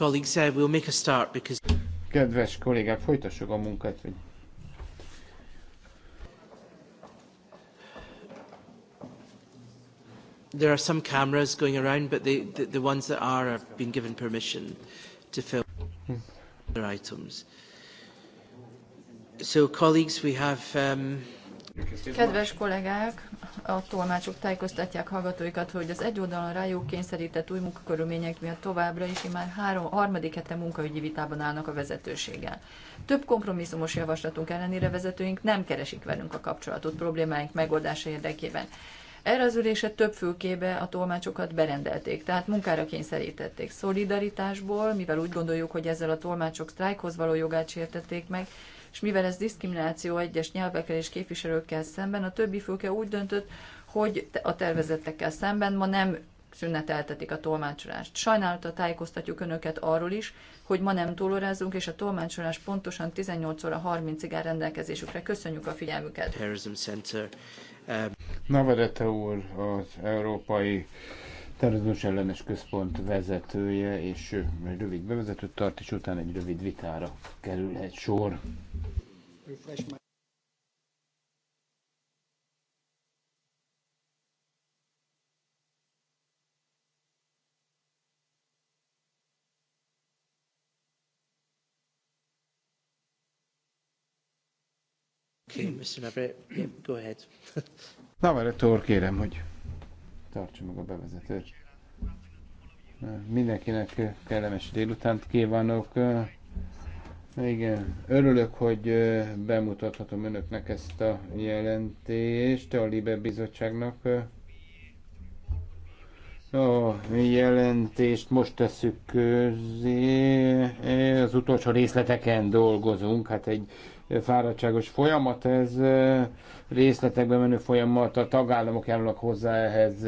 Colleagues, uh, we'll make a start because... Kedves kollégák, folytassuk a munkát. Hogy... There are some cameras going around, but the, the, the ones that are have been given permission to film their items. So, colleagues, we have um, Kedves kollégák, a tolmácsok tájékoztatják hallgatóikat, hogy az egy oldalon rájuk kényszerített új munkakörülmények miatt továbbra is már három, harmadik hete munkaügyi vitában állnak a vezetőséggel. Több kompromisszumos javaslatunk ellenére vezetőink nem keresik velünk a kapcsolatot problémáink megoldása érdekében. Erre az ülése több fülkébe a tolmácsokat berendelték, tehát munkára kényszerítették. Szolidaritásból, mivel úgy gondoljuk, hogy ezzel a tolmácsok sztrájkhoz való jogát sértették meg, és mivel ez diszkrimináció egyes nyelvekkel és képviselőkkel szemben, a többi főke úgy döntött, hogy a tervezettekkel szemben ma nem szüneteltetik a tolmácsolást. Sajnálta tájékoztatjuk Önöket arról is, hogy ma nem túlórázunk, és a tolmácsolás pontosan 18 óra 30-ig áll rendelkezésükre. Köszönjük a figyelmüket! Um, Navarrete úr, az Európai terrorizmus ellenes központ vezetője, és egy rövid bevezetőt tart, és utána egy rövid vitára kerülhet sor. Okay, Mr. Navarrete, go ahead. Navarrete kérem, hogy tartsa meg a bevezetőt. Mindenkinek kellemes délutánt kívánok. Igen, örülök, hogy bemutathatom önöknek ezt a jelentést a Libe Bizottságnak. A jelentést most tesszük közé, az utolsó részleteken dolgozunk, hát egy fáradtságos folyamat, ez részletekbe menő folyamat, a tagállamok járulnak hozzá ehhez,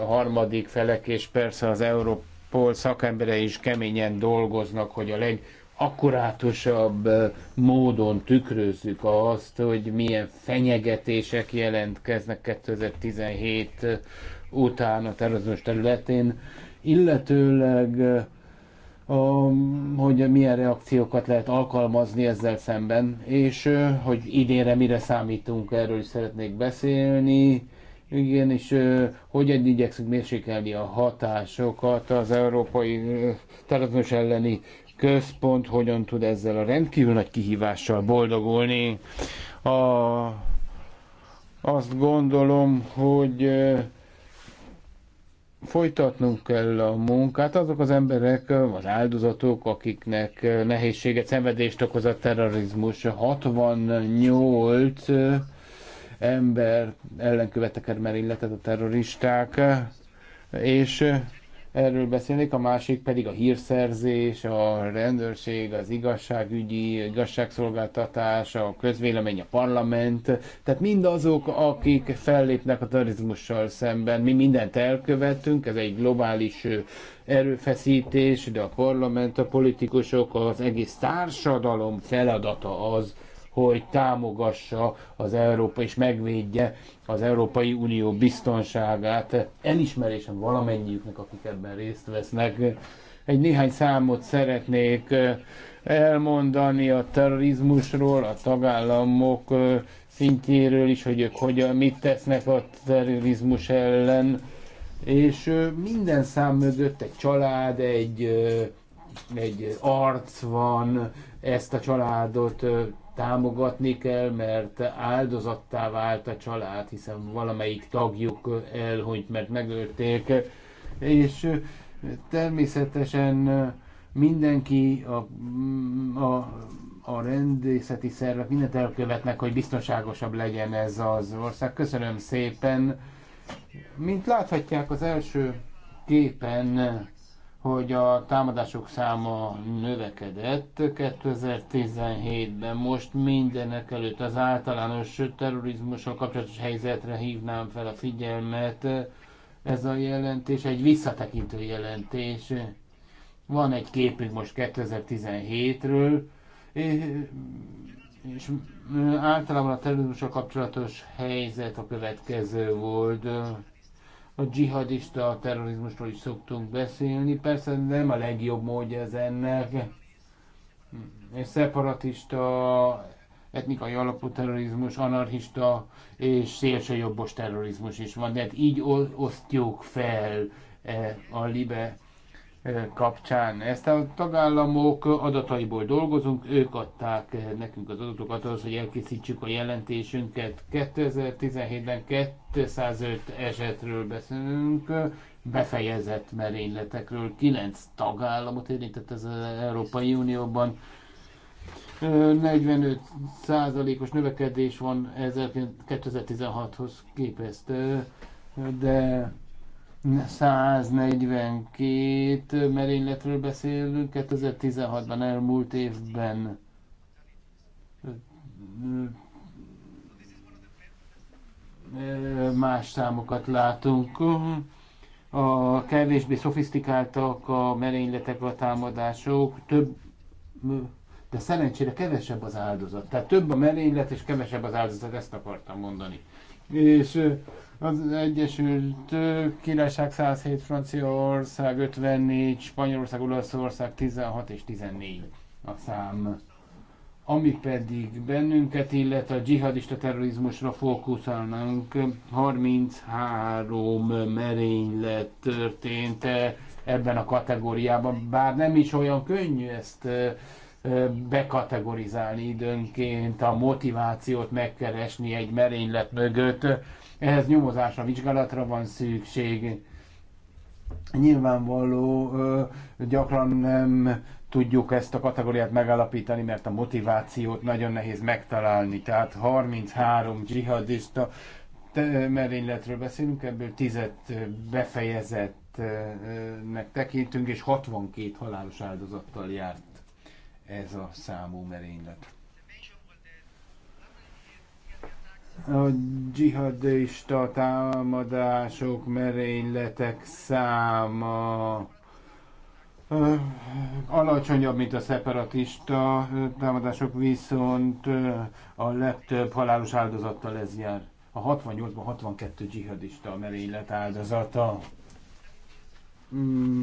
a harmadik felek, és persze az Európol szakemberei is keményen dolgoznak, hogy a legakkurátusabb módon tükrözzük azt, hogy milyen fenyegetések jelentkeznek 2017 után a terrorizmus területén, illetőleg hogy milyen reakciókat lehet alkalmazni ezzel szemben, és hogy idénre mire számítunk, erről is szeretnék beszélni. Igen, és hogyan igyekszünk mérsékelni a hatásokat az európai terrorizmus elleni központ, hogyan tud ezzel a rendkívül nagy kihívással boldogulni. A, azt gondolom, hogy folytatnunk kell a munkát. Azok az emberek, az áldozatok, akiknek nehézséget, szenvedést okoz a terrorizmus, 68 ember ellen követtek el a terroristák, és erről beszélnék, a másik pedig a hírszerzés, a rendőrség, az igazságügyi, igazságszolgáltatás, a közvélemény, a parlament, tehát mindazok, akik fellépnek a terrorizmussal szemben. Mi mindent elkövettünk, ez egy globális erőfeszítés, de a parlament, a politikusok, az egész társadalom feladata az, hogy támogassa az Európa és megvédje az Európai Unió biztonságát. Elismerésem valamennyiüknek, akik ebben részt vesznek. Egy néhány számot szeretnék elmondani a terrorizmusról, a tagállamok szintjéről is, hogy ők hogyan, mit tesznek a terrorizmus ellen. És minden szám mögött egy család, egy, egy arc van, ezt a családot támogatni kell, mert áldozattá vált a család, hiszen valamelyik tagjuk elhunyt, mert megölték. És természetesen mindenki a, mm, a, a rendészeti szervek mindent elkövetnek, hogy biztonságosabb legyen ez az ország. Köszönöm szépen! Mint láthatják az első képen, hogy a támadások száma növekedett 2017-ben. Most mindenek előtt az általános terrorizmussal kapcsolatos helyzetre hívnám fel a figyelmet. Ez a jelentés egy visszatekintő jelentés. Van egy képünk most 2017-ről, és általában a terrorizmussal kapcsolatos helyzet a következő volt a dzsihadista a terrorizmusról is szoktunk beszélni. Persze nem a legjobb módja ez ennek. Szeparatista, etnikai alapú terrorizmus, anarchista és szélsőjobbos terrorizmus is van. De hát így osztjuk fel e, a libe kapcsán. Ezt a tagállamok adataiból dolgozunk, ők adták nekünk az adatokat ahhoz, hogy elkészítsük a jelentésünket. 2017-ben 205 esetről beszélünk, befejezett merényletekről, 9 tagállamot érintett ez az Európai Unióban. 45 százalékos növekedés van 2016-hoz képest, de 142 merényletről beszélünk 2016-ban, elmúlt évben. Más számokat látunk. A kevésbé szofisztikáltak a merényletek, a támadások, több, de szerencsére kevesebb az áldozat. Tehát több a merénylet és kevesebb az áldozat, ezt akartam mondani. És az Egyesült Királyság 107, Franciaország 54, Spanyolország, Olaszország 16 és 14 a szám. Ami pedig bennünket illetve a dzsihadista terrorizmusra fókuszálnánk, 33 merénylet történt e ebben a kategóriában, bár nem is olyan könnyű ezt e, e, bekategorizálni időnként, a motivációt megkeresni egy merénylet mögött. Ehhez nyomozásra, vizsgálatra van szükség. Nyilvánvaló, gyakran nem tudjuk ezt a kategóriát megalapítani, mert a motivációt nagyon nehéz megtalálni. Tehát 33 dzsihadista merényletről beszélünk, ebből 10 befejezettnek tekintünk, és 62 halálos áldozattal járt ez a számú merénylet. a dzsihadista támadások, merényletek száma alacsonyabb, mint a szeparatista támadások, viszont a legtöbb halálos áldozattal ez jár. A 68-ban 62 dzsihadista merénylet áldozata.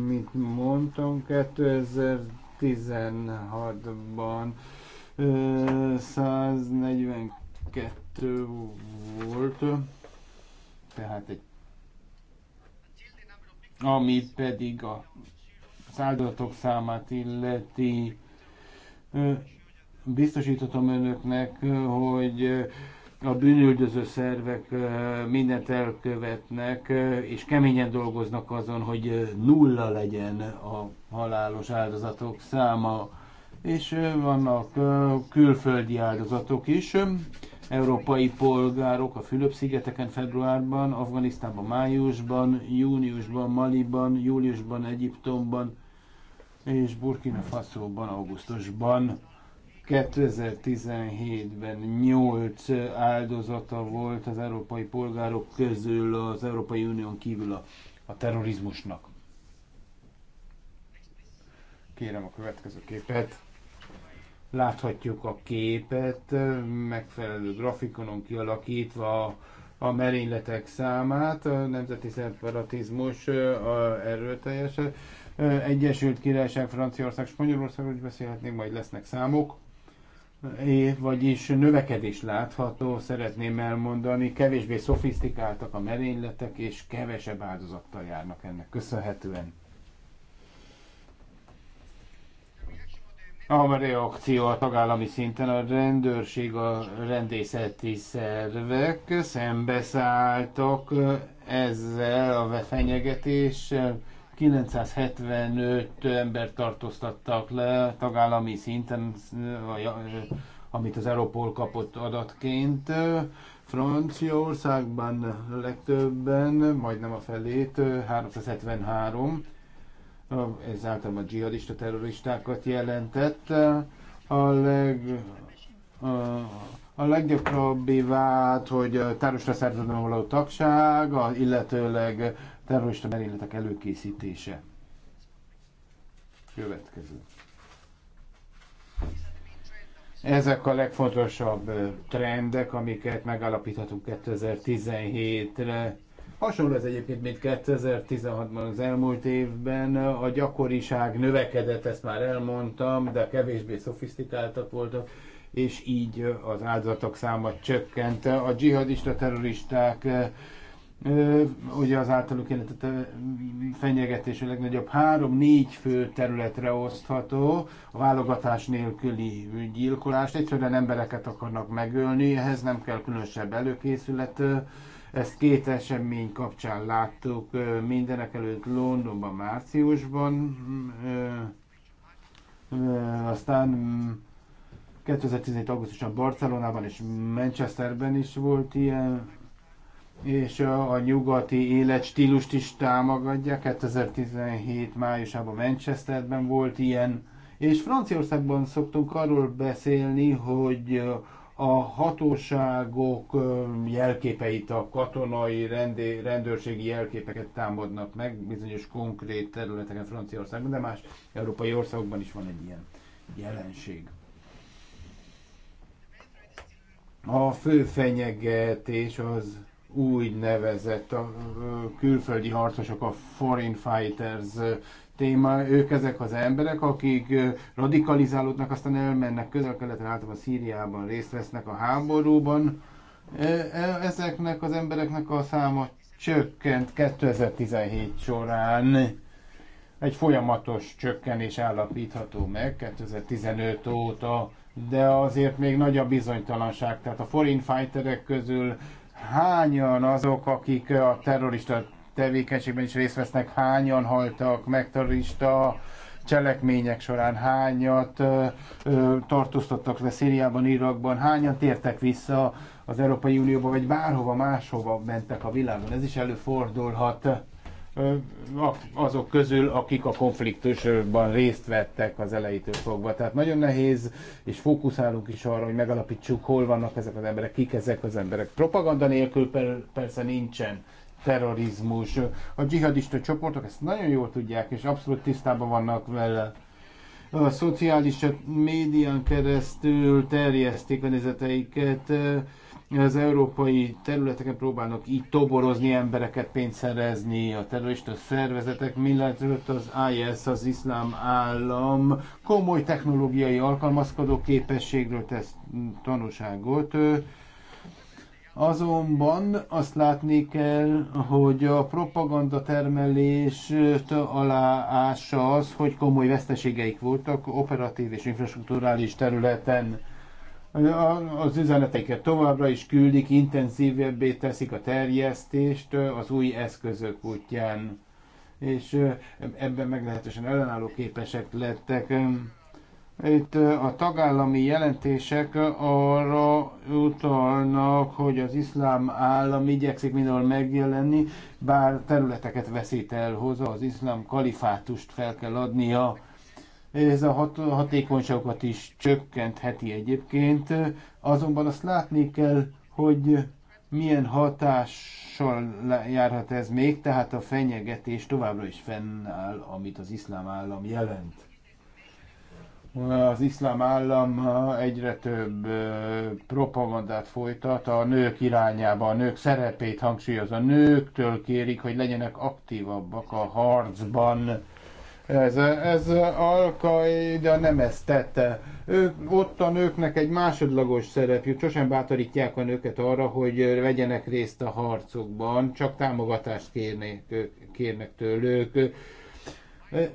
Mint mondtam, 2016-ban 142 volt, tehát egy ami pedig a, áldozatok számát illeti, biztosítottam önöknek, hogy a bűnüldöző szervek mindent elkövetnek, és keményen dolgoznak azon, hogy nulla legyen a halálos áldozatok száma, és vannak külföldi áldozatok is, európai polgárok a Fülöp-szigeteken februárban, Afganisztánban májusban, júniusban, Maliban, júliusban, Egyiptomban és Burkina Faso-ban, augusztusban. 2017-ben 8 áldozata volt az európai polgárok közül az Európai Unión kívül a, a terrorizmusnak. Kérem a következő képet láthatjuk a képet, megfelelő grafikonon kialakítva a merényletek számát, a nemzeti szeparatizmus teljesen. Egyesült Királyság, Franciaország, Spanyolország, úgy beszélhetnénk, majd lesznek számok. É, vagyis növekedés látható, szeretném elmondani, kevésbé szofisztikáltak a merényletek, és kevesebb áldozattal járnak ennek köszönhetően. a reakció a tagállami szinten a rendőrség, a rendészeti szervek szembeszálltak ezzel a fenyegetéssel. 975 ember tartóztattak le tagállami szinten, amit az Europol kapott adatként. Franciaországban legtöbben, majdnem a felét, 373 ez általában a dzsihadista terroristákat jelentett. A, leg, a, a leggyakrabbi vált, hogy tárosra szervezetben való tagság, illetőleg terrorista merényletek előkészítése. Következő. Ezek a legfontosabb trendek, amiket megállapíthatunk 2017-re Hasonló ez egyébként, mint 2016-ban az elmúlt évben. A gyakoriság növekedett, ezt már elmondtam, de kevésbé szofisztikáltak voltak, és így az áldozatok száma csökkent. A dzsihadista terroristák ugye az általuk jelentett fenyegetés a legnagyobb három-négy fő területre osztható, a válogatás nélküli gyilkolást, egyszerűen embereket akarnak megölni, ehhez nem kell különösebb előkészület, ezt két esemény kapcsán láttuk, mindenek előtt Londonban, márciusban, aztán 2017. Mm, augusztusban Barcelonában és Manchesterben is volt ilyen, és a nyugati életstílust is támogatja. 2017. májusában Manchesterben volt ilyen, és Franciaországban szoktunk arról beszélni, hogy a hatóságok jelképeit, a katonai rendé, rendőrségi jelképeket támadnak meg bizonyos konkrét területeken Franciaországban, de más európai országokban is van egy ilyen jelenség. A fő fenyegetés az úgy nevezett a külföldi harcosok, a foreign fighters téma, ők ezek az emberek, akik radikalizálódnak, aztán elmennek közel-keletre, általában Szíriában részt vesznek a háborúban. Ezeknek az embereknek a száma csökkent 2017 során. Egy folyamatos csökkenés állapítható meg 2015 óta, de azért még nagy a bizonytalanság. Tehát a foreign fighterek közül hányan azok, akik a terrorista tevékenységben is részt vesznek, hányan haltak meg terrorista cselekmények során, hányat ö, ö, tartóztattak le Szíriában, Irakban, hányan tértek vissza az Európai Unióba, vagy bárhova máshova mentek a világon. Ez is előfordulhat azok közül, akik a konfliktusban részt vettek az elejétől fogva. Tehát nagyon nehéz, és fókuszálunk is arra, hogy megalapítsuk, hol vannak ezek az emberek, kik ezek az emberek. Propaganda nélkül persze nincsen terrorizmus. A dzsihadista csoportok ezt nagyon jól tudják, és abszolút tisztában vannak vele. A szociális médián keresztül terjesztik a nézeteiket, az európai területeken próbálnak így toborozni embereket, pénzt szerezni, a terrorista szervezetek, mindent az IS, az iszlám állam komoly technológiai alkalmazkodó képességről tesz tanúságot Azonban azt látni kell, hogy a propaganda termelés aláása az, hogy komoly veszteségeik voltak operatív és infrastruktúrális területen. Az üzeneteket továbbra is küldik, intenzívebbé teszik a terjesztést az új eszközök útján. És ebben meglehetősen ellenálló képesek lettek. Itt a tagállami jelentések arra utalnak, hogy az iszlám állam igyekszik mindenhol megjelenni, bár területeket veszít el hozzá, az iszlám kalifátust fel kell adnia. Ez a hat- hatékonyságokat is csökkentheti egyébként, azonban azt látni kell, hogy milyen hatással járhat ez még, tehát a fenyegetés továbbra is fennáll, amit az iszlám állam jelent az iszlám állam egyre több propagandát folytat a nők irányába, a nők szerepét hangsúlyoz. A nőktől kérik, hogy legyenek aktívabbak a harcban. Ez, ez Al-Qaeda nem ezt tette. Ők, ott a nőknek egy másodlagos szerepjük. Sosem bátorítják a nőket arra, hogy vegyenek részt a harcokban, csak támogatást kérnek, kérnek tőlük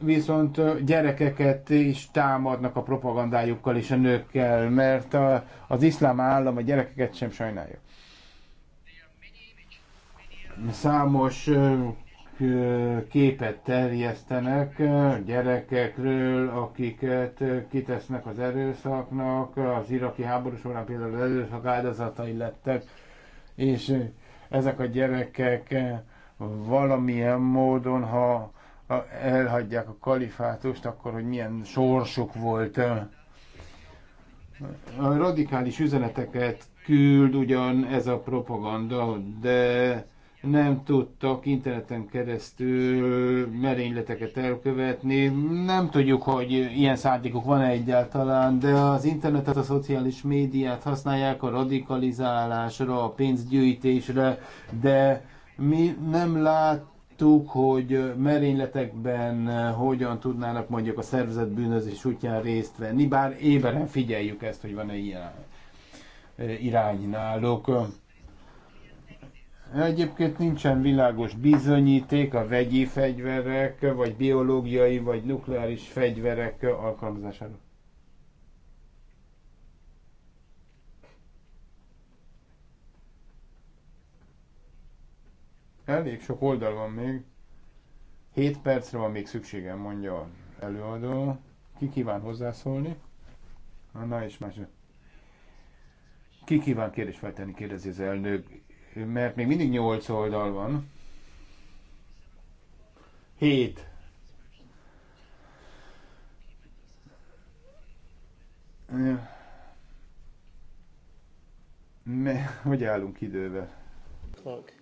viszont gyerekeket is támadnak a propagandájukkal és a nőkkel, mert a, az iszlám állam a gyerekeket sem sajnálja. Számos képet terjesztenek gyerekekről, akiket kitesznek az erőszaknak, az iraki háború során például az erőszak áldozatai lettek, és ezek a gyerekek valamilyen módon, ha elhagyják a kalifátust, akkor hogy milyen sorsuk volt. A radikális üzeneteket küld ugyan ez a propaganda, de nem tudtak interneten keresztül merényleteket elkövetni. Nem tudjuk, hogy ilyen szándékuk van-e egyáltalán, de az internetet, a szociális médiát használják a radikalizálásra, a pénzgyűjtésre, de mi nem lát, láttuk, hogy merényletekben eh, hogyan tudnának mondjuk a szervezet bűnözés útján részt venni, bár éberen figyeljük ezt, hogy van-e ilyen eh, irány náluk. Egyébként nincsen világos bizonyíték a vegyi fegyverek, vagy biológiai, vagy nukleáris fegyverek alkalmazására. Elég sok oldal van még. 7 percre van még szükségem, mondja előadó. Ki kíván hozzászólni? Na és más. Ki kíván kérdés feltenni, kérdezi az elnök, mert még mindig 8 oldal van. 7. Me, hogy állunk idővel? Clock.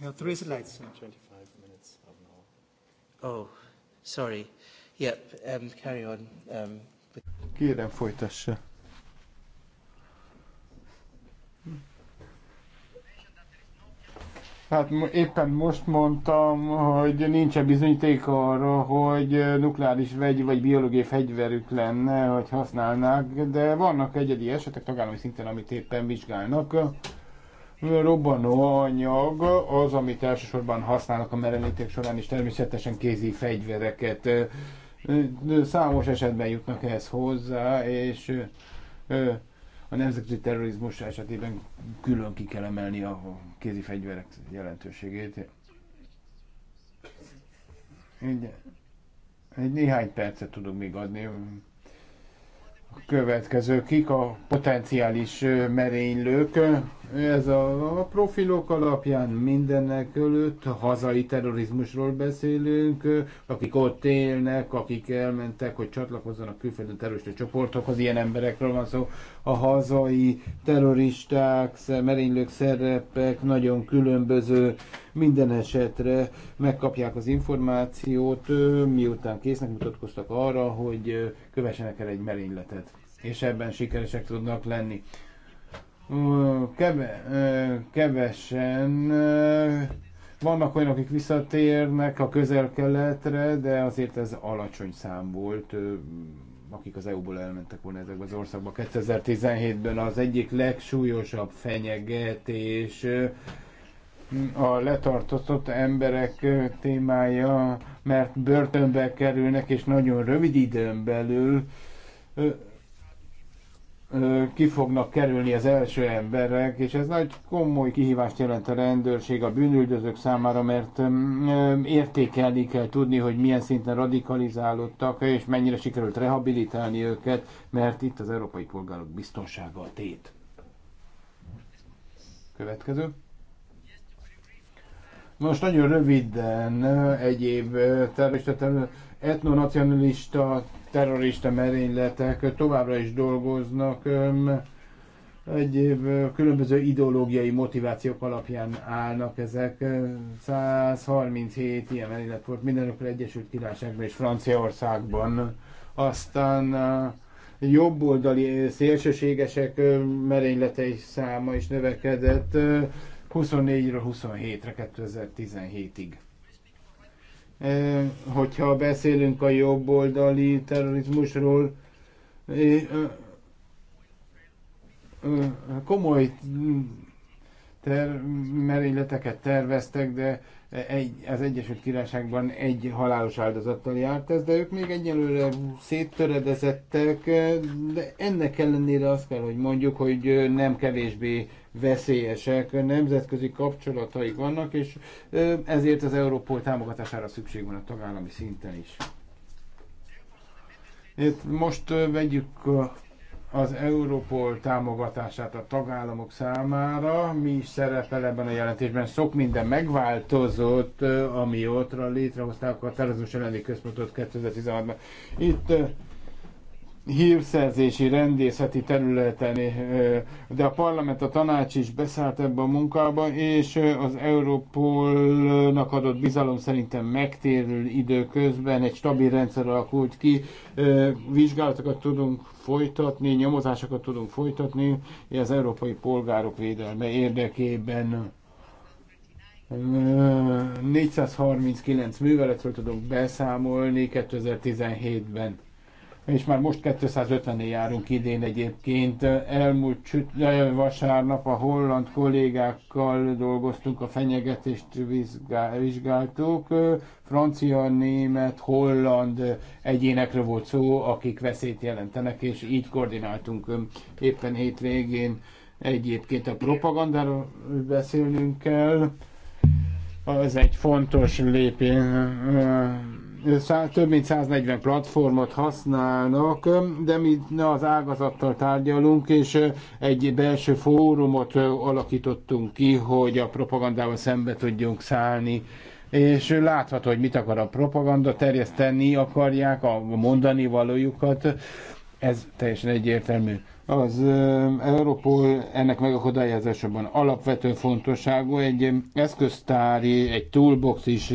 You have three slides. 25 minutes, half an Oh, sorry. Yep, um, carry on. Um, but... Kérem, folytassa. Hát éppen most mondtam, hogy nincsen bizonyíték arra, hogy nukleáris vegy vagy biológiai fegyverük lenne, hogy használnák, de vannak egyedi esetek tagállami szinten, amit éppen vizsgálnak robbanó anyag az, amit elsősorban használnak a merelíték során, és természetesen kézi fegyvereket. Számos esetben jutnak ehhez hozzá, és a nemzetközi terrorizmus esetében külön ki kell emelni a kézi fegyverek jelentőségét. Egy, egy néhány percet tudok még adni következő, kik a potenciális merénylők. Ez a profilok alapján mindennek előtt hazai terrorizmusról beszélünk, akik ott élnek, akik elmentek, hogy csatlakozzanak külföldön terrorista csoportokhoz, ilyen emberekről van szó. A hazai terroristák, merénylők, szerepek nagyon különböző, minden esetre megkapják az információt, miután késznek mutatkoztak arra, hogy kövessenek el egy merényletet, és ebben sikeresek tudnak lenni. Keve, kevesen vannak olyanok, akik visszatérnek a közel-keletre, de azért ez alacsony szám volt, akik az EU-ból elmentek volna ezekbe az országba. 2017-ben az egyik legsúlyosabb fenyegetés a letartóztatott emberek témája, mert börtönbe kerülnek, és nagyon rövid időn belül ki fognak kerülni az első emberek, és ez nagy komoly kihívást jelent a rendőrség a bűnüldözők számára, mert értékelni kell tudni, hogy milyen szinten radikalizálódtak, és mennyire sikerült rehabilitálni őket, mert itt az európai polgárok biztonsága a tét. Következő. Most nagyon röviden egyéb terrorista, etnonacionalista, terrorista merényletek továbbra is dolgoznak egyéb különböző ideológiai motivációk alapján állnak ezek. 137 ilyen merénylet volt mindenekre Egyesült Királyságban és Franciaországban. Aztán jobboldali szélsőségesek merényletei száma is növekedett. 24-ről 27-re 2017-ig. Hogyha beszélünk a jobboldali terrorizmusról, e, e, e, komoly ter- merényleteket terveztek, de egy, az Egyesült Királyságban egy halálos áldozattal járt ez, de ők még egyelőre széttöredezettek, de ennek ellenére azt kell, hogy mondjuk, hogy nem kevésbé veszélyesek, nemzetközi kapcsolataik vannak, és ezért az Európol támogatására szükség van a tagállami szinten is. Itt most vegyük az Európol támogatását a tagállamok számára. Mi is szerepel ebben a jelentésben. Sok minden megváltozott, ami ottra létrehozták a terrorizmus elleni központot 2016-ban. Itt hírszerzési, rendészeti területen, eh, de a parlament, a tanács is beszállt ebbe a munkába, és eh, az Európolnak adott bizalom szerintem megtérül időközben, egy stabil rendszer alakult ki, eh, vizsgálatokat tudunk folytatni, nyomozásokat tudunk folytatni, az európai polgárok védelme érdekében. 439 műveletről tudunk beszámolni 2017-ben és már most 250-nél járunk idén egyébként. Elmúlt csüt, eh, vasárnap a holland kollégákkal dolgoztunk, a fenyegetést vizsgáltuk. Francia, német, holland egyénekre volt szó, akik veszélyt jelentenek, és így koordináltunk éppen hétvégén. Egyébként a propagandáról beszélnünk kell. Az egy fontos lépés több mint 140 platformot használnak, de mi az ágazattal tárgyalunk, és egy belső fórumot alakítottunk ki, hogy a propagandával szembe tudjunk szállni és látható, hogy mit akar a propaganda, terjeszteni akarják a mondani valójukat, ez teljesen egyértelmű. Az Európol ennek megakadályozásában alapvető fontosságú, egy eszköztári, egy toolbox is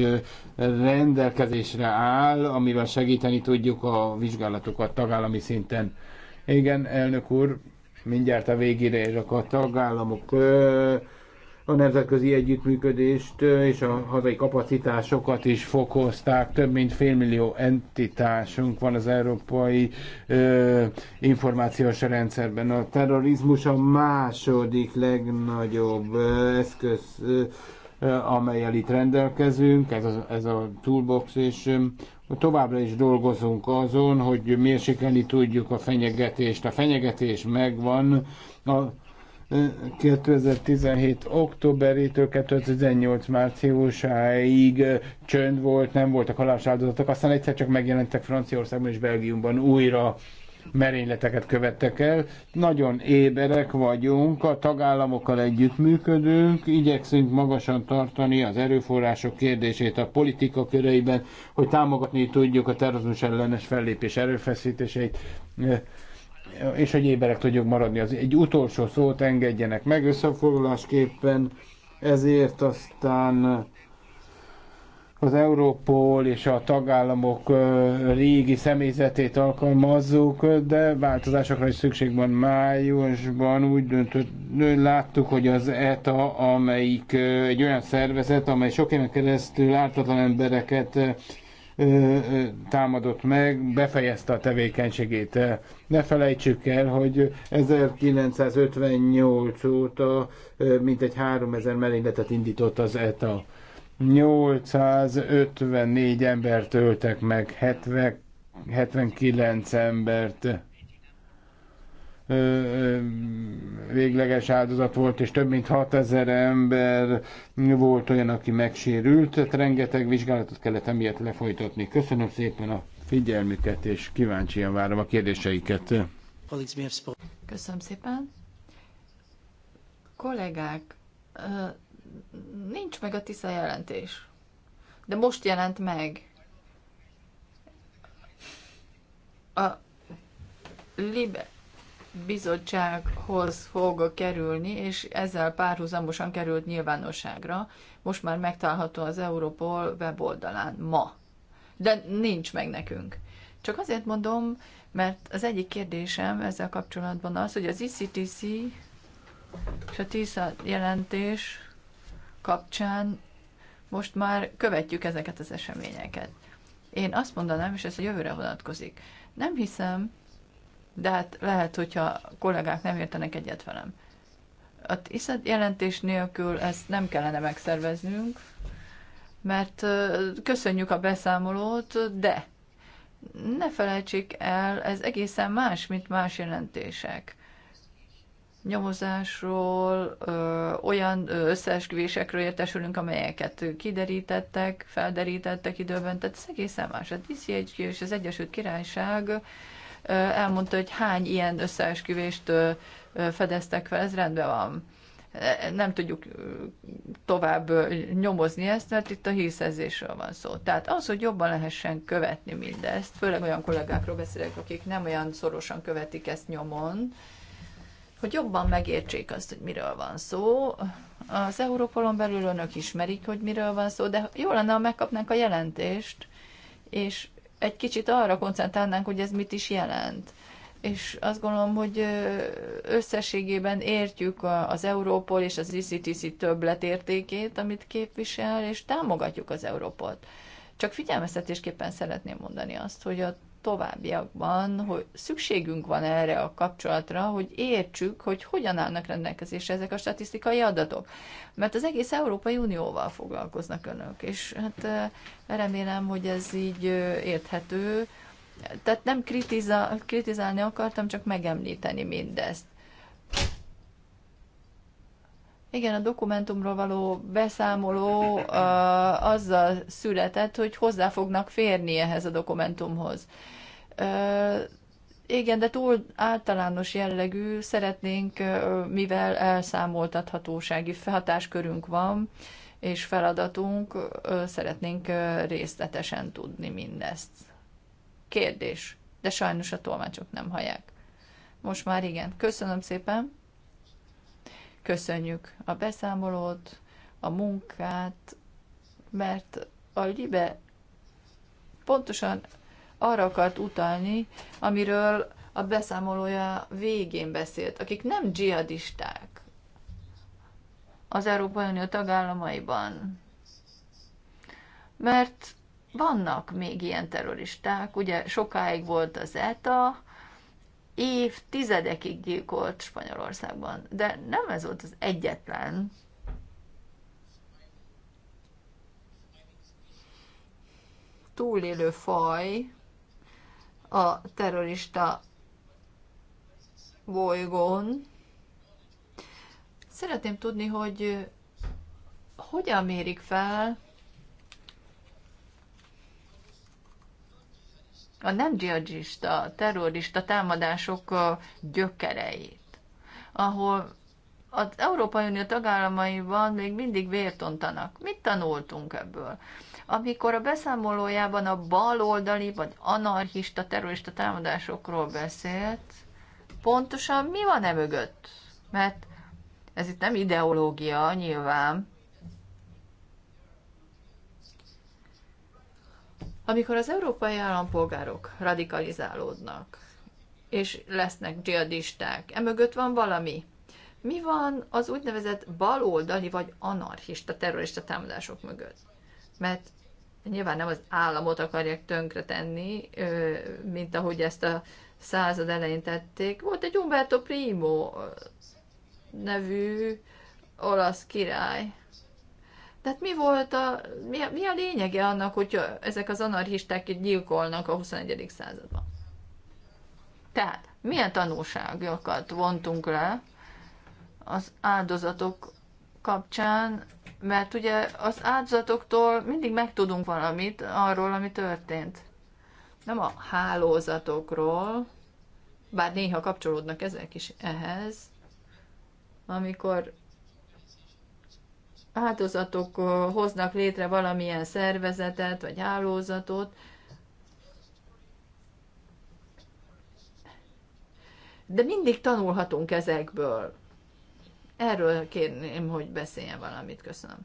rendelkezésre áll, amivel segíteni tudjuk a vizsgálatokat tagállami szinten. Igen, elnök úr, mindjárt a végére érek a tagállamok a nemzetközi együttműködést és a hazai kapacitásokat is fokozták. Több mint félmillió entitásunk van az európai ö, információs rendszerben. A terrorizmus a második legnagyobb ö, eszköz, ö, amelyel itt rendelkezünk, ez a, ez a toolbox, és ö, továbbra is dolgozunk azon, hogy mérsékelni tudjuk a fenyegetést. A fenyegetés megvan, a, 2017. októberétől 2018. márciusáig csönd volt, nem voltak halásáldozatok, aztán egyszer csak megjelentek Franciaországban és Belgiumban újra merényleteket követtek el. Nagyon éberek vagyunk, a tagállamokkal együttműködünk, igyekszünk magasan tartani az erőforrások kérdését a politika köreiben, hogy támogatni tudjuk a terrorizmus ellenes fellépés erőfeszítéseit és hogy éberek tudjuk maradni. Az egy utolsó szót engedjenek meg összefoglalásképpen, ezért aztán az Európol és a tagállamok régi személyzetét alkalmazzuk, de változásokra is szükség van. Májusban úgy döntött, láttuk, hogy az ETA, amelyik egy olyan szervezet, amely sok éven keresztül ártatlan embereket támadott meg, befejezte a tevékenységét. Ne felejtsük el, hogy 1958 óta mintegy 3000 merényletet indított az ETA. 854 embert öltek meg, 70, 79 embert végleges áldozat volt, és több mint 6000 ember volt olyan, aki megsérült, tehát rengeteg vizsgálatot kellett emiatt lefolytatni. Köszönöm szépen a figyelmüket, és kíváncsian várom a kérdéseiket. Köszönöm szépen. Kollégák, nincs meg a TISZA jelentés, de most jelent meg. A Libe bizottsághoz fog kerülni, és ezzel párhuzamosan került nyilvánosságra. Most már megtalálható az Europol weboldalán ma. De nincs meg nekünk. Csak azért mondom, mert az egyik kérdésem ezzel kapcsolatban az, hogy az ICTC e és a TISZA jelentés kapcsán most már követjük ezeket az eseményeket. Én azt mondanám, és ez a jövőre vonatkozik. Nem hiszem, de hát lehet, hogyha a kollégák nem értenek egyet velem. A tisztelt jelentés nélkül ezt nem kellene megszerveznünk, mert köszönjük a beszámolót, de ne felejtsék el, ez egészen más, mint más jelentések. Nyomozásról, ö, olyan összeesküvésekről értesülünk, amelyeket kiderítettek, felderítettek időben, tehát ez egészen más. A DCHG és az Egyesült Királyság elmondta, hogy hány ilyen összeesküvést fedeztek fel, ez rendben van. E, nem tudjuk tovább nyomozni ezt, mert itt a hírszerzésről van szó. Tehát az, hogy jobban lehessen követni mindezt, főleg olyan kollégákról beszélek, akik nem olyan szorosan követik ezt nyomon, hogy jobban megértsék azt, hogy miről van szó. Az Európolon belül önök ismerik, hogy miről van szó, de jó lenne, ha megkapnánk a jelentést, és egy kicsit arra koncentrálnánk, hogy ez mit is jelent. És azt gondolom, hogy összességében értjük az Európol és az ICTC többletértékét, amit képvisel, és támogatjuk az Európot. Csak figyelmeztetésképpen szeretném mondani azt, hogy a továbbiakban, hogy szükségünk van erre a kapcsolatra, hogy értsük, hogy hogyan állnak rendelkezésre ezek a statisztikai adatok. Mert az egész Európai Unióval foglalkoznak önök, és hát remélem, hogy ez így érthető. Tehát nem kritizál, kritizálni akartam, csak megemlíteni mindezt. Igen, a dokumentumról való beszámoló uh, azzal született, hogy hozzá fognak férni ehhez a dokumentumhoz. Igen, de túl általános jellegű, szeretnénk, mivel elszámoltathatósági hatáskörünk van, és feladatunk, szeretnénk részletesen tudni mindezt. Kérdés, de sajnos a tolmácsok nem hallják. Most már igen. Köszönöm szépen. Köszönjük a beszámolót, a munkát, mert a libe pontosan arra akart utalni, amiről a beszámolója végén beszélt, akik nem dzsihadisták az Európai Unió tagállamaiban. Mert vannak még ilyen terroristák, ugye sokáig volt az ETA, évtizedekig gyilkolt Spanyolországban, de nem ez volt az egyetlen. Túlélő faj, a terrorista bolygón. Szeretném tudni, hogy hogyan mérik fel a nem dzsihadzsista, terrorista támadások gyökereit, ahol az Európai Unió tagállamaiban még mindig vértontanak. Mit tanultunk ebből? Amikor a beszámolójában a baloldali vagy anarchista terrorista támadásokról beszélt, pontosan mi van e mögött? Mert ez itt nem ideológia, nyilván. Amikor az európai állampolgárok radikalizálódnak, és lesznek dzsihadisták, emögött van valami. Mi van az úgynevezett baloldali vagy anarchista terrorista támadások mögött? mert nyilván nem az államot akarják tönkretenni, mint ahogy ezt a század elején tették. Volt egy Umberto Primo nevű olasz király. Tehát mi volt a, mi a, mi a lényege annak, hogy ezek az anarchisták gyilkolnak a 21. században? Tehát milyen tanulságokat vontunk le az áldozatok kapcsán mert ugye az áldozatoktól mindig megtudunk valamit arról, ami történt. Nem a hálózatokról, bár néha kapcsolódnak ezek is ehhez, amikor áldozatok hoznak létre valamilyen szervezetet vagy hálózatot, de mindig tanulhatunk ezekből. Erről kérném, hogy beszéljen valamit. Köszönöm.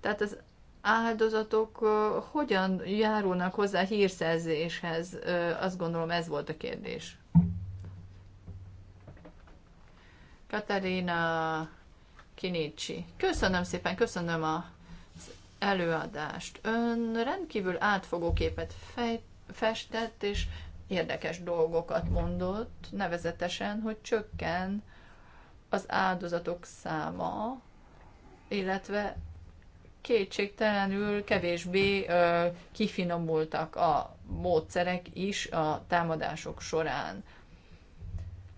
Tehát az áldozatok hogyan járulnak hozzá hírszerzéshez? Azt gondolom ez volt a kérdés. Katarina Kinicsi. Köszönöm szépen, köszönöm a előadást. Ön rendkívül átfogó képet fej, festett, és érdekes dolgokat mondott, nevezetesen, hogy csökken az áldozatok száma, illetve kétségtelenül kevésbé ö, kifinomultak a módszerek is a támadások során.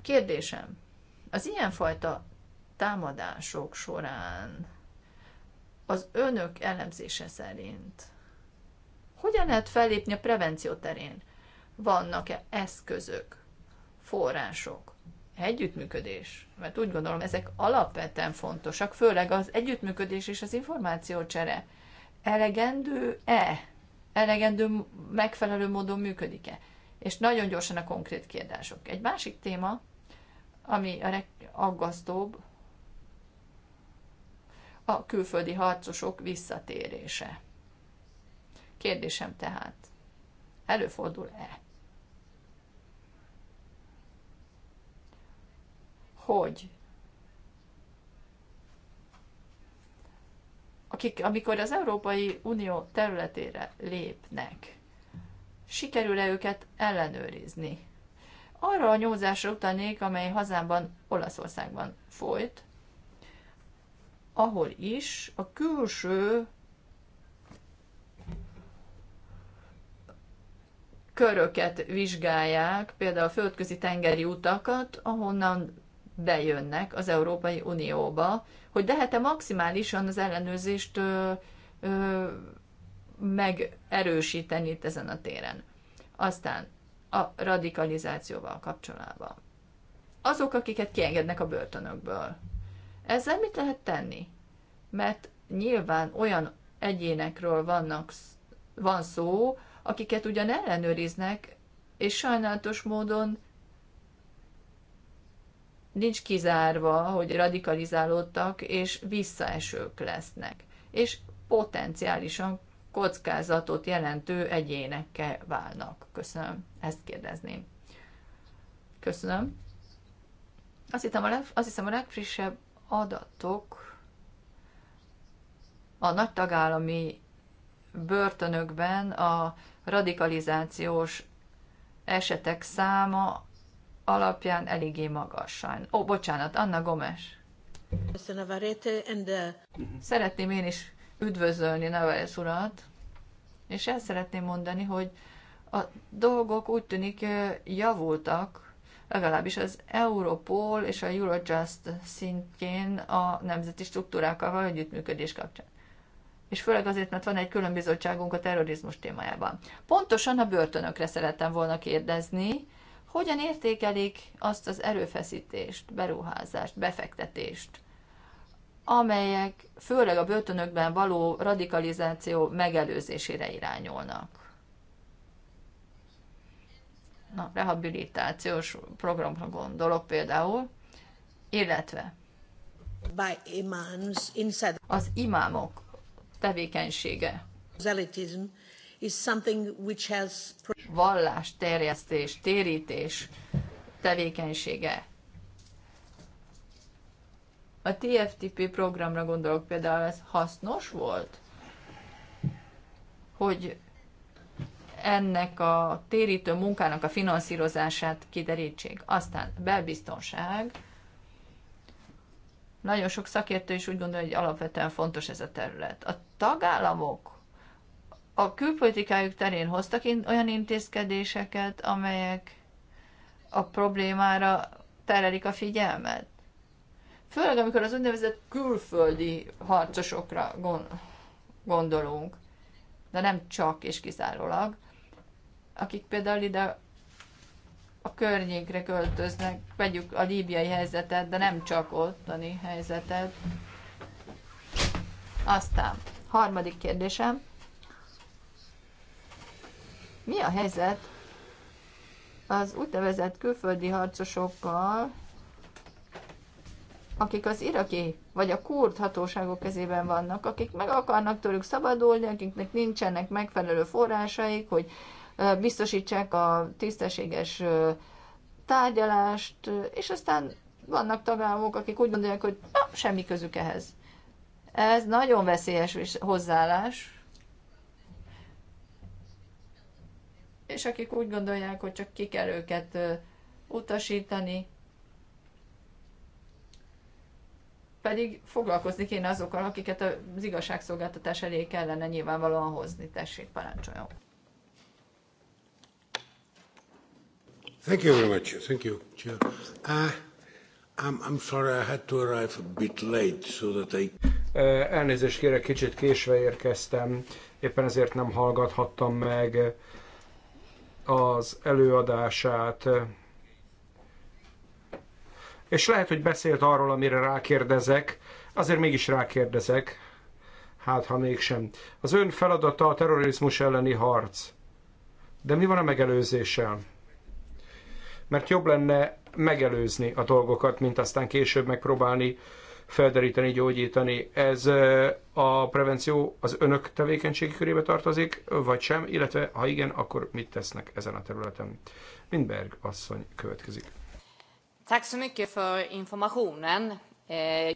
Kérdésem, az ilyenfajta támadások során az önök elemzése szerint hogyan lehet fellépni a prevenció terén? vannak-e eszközök, források, együttműködés, mert úgy gondolom, ezek alapvetően fontosak, főleg az együttműködés és az információcsere. Elegendő-e? Elegendő, megfelelő módon működik-e? És nagyon gyorsan a konkrét kérdások. Egy másik téma, ami a aggasztóbb, a külföldi harcosok visszatérése. Kérdésem tehát, előfordul-e? hogy akik, amikor az Európai Unió területére lépnek, sikerül-e őket ellenőrizni? Arra a nyomozásra utalnék, amely hazámban, Olaszországban folyt, ahol is a külső köröket vizsgálják, például a földközi tengeri utakat, ahonnan bejönnek az Európai Unióba, hogy lehet-e maximálisan az ellenőrzést ö, ö, megerősíteni itt ezen a téren. Aztán a radikalizációval kapcsolatban. Azok, akiket kiengednek a börtönökből. Ezzel mit lehet tenni? Mert nyilván olyan egyénekről vannak, van szó, akiket ugyan ellenőriznek, és sajnálatos módon nincs kizárva, hogy radikalizálódtak és visszaesők lesznek, és potenciálisan kockázatot jelentő egyénekkel válnak. Köszönöm, ezt kérdezném. Köszönöm. Azt hiszem, a leg, azt hiszem a legfrissebb adatok a nagy tagállami börtönökben a radikalizációs esetek száma alapján eléggé magas Ó, bocsánat, Anna Gomes. Uh, szeretném én is üdvözölni Neveles urat, és el szeretném mondani, hogy a dolgok úgy tűnik javultak, legalábbis az Europol és a Eurojust szintjén a nemzeti struktúrákkal való együttműködés kapcsán. És főleg azért, mert van egy külön bizottságunk a terrorizmus témájában. Pontosan a börtönökre szerettem volna kérdezni, hogyan értékelik azt az erőfeszítést, beruházást, befektetést, amelyek főleg a börtönökben való radikalizáció megelőzésére irányolnak? Na, rehabilitációs programra gondolok például, illetve az imámok tevékenysége. is something which has vallás, terjesztés, térítés tevékenysége. A TFTP programra gondolok például, ez hasznos volt, hogy ennek a térítő munkának a finanszírozását kiderítsék. Aztán belbiztonság. Nagyon sok szakértő is úgy gondolja, hogy alapvetően fontos ez a terület. A tagállamok a külpolitikájuk terén hoztak olyan intézkedéseket, amelyek a problémára terelik a figyelmet? Főleg, amikor az úgynevezett külföldi harcosokra gondolunk, de nem csak és kizárólag, akik például ide a környékre költöznek, vegyük a líbiai helyzetet, de nem csak ottani helyzetet. Aztán, harmadik kérdésem, mi a helyzet az úgynevezett külföldi harcosokkal, akik az iraki vagy a kurd hatóságok kezében vannak, akik meg akarnak tőlük szabadulni, akiknek nincsenek megfelelő forrásaik, hogy biztosítsák a tisztességes tárgyalást, és aztán vannak tagállamok, akik úgy gondolják, hogy na, semmi közük ehhez. Ez nagyon veszélyes hozzáállás, és akik úgy gondolják, hogy csak ki kell őket utasítani, pedig foglalkozni kéne azokkal, akiket az igazságszolgáltatás elé kellene nyilvánvalóan hozni. Tessék, parancsoljon. Thank you very much. Thank you, Chair. Uh, I'm, I'm sorry I had to arrive a bit late, so that I... Elnézést kérek, kicsit késve érkeztem, éppen ezért nem hallgathattam meg az előadását, és lehet, hogy beszélt arról, amire rákérdezek, azért mégis rákérdezek, hát ha mégsem. Az ön feladata a terrorizmus elleni harc. De mi van a megelőzéssel? Mert jobb lenne megelőzni a dolgokat, mint aztán később megpróbálni felderíteni, gyógyítani. Ez a prevenció az önök tevékenységi körébe tartozik, vagy sem, illetve ha igen, akkor mit tesznek ezen a területen? Mindberg asszony következik. Eh,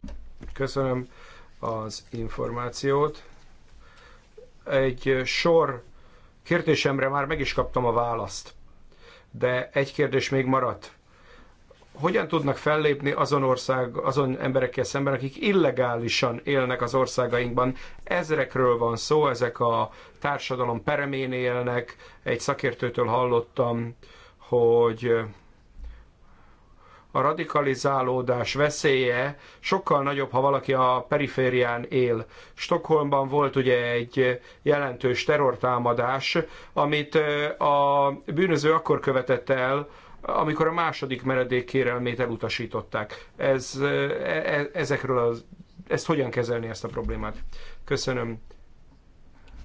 Köszönöm az információt. Egy sor kérdésemre már meg is kaptam a választ, de egy kérdés még maradt hogyan tudnak fellépni azon ország, azon emberekkel szemben, akik illegálisan élnek az országainkban. Ezrekről van szó, ezek a társadalom peremén élnek. Egy szakértőtől hallottam, hogy a radikalizálódás veszélye sokkal nagyobb, ha valaki a periférián él. Stockholmban volt ugye egy jelentős terrortámadás, amit a bűnöző akkor követett el, amikor a második meredék kérelmét elutasították. Ez, e, e ezekről az, ezt hogyan kezelni ezt a problémát? Köszönöm.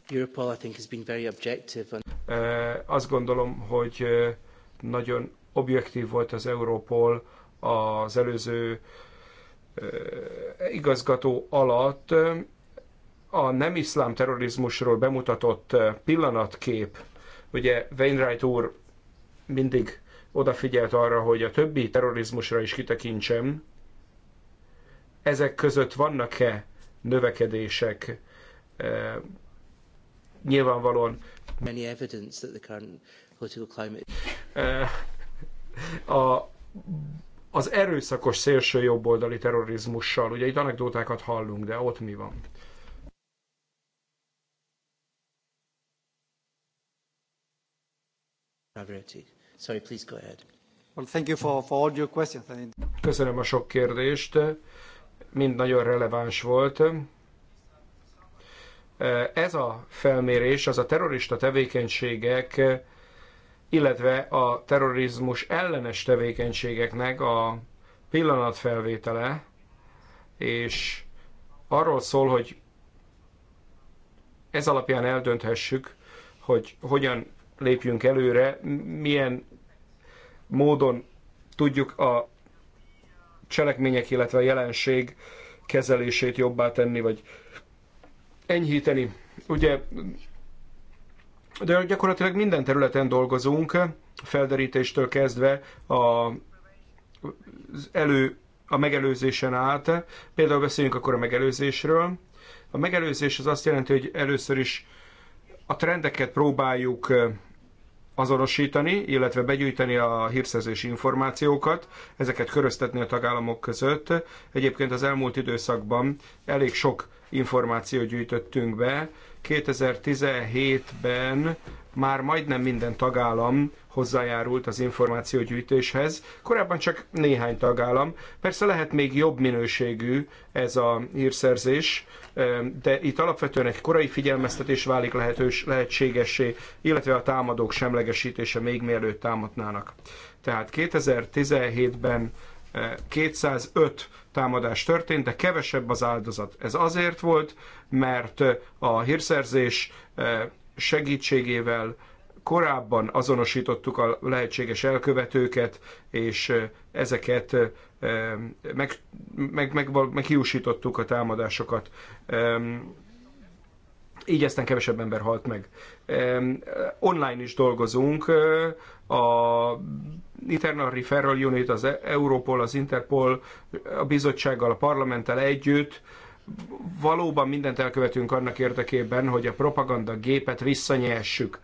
Europol, I think, has been very objective. E, azt gondolom, hogy e, nagyon objektív volt az Europol az előző igazgató alatt a nem iszlám terrorizmusról bemutatott pillanatkép, ugye Wainwright úr mindig odafigyelt arra, hogy a többi terrorizmusra is kitekintsem. Ezek között vannak-e növekedések? Nyilvánvalóan. Many evidence that the current political climate... A, az erőszakos szélső jobboldali terrorizmussal, ugye itt anekdótákat hallunk, de ott mi van? Alberti. Sorry, please go ahead. Well, thank you for, for all your questions. Köszönöm a sok kérdést, mind nagyon releváns volt. Ez a felmérés az a terrorista tevékenységek, illetve a terrorizmus ellenes tevékenységeknek a pillanatfelvétele, és arról szól, hogy ez alapján eldönthessük, hogy hogyan lépjünk előre, milyen módon tudjuk a cselekmények, illetve a jelenség kezelését jobbá tenni, vagy enyhíteni. Ugye, de gyakorlatilag minden területen dolgozunk, felderítéstől kezdve a, az elő, a megelőzésen át. Például beszéljünk akkor a megelőzésről. A megelőzés az azt jelenti, hogy először is a trendeket próbáljuk azonosítani, illetve begyűjteni a hírszerzési információkat, ezeket köröztetni a tagállamok között. Egyébként az elmúlt időszakban elég sok információt gyűjtöttünk be, 2017-ben már majdnem minden tagállam hozzájárult az információgyűjtéshez, korábban csak néhány tagállam. Persze lehet még jobb minőségű ez a hírszerzés, de itt alapvetően egy korai figyelmeztetés válik lehetős, lehetségessé, illetve a támadók semlegesítése még mielőtt támadnának. Tehát 2017-ben 205 támadás történt, de kevesebb az áldozat. Ez azért volt, mert a hírszerzés segítségével korábban azonosítottuk a lehetséges elkövetőket, és ezeket meg, meg, meg, meg a támadásokat így aztán kevesebb ember halt meg. Eh, online is dolgozunk, eh, a Internal Referral Unit, az e- Europol, az Interpol, a bizottsággal, a parlamenttel együtt, valóban mindent elkövetünk annak érdekében, hogy a propaganda gépet visszanyessük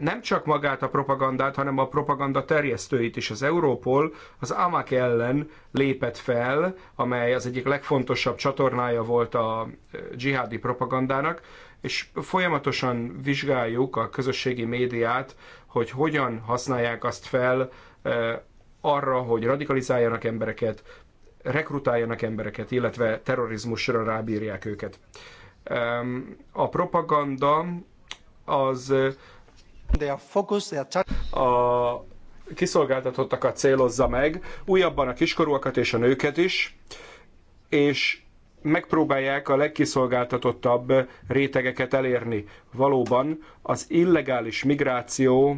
nem csak magát a propagandát, hanem a propaganda terjesztőit is. Az Európol az AMAK ellen lépett fel, amely az egyik legfontosabb csatornája volt a dzsihádi propagandának, és folyamatosan vizsgáljuk a közösségi médiát, hogy hogyan használják azt fel arra, hogy radikalizáljanak embereket, rekrutáljanak embereket, illetve terrorizmusra rábírják őket. A propaganda az a kiszolgáltatottakat célozza meg, újabban a kiskorúakat és a nőket is, és megpróbálják a legkiszolgáltatottabb rétegeket elérni. Valóban az illegális migráció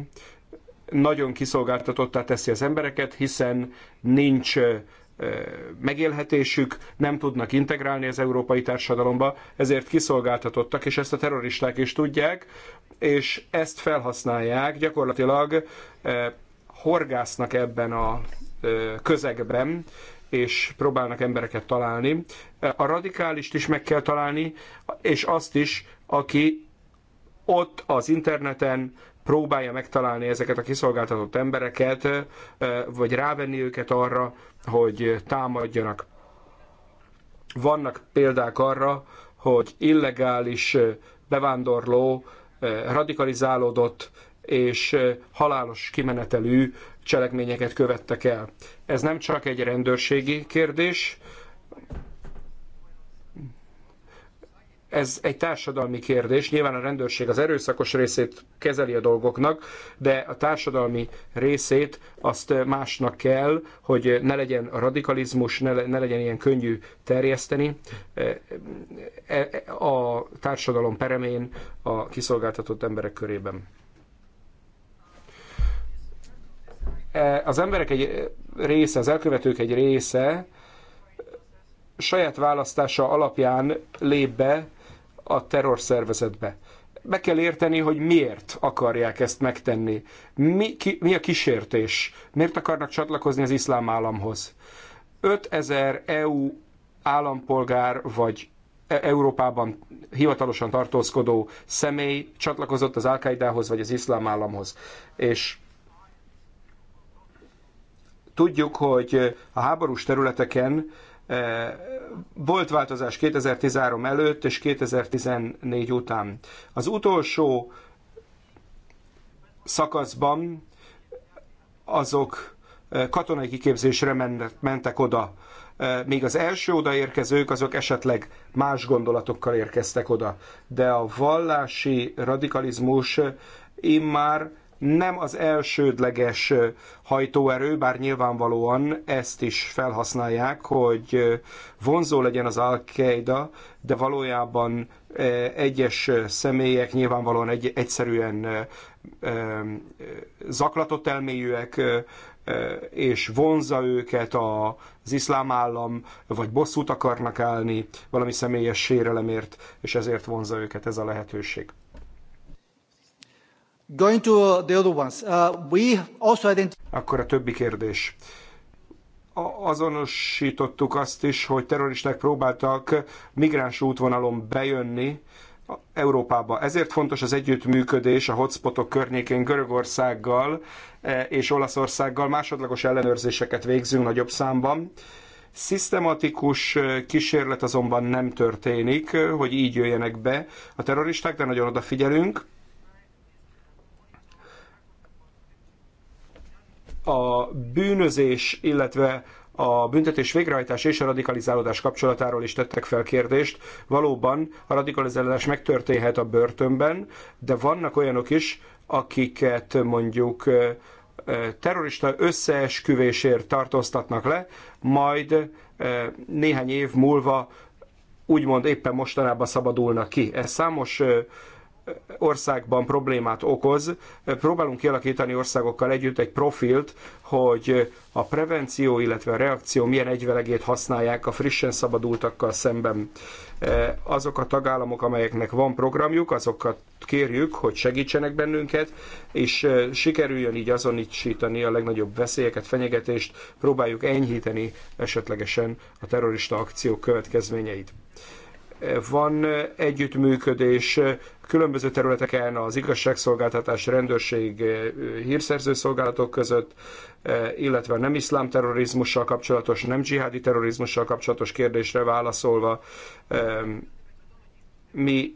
nagyon kiszolgáltatottá teszi az embereket, hiszen nincs megélhetésük, nem tudnak integrálni az európai társadalomba, ezért kiszolgáltatottak, és ezt a terroristák is tudják, és ezt felhasználják, gyakorlatilag horgásznak ebben a közegben, és próbálnak embereket találni. A radikálist is meg kell találni, és azt is, aki ott az interneten próbálja megtalálni ezeket a kiszolgáltatott embereket, vagy rávenni őket arra, hogy támadjanak. Vannak példák arra, hogy illegális bevándorló radikalizálódott és halálos kimenetelű cselekményeket követtek el. Ez nem csak egy rendőrségi kérdés, Ez egy társadalmi kérdés. Nyilván a rendőrség az erőszakos részét kezeli a dolgoknak, de a társadalmi részét azt másnak kell, hogy ne legyen a radikalizmus, ne, ne legyen ilyen könnyű terjeszteni. E, e, a társadalom peremén, a kiszolgáltatott emberek körében. E, az emberek egy része, az elkövetők egy része saját választása alapján lép be a terrorszervezetbe. Meg kell érteni, hogy miért akarják ezt megtenni. Mi, ki, mi a kísértés? Miért akarnak csatlakozni az iszlám államhoz? 5000 EU állampolgár vagy e- Európában hivatalosan tartózkodó személy csatlakozott az Al-Qaidához vagy az iszlám államhoz. És tudjuk, hogy a háborús területeken volt változás 2013 előtt és 2014 után. Az utolsó szakaszban azok katonai kiképzésre mentek oda. Még az első odaérkezők azok esetleg más gondolatokkal érkeztek oda. De a vallási radikalizmus immár nem az elsődleges hajtóerő, bár nyilvánvalóan ezt is felhasználják, hogy vonzó legyen az Al-Qaeda, de valójában egyes személyek nyilvánvalóan egy, egyszerűen zaklatott elmélyűek, és vonza őket az iszlám állam, vagy bosszút akarnak állni valami személyes sérelemért, és ezért vonza őket ez a lehetőség. Going to the other ones. Uh, we also Akkor a többi kérdés. Azonosítottuk azt is, hogy terroristák próbáltak migráns útvonalon bejönni Európába. Ezért fontos az együttműködés a hotspotok környékén Görögországgal eh, és Olaszországgal. Másodlagos ellenőrzéseket végzünk nagyobb számban. Szisztematikus eh, kísérlet azonban nem történik, eh, hogy így jöjjenek be a terroristák, de nagyon odafigyelünk. a bűnözés, illetve a büntetés végrehajtás és a radikalizálódás kapcsolatáról is tettek fel kérdést. Valóban a radikalizálódás megtörténhet a börtönben, de vannak olyanok is, akiket mondjuk terrorista összeesküvésért tartóztatnak le, majd néhány év múlva úgymond éppen mostanában szabadulnak ki. Ez számos országban problémát okoz. Próbálunk kialakítani országokkal együtt egy profilt, hogy a prevenció, illetve a reakció milyen egyvelegét használják a frissen szabadultakkal szemben. Azok a tagállamok, amelyeknek van programjuk, azokat kérjük, hogy segítsenek bennünket, és sikerüljön így azonosítani a legnagyobb veszélyeket, fenyegetést, próbáljuk enyhíteni esetlegesen a terrorista akciók következményeit. Van együttműködés különböző területeken az igazságszolgáltatás, rendőrség, eh, hírszerző szolgálatok között, eh, illetve nem iszlám terrorizmussal kapcsolatos, nem dzsihádi terrorizmussal kapcsolatos kérdésre válaszolva. Eh, mi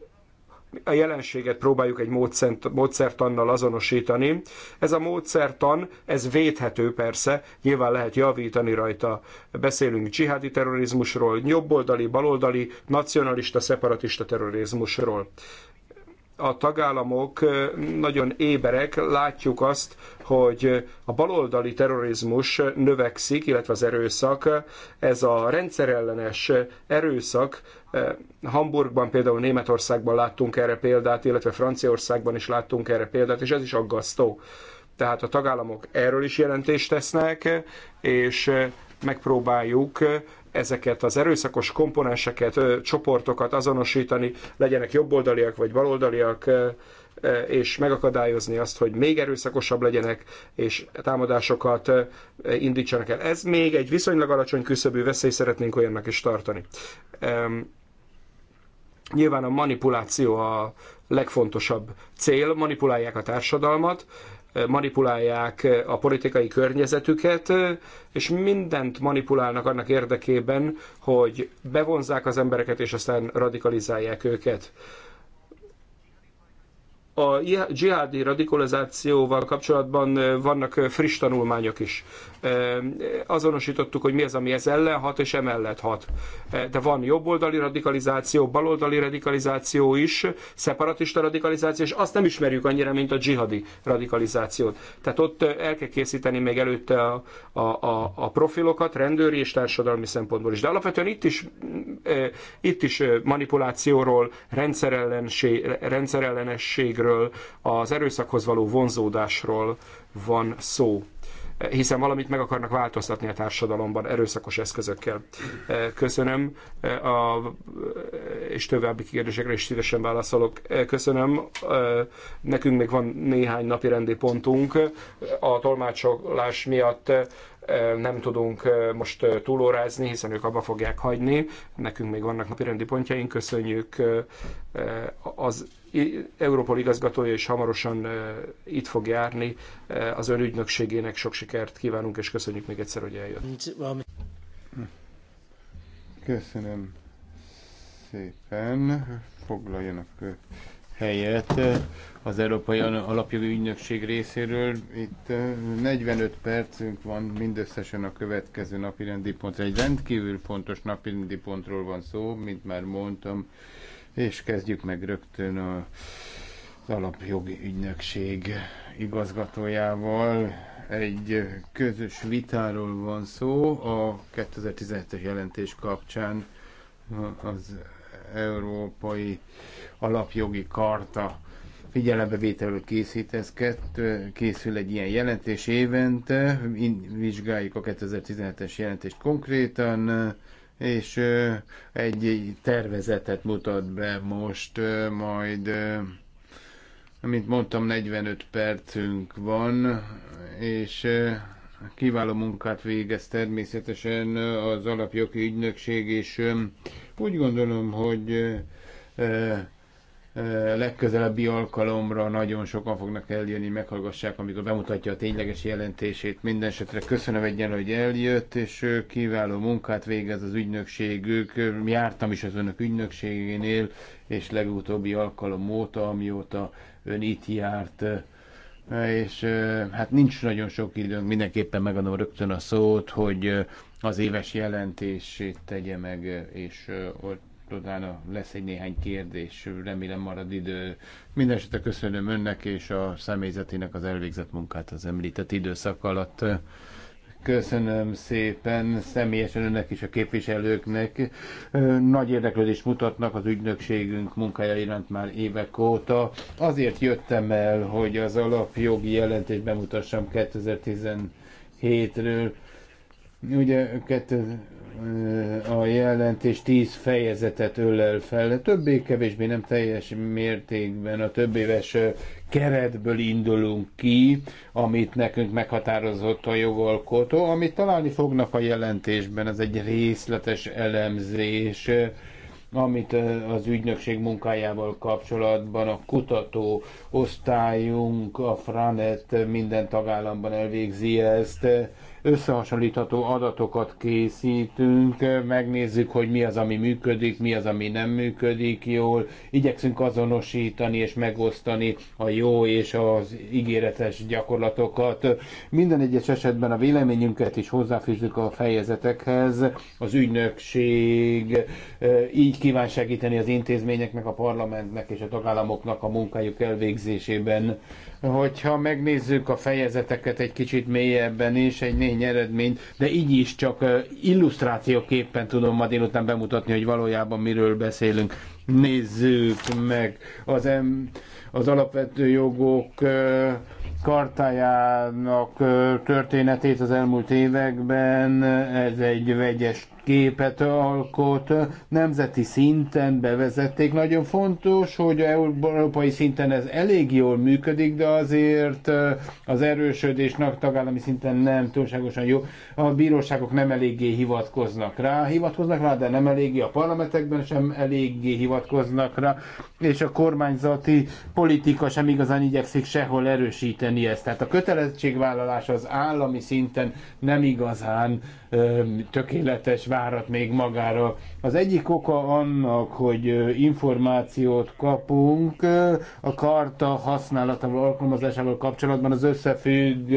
a jelenséget próbáljuk egy módszert, módszertannal azonosítani. Ez a módszertan, ez védhető persze, nyilván lehet javítani rajta. Beszélünk dzsihádi terrorizmusról, jobboldali, baloldali, nacionalista, szeparatista terrorizmusról a tagállamok nagyon éberek, látjuk azt, hogy a baloldali terrorizmus növekszik, illetve az erőszak, ez a rendszerellenes erőszak, Hamburgban például Németországban láttunk erre példát, illetve Franciaországban is láttunk erre példát, és ez is aggasztó. Tehát a tagállamok erről is jelentést tesznek, és megpróbáljuk ezeket az erőszakos komponenseket, csoportokat azonosítani, legyenek jobboldaliak vagy baloldaliak, és megakadályozni azt, hogy még erőszakosabb legyenek, és támadásokat indítsanak el. Ez még egy viszonylag alacsony küszöbű veszély, szeretnénk olyannak is tartani. Nyilván a manipuláció a legfontosabb cél, manipulálják a társadalmat, manipulálják a politikai környezetüket, és mindent manipulálnak annak érdekében, hogy bevonzák az embereket, és aztán radikalizálják őket a dzsihádi radikalizációval kapcsolatban vannak friss tanulmányok is. Azonosítottuk, hogy mi az, ami ez ellen hat és emellett hat. De van jobboldali radikalizáció, baloldali radikalizáció is, szeparatista radikalizáció, és azt nem ismerjük annyira, mint a dzsihadi radikalizációt. Tehát ott el kell készíteni még előtte a, a, a, a profilokat, rendőri és társadalmi szempontból is. De alapvetően itt is, itt is manipulációról, rendszerellenességről, erőről, az erőszakhoz való vonzódásról van szó hiszen valamit meg akarnak változtatni a társadalomban erőszakos eszközökkel. Köszönöm, a, és további kérdésekre is szívesen válaszolok. Köszönöm, nekünk még van néhány napi rendi pontunk. A tolmácsolás miatt eh, nem tudunk eh, most eh, túlórázni, hiszen ők abba fogják hagyni. Nekünk még vannak napi rendi pontjaink. Köszönjük az Európa igazgatója is hamarosan itt fog járni. Az ön ügynökségének sok sikert kívánunk, és köszönjük még egyszer, hogy eljött. Köszönöm szépen. Foglaljanak helyet az Európai Alapjogi Ügynökség részéről. Itt 45 percünk van mindösszesen a következő napi rendi pontra. Egy rendkívül fontos napi rendi pontról van szó, mint már mondtam. És kezdjük meg rögtön a, az alapjogi ügynökség igazgatójával. Egy közös vitáról van szó a 2017-es jelentés kapcsán az Európai Alapjogi Karta figyelembevételről készít, ez készül egy ilyen jelentés évente, vizsgáljuk a 2017-es jelentést konkrétan, és egy tervezetet mutat be most, majd, amint mondtam, 45 percünk van, és kiváló munkát végez természetesen az alapjogi ügynökség, és úgy gondolom, hogy legközelebbi alkalomra nagyon sokan fognak eljönni, meghallgassák, amikor bemutatja a tényleges jelentését. Mindenesetre köszönöm egyen, hogy eljött, és kiváló munkát végez az ügynökségük. Jártam is az önök ügynökségénél, és legutóbbi alkalom óta, amióta ön itt járt, és hát nincs nagyon sok időnk, mindenképpen megadom rögtön a szót, hogy az éves jelentését tegye meg, és ott utána lesz egy néhány kérdés, remélem marad idő. Mindenesetre köszönöm önnek és a személyzetének az elvégzett munkát az említett időszak alatt. Köszönöm szépen személyesen önnek és a képviselőknek. Nagy érdeklődést mutatnak az ügynökségünk munkája iránt már évek óta. Azért jöttem el, hogy az alapjogi jelentést bemutassam 2017-ről. Ugye 2000, a jelentés tíz fejezetet ölel fel, többé-kevésbé nem teljes mértékben a több éves keretből indulunk ki, amit nekünk meghatározott a jogalkotó, amit találni fognak a jelentésben, ez egy részletes elemzés, amit az ügynökség munkájával kapcsolatban a kutató osztályunk, a Franet minden tagállamban elvégzi ezt, összehasonlítható adatokat készítünk, megnézzük, hogy mi az, ami működik, mi az, ami nem működik jól, igyekszünk azonosítani és megosztani a jó és az ígéretes gyakorlatokat. Minden egyes esetben a véleményünket is hozzáfűzzük a fejezetekhez, az ügynökség eh, így kíván segíteni az intézményeknek, a parlamentnek és a tagállamoknak a munkájuk elvégzésében hogyha megnézzük a fejezeteket egy kicsit mélyebben is, egy néhány eredményt, de így is csak illusztrációképpen tudom ma délután bemutatni, hogy valójában miről beszélünk. Nézzük meg az, em, az alapvető jogok kartájának történetét az elmúlt években. Ez egy vegyes képet alkot, nemzeti szinten bevezették. Nagyon fontos, hogy európai szinten ez elég jól működik, de azért az erősödés tagállami szinten nem túlságosan jó. A bíróságok nem eléggé hivatkoznak rá, hivatkoznak rá, de nem eléggé a parlamentekben sem eléggé hivatkoznak rá, és a kormányzati politika sem igazán igyekszik sehol erősíteni ezt. Tehát a kötelezettségvállalás az állami szinten nem igazán ö, tökéletes várat még magára. Az egyik oka annak, hogy információt kapunk a karta használatával, alkalmazásával kapcsolatban az összefügg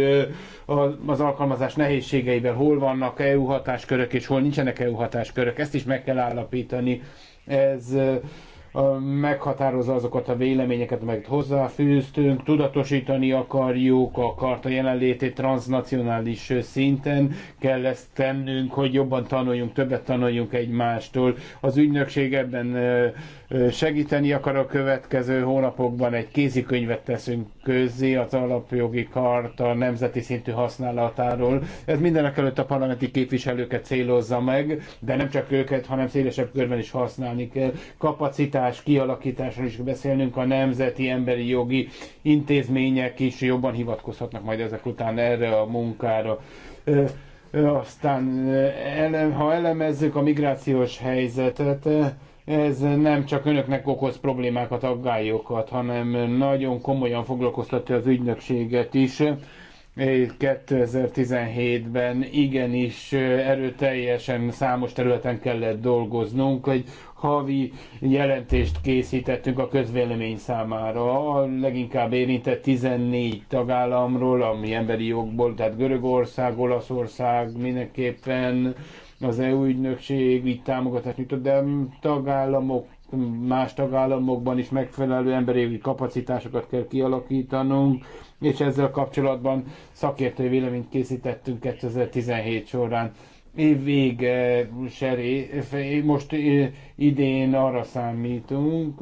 az alkalmazás nehézségeivel, hol vannak EU hatáskörök és hol nincsenek EU hatáskörök, ezt is meg kell állapítani. Ez meghatározza azokat a véleményeket, amelyeket hozzáfűztünk, tudatosítani akarjuk a karta jelenlétét transnacionális szinten, kell ezt tennünk, hogy jobban tanuljunk, többet tanuljunk egymástól. Az ügynökség ebben segíteni akar a következő hónapokban, egy kézikönyvet teszünk közzé az alapjogi karta nemzeti szintű használatáról. Ez mindenek előtt a parlamenti képviselőket célozza meg, de nem csak őket, hanem szélesebb körben is használni kell. Kapacitás kialakításról is beszélnünk, a nemzeti emberi jogi intézmények is jobban hivatkozhatnak majd ezek után erre a munkára. Aztán ha elemezzük a migrációs helyzetet, ez nem csak önöknek okoz problémákat, aggályokat, hanem nagyon komolyan foglalkoztatja az ügynökséget is. 2017-ben igenis erőteljesen számos területen kellett dolgoznunk. Egy havi jelentést készítettünk a közvélemény számára. A leginkább érintett 14 tagállamról, ami emberi jogból, tehát Görögország, Olaszország mindenképpen, az EU ügynökség így támogatást nyújtott, de tagállamok, más tagállamokban is megfelelő emberi kapacitásokat kell kialakítanunk, és ezzel kapcsolatban szakértői véleményt készítettünk 2017 során. Év vége seré, most eh, idén arra számítunk,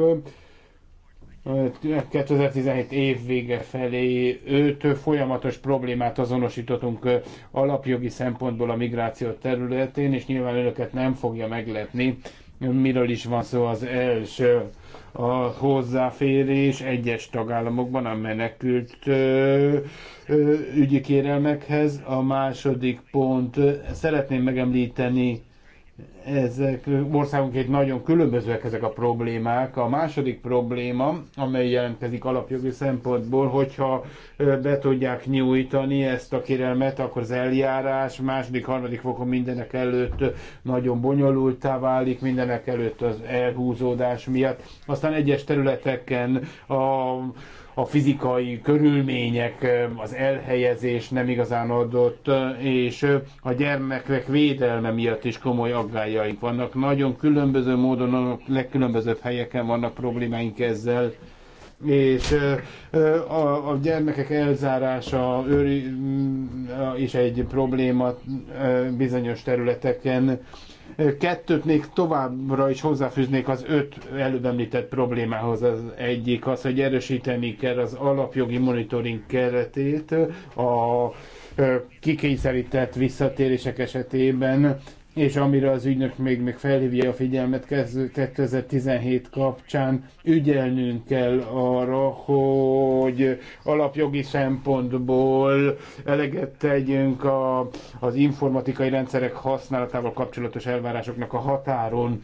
2017 év vége felé öt folyamatos problémát azonosítottunk alapjogi szempontból a migráció területén, és nyilván önöket nem fogja meglepni, miről is van szó az első a hozzáférés egyes tagállamokban a menekült ö, ö, ügyi kérelmekhez. A második pont, szeretném megemlíteni ezek országunkért nagyon különbözőek ezek a problémák. A második probléma, amely jelentkezik alapjogi szempontból, hogyha be tudják nyújtani ezt a kérelmet, akkor az eljárás második, harmadik fokon mindenek előtt nagyon bonyolultá válik, mindenek előtt az elhúzódás miatt. Aztán egyes területeken a a fizikai körülmények, az elhelyezés nem igazán adott, és a gyermekek védelme miatt is komoly aggájaink vannak. Nagyon különböző módon a legkülönbözőbb helyeken vannak problémáink ezzel, és a, a gyermekek elzárása mm, is egy probléma bizonyos területeken Kettőt még továbbra is hozzáfűznék az öt előbb említett problémához. Az egyik az, hogy erősíteni kell az alapjogi monitoring keretét, a kikényszerített visszatérések esetében és amire az ügynök még, még felhívja a figyelmet 2017 kapcsán, ügyelnünk kell arra, hogy alapjogi szempontból eleget tegyünk a, az informatikai rendszerek használatával kapcsolatos elvárásoknak a határon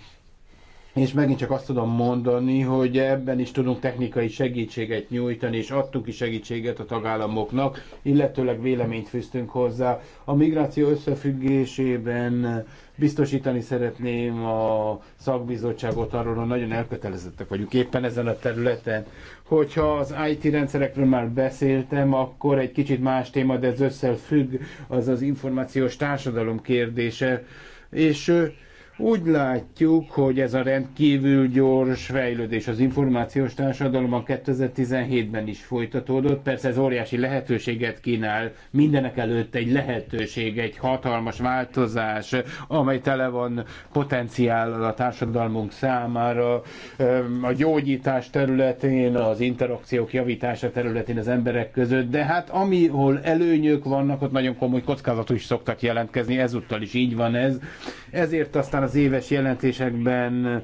és megint csak azt tudom mondani, hogy ebben is tudunk technikai segítséget nyújtani, és adtunk is segítséget a tagállamoknak, illetőleg véleményt fűztünk hozzá. A migráció összefüggésében biztosítani szeretném a szakbizottságot arról, hogy nagyon elkötelezettek vagyunk éppen ezen a területen. Hogyha az IT rendszerekről már beszéltem, akkor egy kicsit más téma, de ez összefügg, az az információs társadalom kérdése. És úgy látjuk, hogy ez a rendkívül gyors fejlődés az információs társadalomban 2017-ben is folytatódott. Persze ez óriási lehetőséget kínál, mindenek előtt egy lehetőség, egy hatalmas változás, amely tele van potenciállal a társadalmunk számára, a gyógyítás területén, az interakciók javítása területén az emberek között, de hát amihol előnyök vannak, ott nagyon komoly kockázatok is szoktak jelentkezni, ezúttal is így van ez. Ezért aztán az éves jelentésekben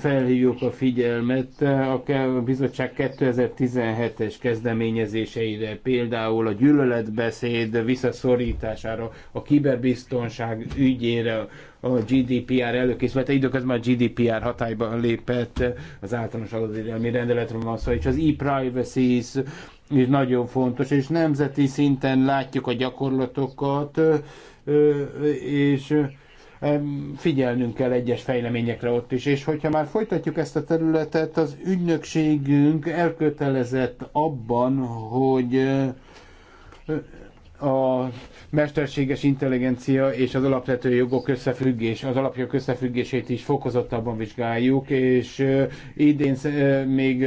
felhívjuk a figyelmet a bizottság 2017-es kezdeményezéseire, például a gyűlöletbeszéd visszaszorítására, a kiberbiztonság ügyére, a GDPR előkészülete, időközben a GDPR hatályba lépett az általános adatvédelmi rendeletről van szó, és az e-privacies is nagyon fontos, és nemzeti szinten látjuk a gyakorlatokat, és Figyelnünk kell egyes fejleményekre ott is, és hogyha már folytatjuk ezt a területet, az ügynökségünk elkötelezett abban, hogy a mesterséges intelligencia és az alapvető jogok összefüggés, az alapjog összefüggését is fokozottabban vizsgáljuk, és idén, még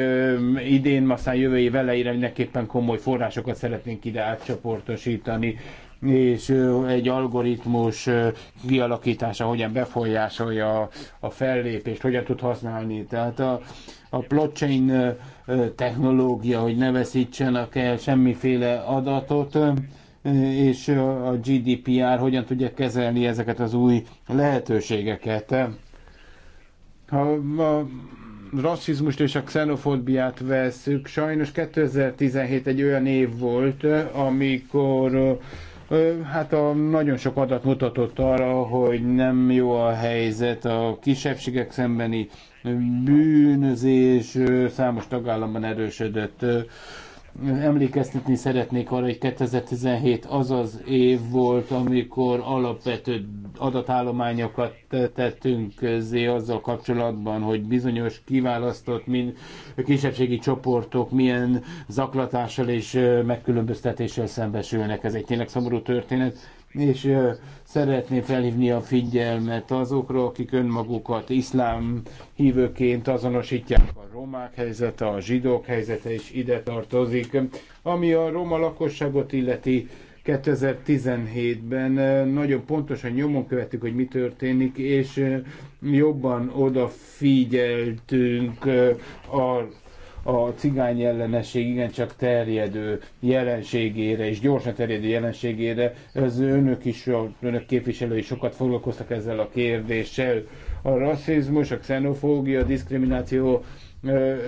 idén, aztán jövő év elejére mindenképpen komoly forrásokat szeretnénk ide átcsoportosítani és egy algoritmus kialakítása hogyan befolyásolja a fellépést, hogyan tud használni. Tehát a, a blockchain technológia, hogy ne veszítsenek el semmiféle adatot, és a GDPR hogyan tudja kezelni ezeket az új lehetőségeket. Ha a rasszizmust és a xenofóbiát vesszük, sajnos 2017 egy olyan év volt, amikor Hát a, nagyon sok adat mutatott arra, hogy nem jó a helyzet a kisebbségek szembeni bűnözés számos tagállamban erősödött emlékeztetni szeretnék arra, hogy 2017 az az év volt, amikor alapvető adatállományokat tettünk közé azzal kapcsolatban, hogy bizonyos kiválasztott mind kisebbségi csoportok milyen zaklatással és megkülönböztetéssel szembesülnek. Ez egy tényleg szomorú történet és szeretném felhívni a figyelmet azokra, akik önmagukat iszlám hívőként azonosítják. A romák helyzete, a zsidók helyzete is ide tartozik. Ami a roma lakosságot illeti, 2017-ben nagyon pontosan nyomon követtük, hogy mi történik, és jobban odafigyeltünk a a cigány ellenesség igencsak terjedő jelenségére és gyorsan terjedő jelenségére. Ez önök is, a, önök képviselői sokat foglalkoztak ezzel a kérdéssel. A rasszizmus, a xenofógia, a diszkrimináció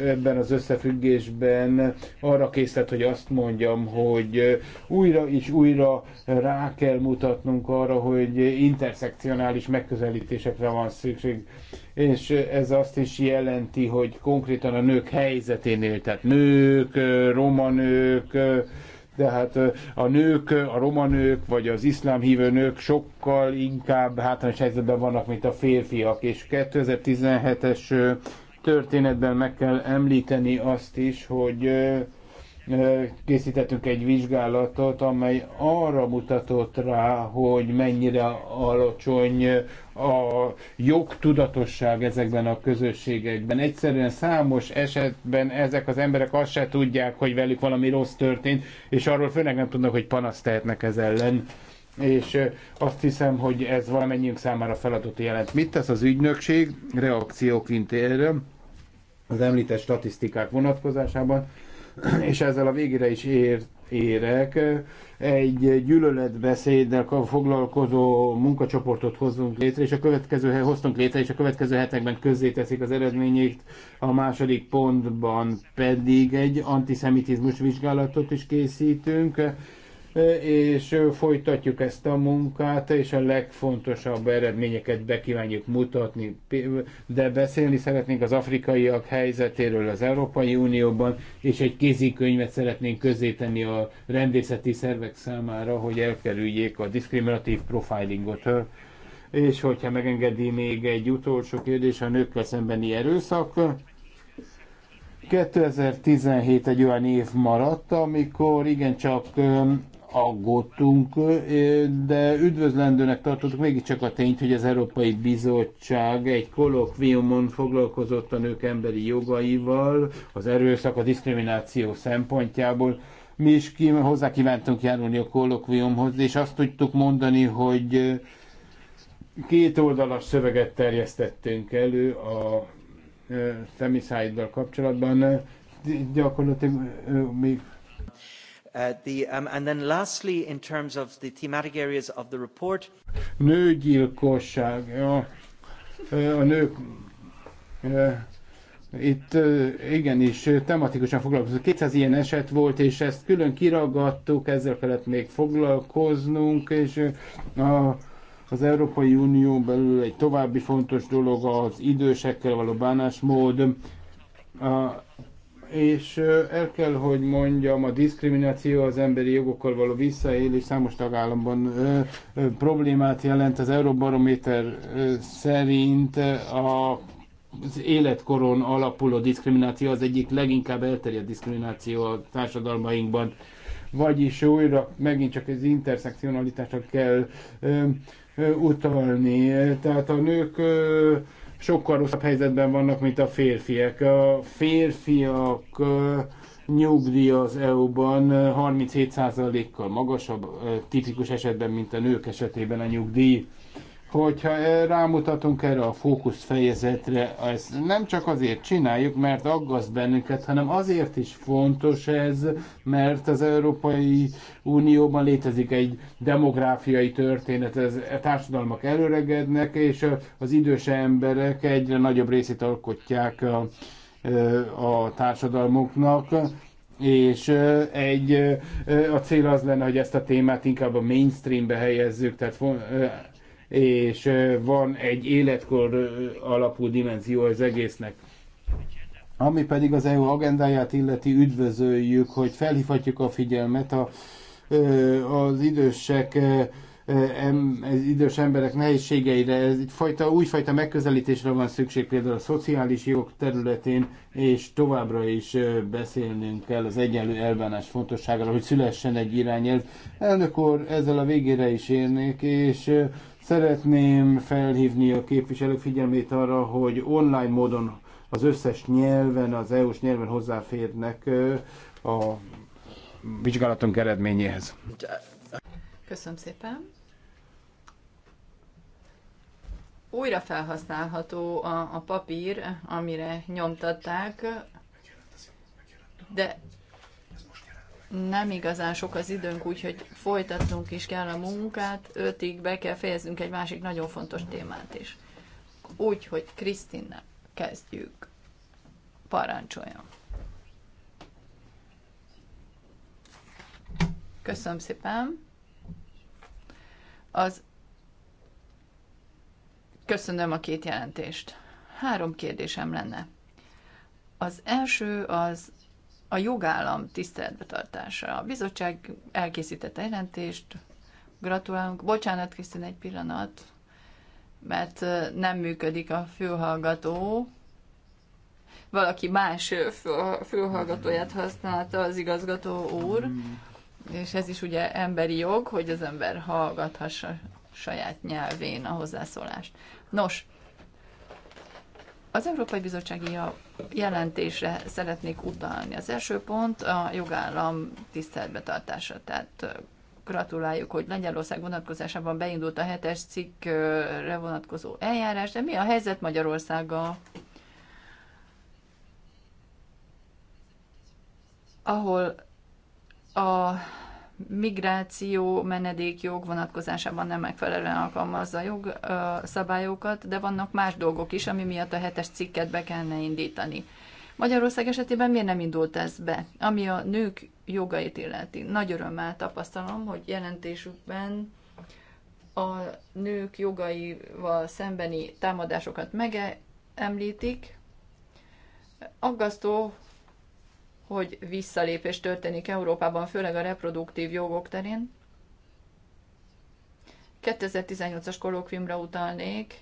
ebben az összefüggésben arra készlet, hogy azt mondjam, hogy újra és újra rá kell mutatnunk arra, hogy interszekcionális megközelítésekre van szükség. És ez azt is jelenti, hogy konkrétan a nők helyzeténél, tehát nők, roma nők, de hát a nők, a roma nők, vagy az iszlám hívő nők sokkal inkább hátrányos helyzetben vannak, mint a férfiak, és 2017-es történetben meg kell említeni azt is, hogy készítettünk egy vizsgálatot, amely arra mutatott rá, hogy mennyire alacsony a jogtudatosság ezekben a közösségekben. Egyszerűen számos esetben ezek az emberek azt se tudják, hogy velük valami rossz történt, és arról főleg nem tudnak, hogy panaszt tehetnek ez ellen. És azt hiszem, hogy ez valamennyiünk számára feladott jelent. Mit tesz az ügynökség reakcióként erre? az említett statisztikák vonatkozásában, és ezzel a végére is ér, érek. Egy gyűlöletbeszéddel foglalkozó munkacsoportot hozunk létre, és a következő hoztunk létre, és a következő hetekben közzéteszik az eredményét. A második pontban pedig egy antiszemitizmus vizsgálatot is készítünk és folytatjuk ezt a munkát, és a legfontosabb eredményeket be kívánjuk mutatni, de beszélni szeretnénk az afrikaiak helyzetéről az Európai Unióban, és egy kézikönyvet szeretnénk közzétenni a rendészeti szervek számára, hogy elkerüljék a diszkriminatív profilingot. És hogyha megengedi még egy utolsó kérdés, a nőkkel szembeni erőszak, 2017 egy olyan év maradt, amikor igencsak aggódtunk, de üdvözlendőnek tartottuk mégiscsak a tényt, hogy az Európai Bizottság egy kolokviumon foglalkozott a nők emberi jogaival, az erőszak, a diszkrimináció szempontjából. Mi is ki, hozzá kívántunk járulni a kolokviumhoz, és azt tudtuk mondani, hogy két oldalas szöveget terjesztettünk elő a femicide kapcsolatban, gyakorlatilag még Uh, the, um, and then lastly, in terms of the thematic areas of the report, nőgyilkosság, a, a nők itt igenis tematikusan foglalkozunk. 200 ilyen eset volt, és ezt külön kiragadtuk, ezzel kellett még foglalkoznunk, és a, az Európai Unió belül egy további fontos dolog az idősekkel való bánásmód. A, és el kell, hogy mondjam, a diszkrimináció az emberi jogokkal való visszaélés számos tagállamban ö, ö, problémát jelent. Az Euróbarométer szerint a, az életkoron alapuló diszkrimináció az egyik leginkább elterjedt diszkrimináció a társadalmainkban. Vagyis újra megint csak az interszekcionalitásra kell ö, ö, utalni. Tehát a nők ö, sokkal rosszabb helyzetben vannak, mint a férfiak. A férfiak nyugdíj az EU-ban 37%-kal magasabb tipikus esetben, mint a nők esetében a nyugdíj hogyha eh, rámutatunk erre a fókusz fejezetre, ezt nem csak azért csináljuk, mert aggaszt bennünket, hanem azért is fontos ez, mert az Európai Unióban létezik egy demográfiai történet, ez, a e társadalmak előregednek, és eh, az idős emberek egyre nagyobb részét alkotják a, eh, a társadalmoknak, és egy, a cél az lenne, hogy ezt a témát inkább a mainstreambe helyezzük, tehát és van egy életkor alapú dimenzió az egésznek. Ami pedig az EU agendáját illeti, üdvözöljük, hogy felhívhatjuk a figyelmet a, az idősek az idős emberek nehézségeire, ez fajta, újfajta megközelítésre van szükség például a szociális jog területén, és továbbra is beszélnünk kell az egyenlő elvánás fontosságára, hogy szülessen egy irányelv. Elnök úr, ezzel a végére is érnék, és Szeretném felhívni a képviselők figyelmét arra, hogy online módon az összes nyelven, az EU-s nyelven hozzáférnek a vizsgálatunk eredményéhez. Köszönöm szépen. Újra felhasználható a, a papír, amire nyomtatták, de nem igazán sok az időnk, úgyhogy folytatnunk is kell a munkát. Ötig be kell fejeznünk egy másik nagyon fontos témát is. Úgyhogy Krisztinne, kezdjük. Parancsoljon. Köszönöm szépen. Az Köszönöm a két jelentést. Három kérdésem lenne. Az első az a jogállam tiszteletbe tartása. A bizottság elkészítette jelentést, gratulálunk. Bocsánat, Krisztin, egy pillanat, mert nem működik a fülhallgató. Valaki más fülhallgatóját használta az igazgató úr, mm. és ez is ugye emberi jog, hogy az ember hallgathassa saját nyelvén a hozzászólást. Nos, az Európai Bizottsági jelentésre szeretnék utalni. Az első pont a jogállam tartása. Tehát gratuláljuk, hogy Lengyelország vonatkozásában beindult a hetes cikkre vonatkozó eljárás, de mi a helyzet Magyarországgal? Ahol a migráció, menedékjog vonatkozásában nem megfelelően alkalmazza jogszabályokat, de vannak más dolgok is, ami miatt a hetes cikket be kellene indítani. Magyarország esetében miért nem indult ez be? Ami a nők jogait illeti. Nagy örömmel tapasztalom, hogy jelentésükben a nők jogaival szembeni támadásokat megemlítik. Aggasztó, hogy visszalépés történik Európában, főleg a reproduktív jogok terén. 2018-as kolokvimra utalnék,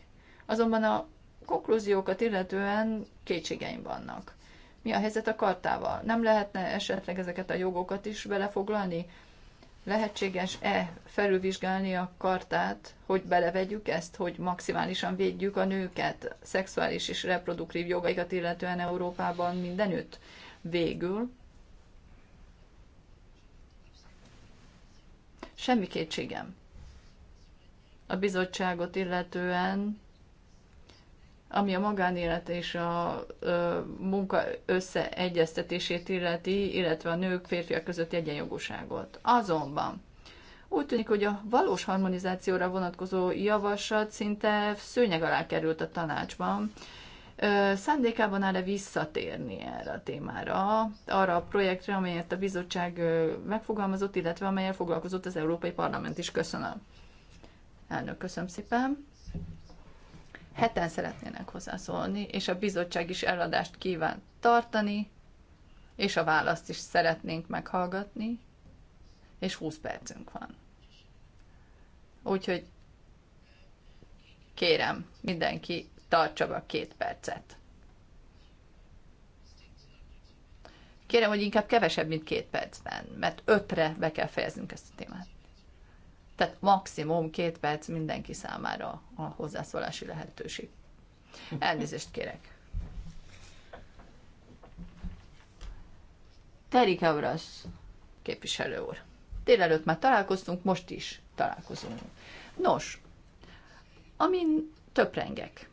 azonban a konklúziókat illetően kétségeim vannak. Mi a helyzet a kartával? Nem lehetne esetleg ezeket a jogokat is belefoglalni? Lehetséges-e felülvizsgálni a kartát, hogy belevegyük ezt, hogy maximálisan védjük a nőket, szexuális és reproduktív jogaikat illetően Európában mindenütt? Végül semmi kétségem. A bizottságot illetően, ami a magánélet és a ö, munka összeegyeztetését illeti, illetve a nők férfiak közötti egyenjogúságot. Azonban úgy tűnik, hogy a valós harmonizációra vonatkozó javaslat szinte szőnyeg alá került a tanácsban, szándékában áll-e visszatérni erre a témára, arra a projektre, amelyet a bizottság megfogalmazott, illetve amelyel foglalkozott az Európai Parlament is. Köszönöm. Elnök, köszönöm szépen. Heten szeretnének hozzászólni, és a bizottság is eladást kíván tartani, és a választ is szeretnénk meghallgatni, és 20 percünk van. Úgyhogy kérem, mindenki tartsa be a két percet. Kérem, hogy inkább kevesebb, mint két percben, mert ötre be kell fejeznünk ezt a témát. Tehát maximum két perc mindenki számára a hozzászólási lehetőség. Elnézést kérek. Teri Kavrasz, képviselő úr. Délelőtt már találkoztunk, most is találkozunk. Nos, amin töprengek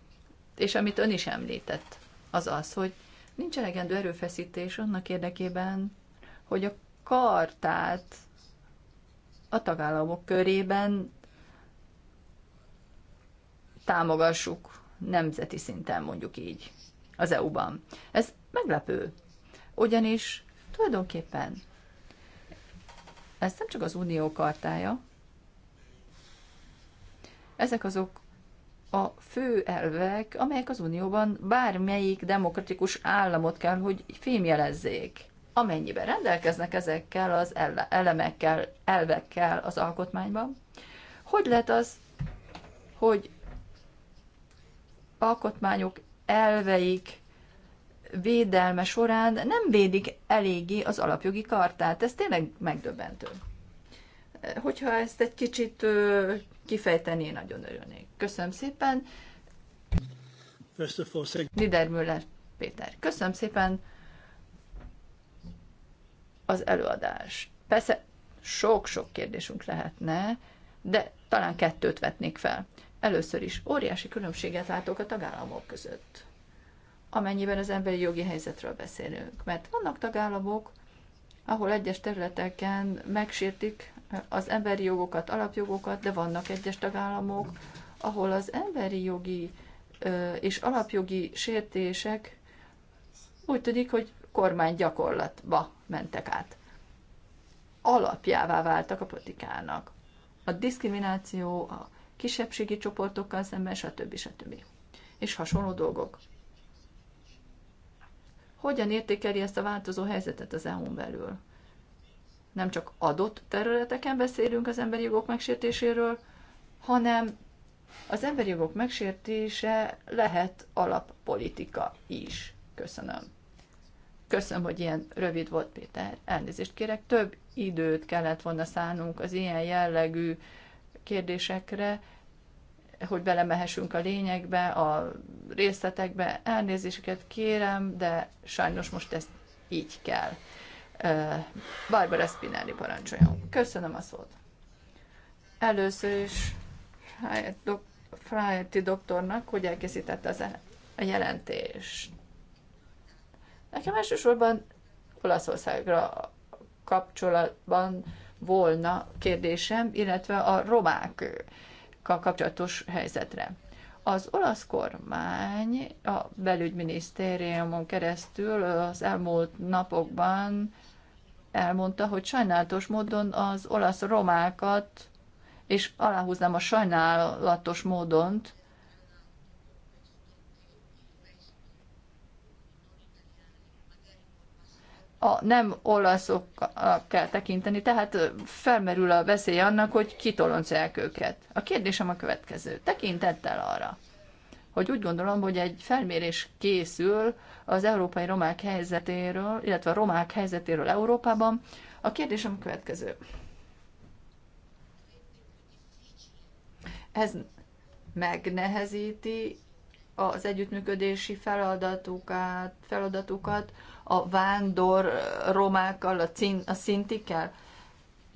és amit ön is említett, az az, hogy nincs elegendő erőfeszítés annak érdekében, hogy a kartát a tagállamok körében támogassuk nemzeti szinten, mondjuk így, az EU-ban. Ez meglepő, ugyanis tulajdonképpen ez nem csak az unió kartája, ezek azok a fő elvek, amelyek az Unióban bármelyik demokratikus államot kell, hogy fémjelezzék. Amennyiben rendelkeznek ezekkel az elemekkel, elvekkel az alkotmányban, hogy lehet az, hogy alkotmányok elveik védelme során nem védik eléggé az alapjogi kartát. Ez tényleg megdöbbentő. Hogyha ezt egy kicsit kifejteni, én nagyon örülnék. Köszönöm szépen. Niedermüller Péter. Köszönöm szépen az előadást. Persze sok-sok kérdésünk lehetne, de talán kettőt vetnék fel. Először is óriási különbséget látok a tagállamok között, amennyiben az emberi jogi helyzetről beszélünk. Mert vannak tagállamok, ahol egyes területeken megsértik az emberi jogokat, alapjogokat, de vannak egyes tagállamok, ahol az emberi jogi és alapjogi sértések úgy tudik, hogy kormány gyakorlatba mentek át. Alapjává váltak a politikának. A diszkrimináció, a kisebbségi csoportokkal szemben, stb. stb. És hasonló dolgok. Hogyan értékeli ezt a változó helyzetet az EU-n belül? nem csak adott területeken beszélünk az emberi jogok megsértéséről, hanem az emberi jogok megsértése lehet alappolitika is. Köszönöm. Köszönöm, hogy ilyen rövid volt, Péter. Elnézést kérek, több időt kellett volna szánunk az ilyen jellegű kérdésekre, hogy belemehessünk a lényegbe, a részletekbe. Elnézéseket kérem, de sajnos most ezt így kell. Barbara Spinelli parancsoljon. Köszönöm a szót. Először is Frájerti doktornak, hogy elkészítette az a jelentést. Nekem elsősorban Olaszországra kapcsolatban volna kérdésem, illetve a romákkal kapcsolatos helyzetre. Az olasz kormány a belügyminisztériumon keresztül az elmúlt napokban elmondta, hogy sajnálatos módon az olasz romákat, és aláhúznám a sajnálatos módont, a nem olaszokkal kell tekinteni, tehát felmerül a veszély annak, hogy kitoloncják őket. A kérdésem a következő. Tekintettel arra, hogy úgy gondolom, hogy egy felmérés készül az európai romák helyzetéről, illetve a romák helyzetéről Európában. A kérdésem a következő. Ez megnehezíti az együttműködési feladatukat, feladatukat a vándor romákkal, a, cín, a szintikkel?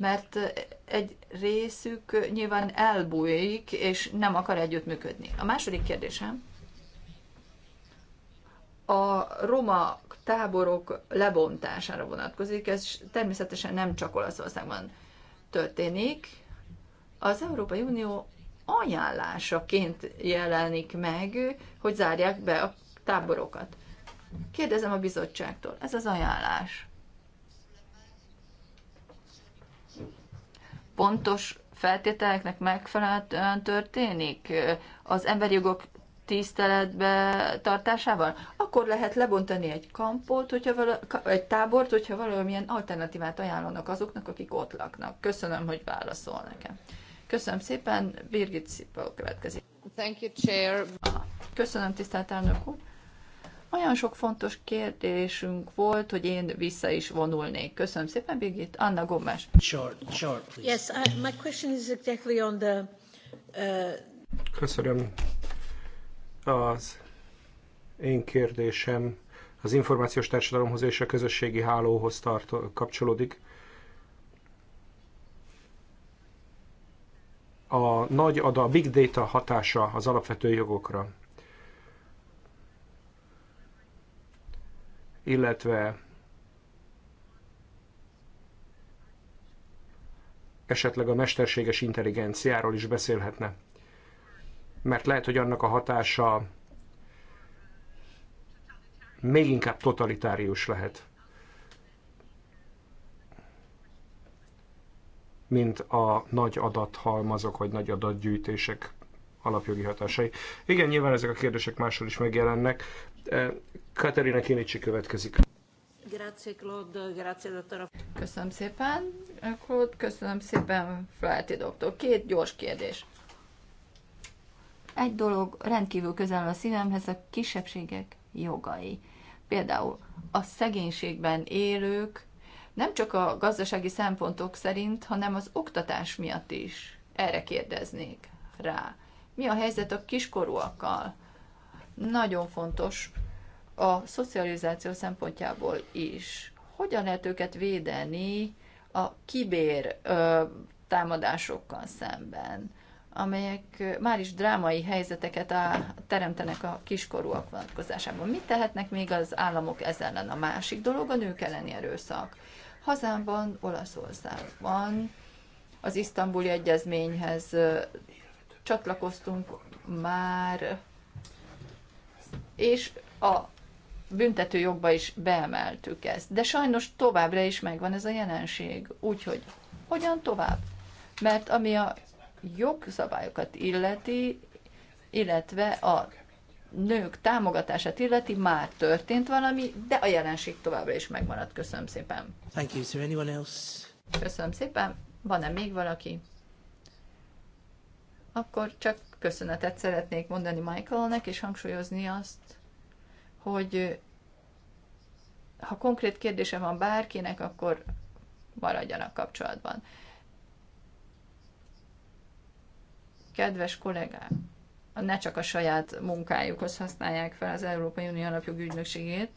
mert egy részük nyilván elbújik, és nem akar együttműködni. A második kérdésem, a roma táborok lebontására vonatkozik, ez természetesen nem csak Olaszországban történik. Az Európai Unió ajánlásaként jelenik meg, hogy zárják be a táborokat. Kérdezem a bizottságtól, ez az ajánlás pontos feltételeknek megfelelően történik az emberi jogok tiszteletbe tartásával, akkor lehet lebontani egy kampot, hogyha vala, egy tábort, hogyha valamilyen alternatívát ajánlanak azoknak, akik ott laknak. Köszönöm, hogy válaszol nekem. Köszönöm szépen, Birgit Szipa következik. Thank you, Chair. Köszönöm, tisztelt elnök úr. Olyan sok fontos kérdésünk volt, hogy én vissza is vonulnék. Köszönöm szépen, Birgit. Anna Gomes. Short, short, please. Yes, I, my question is exactly on the... Uh... Köszönöm. Az én kérdésem az információs társadalomhoz és a közösségi hálóhoz tart, kapcsolódik. A nagy ada, a big data hatása az alapvető jogokra. illetve esetleg a mesterséges intelligenciáról is beszélhetne. Mert lehet, hogy annak a hatása még inkább totalitárius lehet, mint a nagy adathalmazok vagy nagy adatgyűjtések alapjogi hatásai. Igen, nyilván ezek a kérdések máshol is megjelennek. Eh, Katerina Kinicsi következik. Grazie, Claude. Grazie, dottor. Köszönöm szépen, Claude. Köszönöm szépen, Flaherty doktor. Két gyors kérdés. Egy dolog rendkívül közel a szívemhez, a kisebbségek jogai. Például a szegénységben élők nem csak a gazdasági szempontok szerint, hanem az oktatás miatt is. Erre kérdeznék rá. Mi a helyzet a kiskorúakkal? Nagyon fontos a szocializáció szempontjából is. Hogyan lehet őket védeni a kibér ö, támadásokkal szemben, amelyek már is drámai helyzeteket á, teremtenek a kiskorúak vonatkozásában. Mit tehetnek még az államok ezzel ellen? A másik dolog a nők elleni erőszak. Hazámban, Olaszországban az isztambuli egyezményhez csatlakoztunk már, és a büntetőjogba is beemeltük ezt. De sajnos továbbra is megvan ez a jelenség. Úgyhogy hogyan tovább? Mert ami a jogszabályokat illeti, illetve a nők támogatását illeti, már történt valami, de a jelenség továbbra is megmaradt. Köszönöm szépen. Thank you. Is there anyone else? Köszönöm szépen. Van-e még valaki? akkor csak köszönetet szeretnék mondani Michaelnek, és hangsúlyozni azt, hogy ha konkrét kérdése van bárkinek, akkor maradjanak kapcsolatban. Kedves kollégám, ne csak a saját munkájukhoz használják fel az Európai Unió Alapjog Ügynökségét,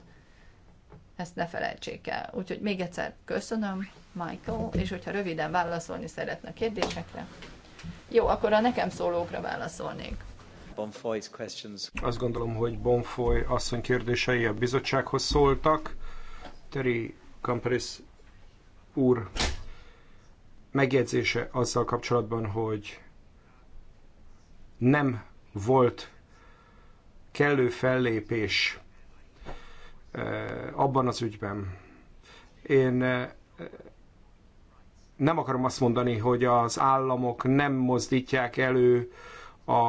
ezt ne felejtsék el. Úgyhogy még egyszer köszönöm, Michael, és hogyha röviden válaszolni szeretne a kérdésekre, jó, akkor a nekem szólókra válaszolnék. Azt gondolom, hogy Bonfoy asszony kérdései a bizottsághoz szóltak. Terry Kamperis úr megjegyzése azzal kapcsolatban, hogy nem volt kellő fellépés eh, abban az ügyben. Én eh, nem akarom azt mondani, hogy az államok nem mozdítják elő a,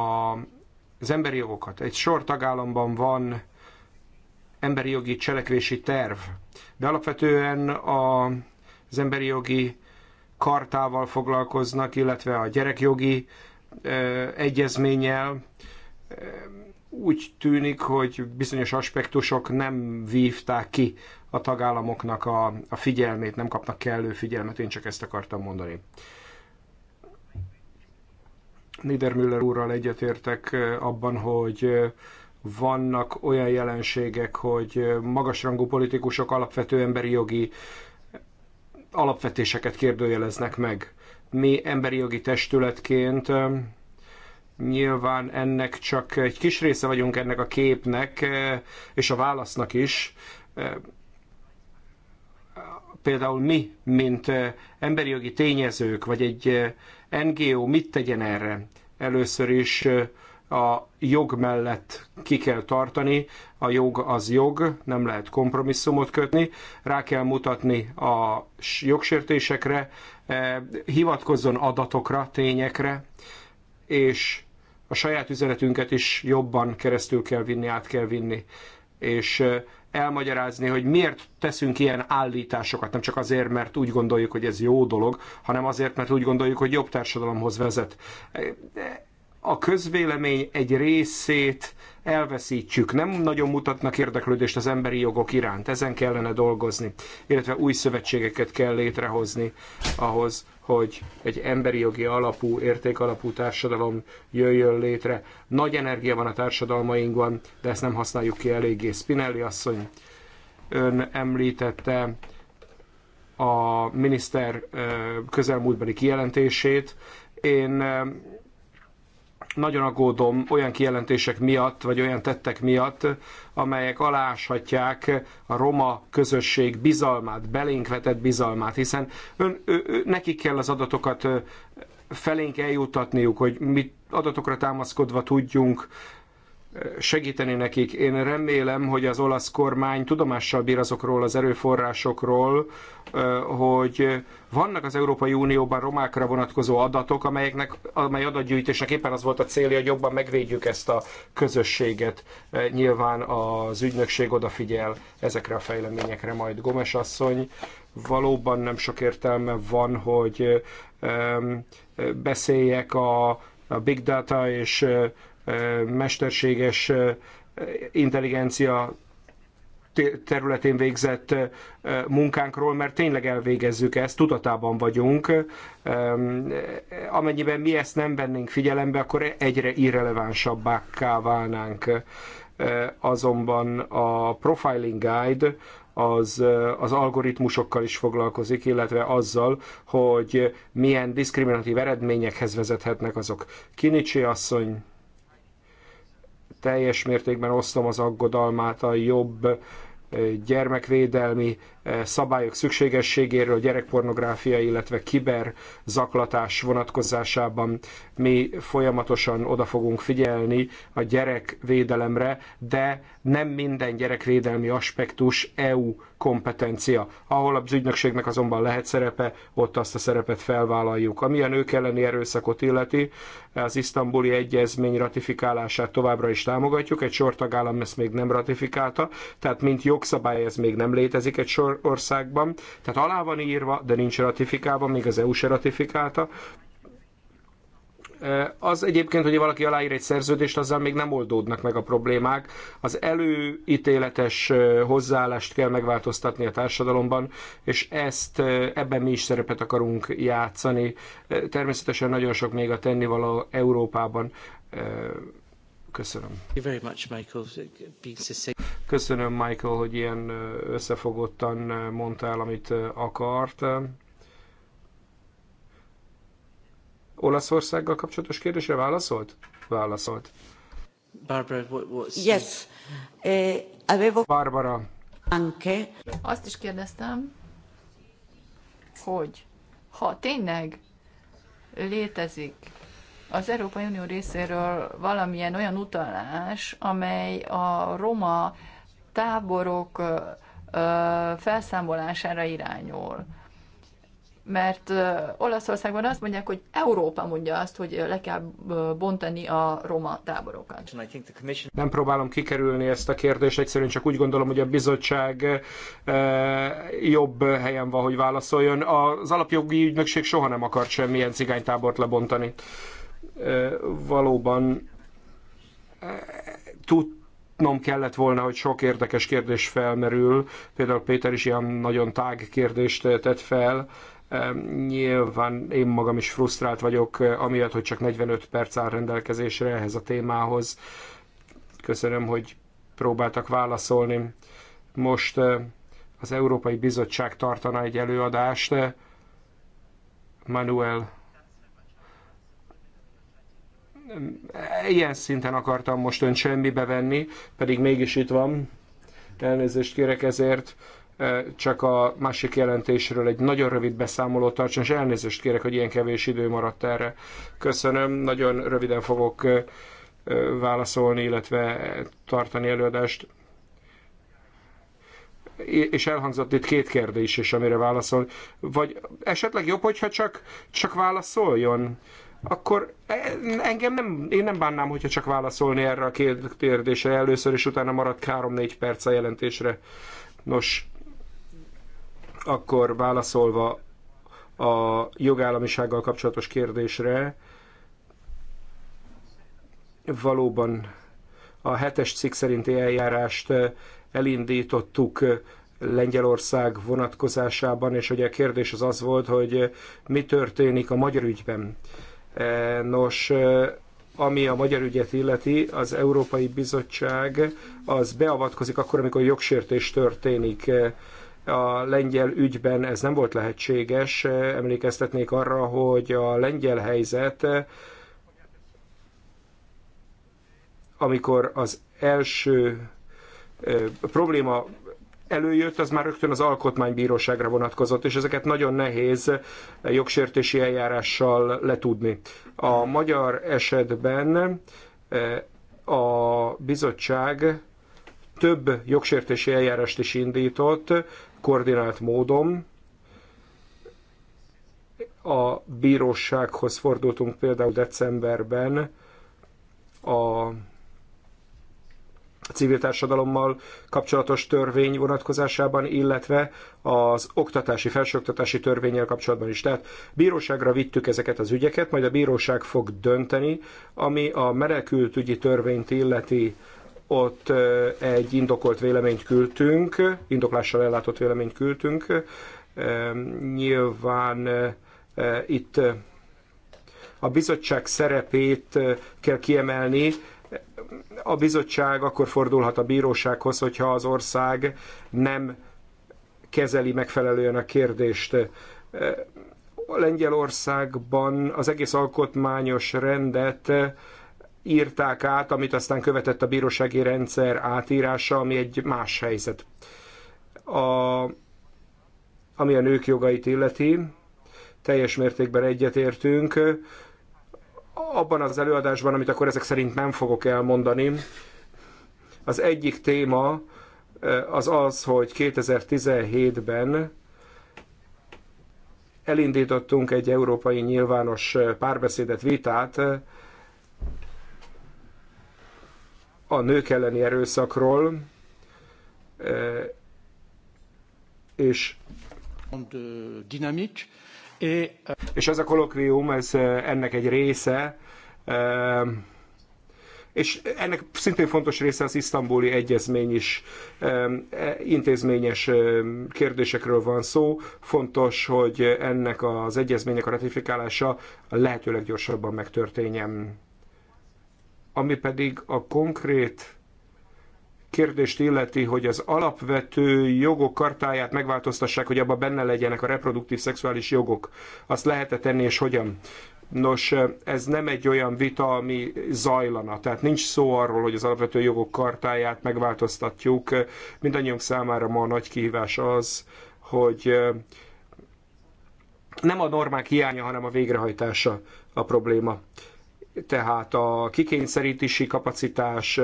az emberi jogokat. Egy sor tagállamban van emberi jogi cselekvési terv, de alapvetően a, az emberi jogi kartával foglalkoznak, illetve a gyerekjogi ö, egyezménnyel úgy tűnik, hogy bizonyos aspektusok nem vívták ki a tagállamoknak a, a figyelmét, nem kapnak kellő figyelmet, én csak ezt akartam mondani. Niedermüller úrral egyetértek abban, hogy vannak olyan jelenségek, hogy magasrangú politikusok alapvető emberi jogi alapvetéseket kérdőjeleznek meg. Mi emberi jogi testületként Nyilván ennek csak egy kis része vagyunk ennek a képnek, eh, és a válasznak is. Eh, például mi, mint eh, emberi jogi tényezők, vagy egy NGO mit tegyen erre? Először is a jog mellett ki kell tartani, a jog az jog, nem lehet kompromisszumot kötni, rá kell mutatni a jogsértésekre, hivatkozzon adatokra, tényekre, és a saját üzenetünket is jobban keresztül kell vinni, át kell vinni, és elmagyarázni, hogy miért teszünk ilyen állításokat, nem csak azért, mert úgy gondoljuk, hogy ez jó dolog, hanem azért, mert úgy gondoljuk, hogy jobb társadalomhoz vezet a közvélemény egy részét elveszítjük. Nem nagyon mutatnak érdeklődést az emberi jogok iránt. Ezen kellene dolgozni, illetve új szövetségeket kell létrehozni ahhoz, hogy egy emberi jogi alapú, értékalapú társadalom jöjjön létre. Nagy energia van a társadalmainkban, de ezt nem használjuk ki eléggé. Spinelli asszony, ön említette a miniszter közelmúltbeli kijelentését. Én nagyon aggódom olyan kijelentések miatt, vagy olyan tettek miatt, amelyek aláshatják a roma közösség bizalmát, belénk vetett bizalmát, hiszen ön, ő, ő, nekik kell az adatokat felénk eljutatniuk, hogy mit adatokra támaszkodva tudjunk segíteni nekik. Én remélem, hogy az olasz kormány tudomással bír azokról az erőforrásokról, hogy vannak az Európai Unióban romákra vonatkozó adatok, amelyeknek, amely adatgyűjtésnek éppen az volt a célja, hogy jobban megvédjük ezt a közösséget. Nyilván az ügynökség odafigyel ezekre a fejleményekre majd. Gomes asszony, valóban nem sok értelme van, hogy beszéljek a a big data és mesterséges intelligencia területén végzett munkánkról, mert tényleg elvégezzük ezt, tudatában vagyunk. Amennyiben mi ezt nem vennénk figyelembe, akkor egyre irrelevánsabbákká válnánk. Azonban a Profiling Guide az, az algoritmusokkal is foglalkozik, illetve azzal, hogy milyen diszkriminatív eredményekhez vezethetnek azok. Kinicsi asszony teljes mértékben osztom az aggodalmát a jobb eh, gyermekvédelmi szabályok szükségességéről, gyerekpornográfia, illetve kiberzaklatás vonatkozásában mi folyamatosan oda fogunk figyelni a gyerekvédelemre, de nem minden gyerekvédelmi aspektus EU kompetencia. Ahol az ügynökségnek azonban lehet szerepe, ott azt a szerepet felvállaljuk. Ami a nők elleni erőszakot illeti, az isztambuli egyezmény ratifikálását továbbra is támogatjuk, egy sor tagállam ezt még nem ratifikálta, tehát mint jogszabály ez még nem létezik, egy sor Országban, Tehát alá van írva, de nincs ratifikálva, még az EU se ratifikálta. Az egyébként, hogy valaki aláír egy szerződést, azzal még nem oldódnak meg a problémák. Az előítéletes hozzáállást kell megváltoztatni a társadalomban, és ezt ebben mi is szerepet akarunk játszani. Természetesen nagyon sok még a tennivaló Európában. Köszönöm. Köszönöm, Michael, hogy ilyen összefogottan mondtál, amit akart. Olaszországgal kapcsolatos kérdésre válaszolt? Válaszolt. Barbara, what, Yes. Eh, avevo... Barbara. Anke. Azt is kérdeztem, hogy ha tényleg létezik az Európai Unió részéről valamilyen olyan utalás, amely a roma táborok felszámolására irányul. Mert Olaszországban azt mondják, hogy Európa mondja azt, hogy le kell bontani a roma táborokat. Nem próbálom kikerülni ezt a kérdést, egyszerűen csak úgy gondolom, hogy a bizottság jobb helyen van, hogy válaszoljon. Az alapjogi ügynökség soha nem akart semmilyen cigánytábort lebontani. Valóban tud, nem kellett volna, hogy sok érdekes kérdés felmerül. Például Péter is ilyen nagyon tág kérdést tett fel. Nyilván én magam is frusztrált vagyok, eh, amiatt, hogy csak 45 perc áll rendelkezésre ehhez a témához. Köszönöm, hogy próbáltak válaszolni. Most eh, az Európai Bizottság tartana egy előadást. Manuel ilyen szinten akartam most ön semmibe venni, pedig mégis itt van. Elnézést kérek ezért csak a másik jelentésről egy nagyon rövid beszámolót tartson, és elnézést kérek, hogy ilyen kevés idő maradt erre. Köszönöm, nagyon röviden fogok válaszolni, illetve tartani előadást. És elhangzott itt két kérdés is, amire válaszol. Vagy esetleg jobb, hogyha csak, csak válaszoljon? akkor e, engem nem, én nem bánnám, hogyha csak válaszolni erre a kérdésre először, és utána maradt 3-4 perc a jelentésre. Nos, akkor válaszolva a jogállamisággal kapcsolatos kérdésre, valóban a hetes cikk szerinti eljárást e, elindítottuk e, Lengyelország vonatkozásában, és ugye a kérdés az az volt, hogy mi történik a magyar ügyben. Nos, ami a magyar ügyet illeti, az Európai Bizottság az beavatkozik akkor, amikor jogsértés történik a lengyel ügyben ez nem volt lehetséges. Emlékeztetnék arra, hogy a lengyel helyzet, amikor az első probléma előjött, az már rögtön az alkotmánybíróságra vonatkozott, és ezeket nagyon nehéz jogsértési eljárással letudni. A magyar esetben eh, a bizottság több jogsértési eljárást is indított, koordinált módon. A bírósághoz fordultunk például decemberben a civil társadalommal kapcsolatos törvény vonatkozásában, illetve az oktatási, felsőoktatási törvényel kapcsolatban is. Tehát bíróságra vittük ezeket az ügyeket, majd a bíróság fog dönteni, ami a menekültügyi törvényt illeti ott egy indokolt véleményt küldtünk, indoklással ellátott véleményt küldtünk. Nyilván itt a bizottság szerepét kell kiemelni, a bizottság akkor fordulhat a bírósághoz, hogyha az ország nem kezeli megfelelően a kérdést. Lengyelországban az egész alkotmányos rendet írták át, amit aztán követett a bírósági rendszer átírása, ami egy más helyzet. A, ami a nők jogait illeti, teljes mértékben egyetértünk abban az előadásban, amit akkor ezek szerint nem fogok elmondani, az egyik téma az az, hogy 2017-ben elindítottunk egy európai nyilvános párbeszédet, vitát a nők elleni erőszakról, és dinamik és ez a kolokvium, ez ennek egy része, és ennek szintén fontos része az isztambuli egyezmény is e, intézményes kérdésekről van szó. Fontos, hogy ennek az egyezménynek a ratifikálása lehetőleg gyorsabban megtörténjen. Ami pedig a konkrét kérdést illeti, hogy az alapvető jogok kartáját megváltoztassák, hogy abban benne legyenek a reproduktív szexuális jogok. Azt lehet -e tenni, és hogyan? Nos, ez nem egy olyan vita, ami zajlana. Tehát nincs szó arról, hogy az alapvető jogok kartáját megváltoztatjuk. Mindannyiunk számára ma a nagy kihívás az, hogy nem a normák hiánya, hanem a végrehajtása a probléma tehát a kikényszerítési kapacitás,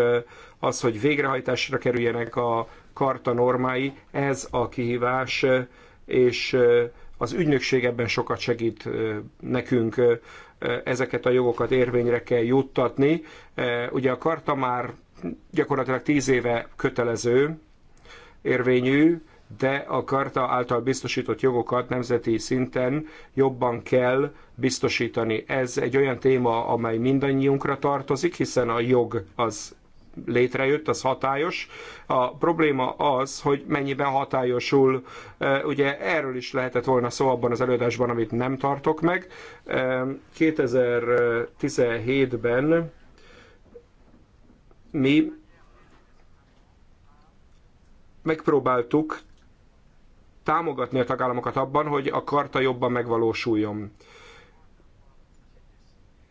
az, hogy végrehajtásra kerüljenek a karta normái, ez a kihívás, és az ügynökség ebben sokat segít nekünk, ezeket a jogokat érvényre kell juttatni. Ugye a karta már gyakorlatilag tíz éve kötelező, érvényű, de a karta által biztosított jogokat nemzeti szinten jobban kell biztosítani. Ez egy olyan téma, amely mindannyiunkra tartozik, hiszen a jog az létrejött, az hatályos. A probléma az, hogy mennyiben hatályosul, ugye erről is lehetett volna szó abban az előadásban, amit nem tartok meg. 2017-ben mi megpróbáltuk támogatni a tagállamokat abban, hogy a karta jobban megvalósuljon.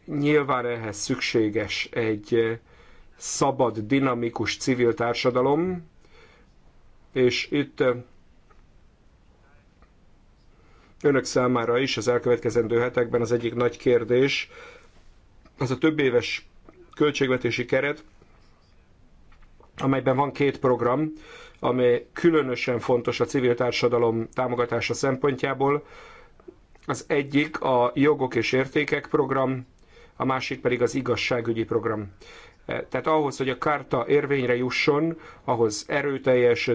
Nyilván ehhez szükséges egy eh, szabad, dinamikus civil társadalom, és itt eh, önök számára is az elkövetkezendő hetekben az egyik nagy kérdés, az a több éves költségvetési keret, amelyben van két program, amely különösen fontos a civil társadalom támogatása szempontjából. Az egyik a jogok és értékek program, a másik pedig az igazságügyi program. E, tehát ahhoz, hogy a karta érvényre jusson, ahhoz erőteljes,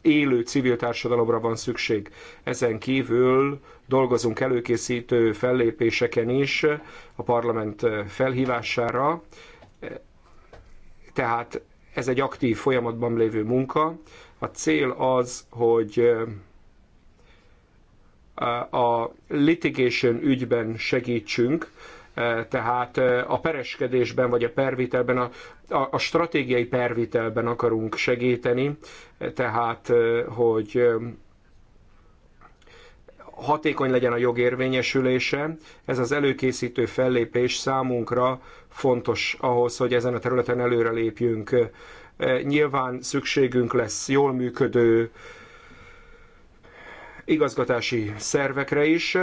élő civil társadalomra van szükség. Ezen kívül dolgozunk előkészítő fellépéseken is a parlament felhívására. E, tehát ez egy aktív folyamatban lévő munka. A cél az, hogy eh, a litigation ügyben segítsünk, eh, tehát eh, a pereskedésben vagy a pervitelben, a, a, a stratégiai pervitelben akarunk segíteni, tehát hogy hatékony legyen a érvényesülése. Ez az előkészítő fellépés számunkra fontos ahhoz, hogy ezen a területen előrelépjünk. E, nyilván szükségünk lesz jól működő igazgatási szervekre is.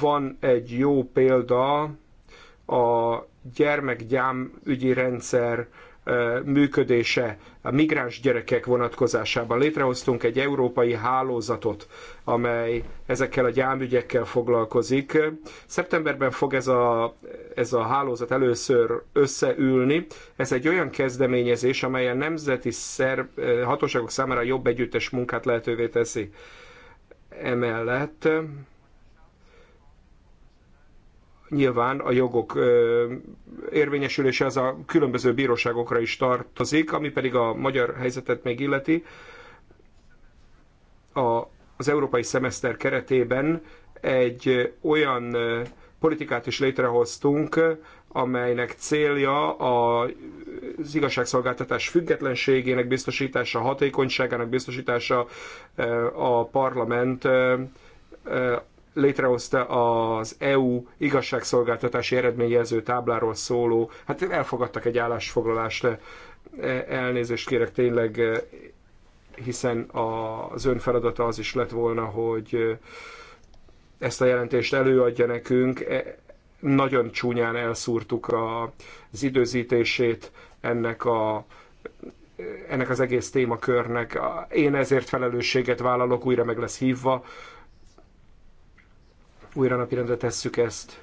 Van egy jó példa a gyermekgyám ügyi rendszer működése a migráns gyerekek vonatkozásában. Létrehoztunk egy európai hálózatot, amely ezekkel a gyámügyekkel foglalkozik. Szeptemberben fog ez a, ez a hálózat először összeülni. Ez egy olyan kezdeményezés, amely a nemzeti szerb, hatóságok számára jobb együttes munkát lehetővé teszi. Emellett nyilván a jogok érvényesülése az a különböző bíróságokra is tartozik, ami pedig a magyar helyzetet még illeti. A, az európai szemeszter keretében egy olyan politikát is létrehoztunk, amelynek célja az igazságszolgáltatás függetlenségének biztosítása, hatékonyságának biztosítása, a parlament létrehozta az EU igazságszolgáltatási eredményjelző tábláról szóló, hát elfogadtak egy állásfoglalást, e, elnézést kérek tényleg, e, hiszen az ön feladata az is lett volna, hogy e, ezt a jelentést előadja nekünk. Nagyon csúnyán elszúrtuk az időzítését ennek a ennek az egész témakörnek. Én ezért felelősséget vállalok, újra meg lesz hívva újra napirendre tesszük ezt.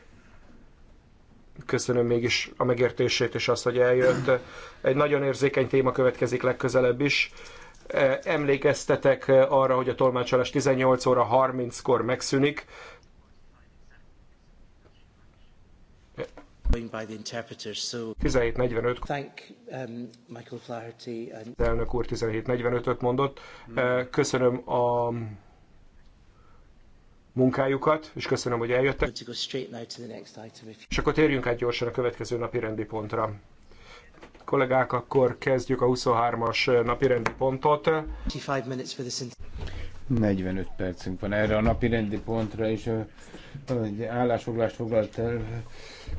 Köszönöm mégis a megértését és azt, hogy eljött. Egy nagyon érzékeny téma következik legközelebb is. E, emlékeztetek arra, hogy a tolmácsolás 18 óra 30-kor megszűnik. by the interpreters. So 17.45. Thank um, Michael Flaherty and... Elnök úr 17.45-öt mondott. E, köszönöm a munkájukat, és köszönöm, hogy eljöttek. És akkor térjünk át gyorsan a következő napi rendi pontra. Kollégák, akkor kezdjük a 23-as napi rendi pontot. 45 percünk van erre a napi rendi pontra, és egy állásfoglalást foglalt el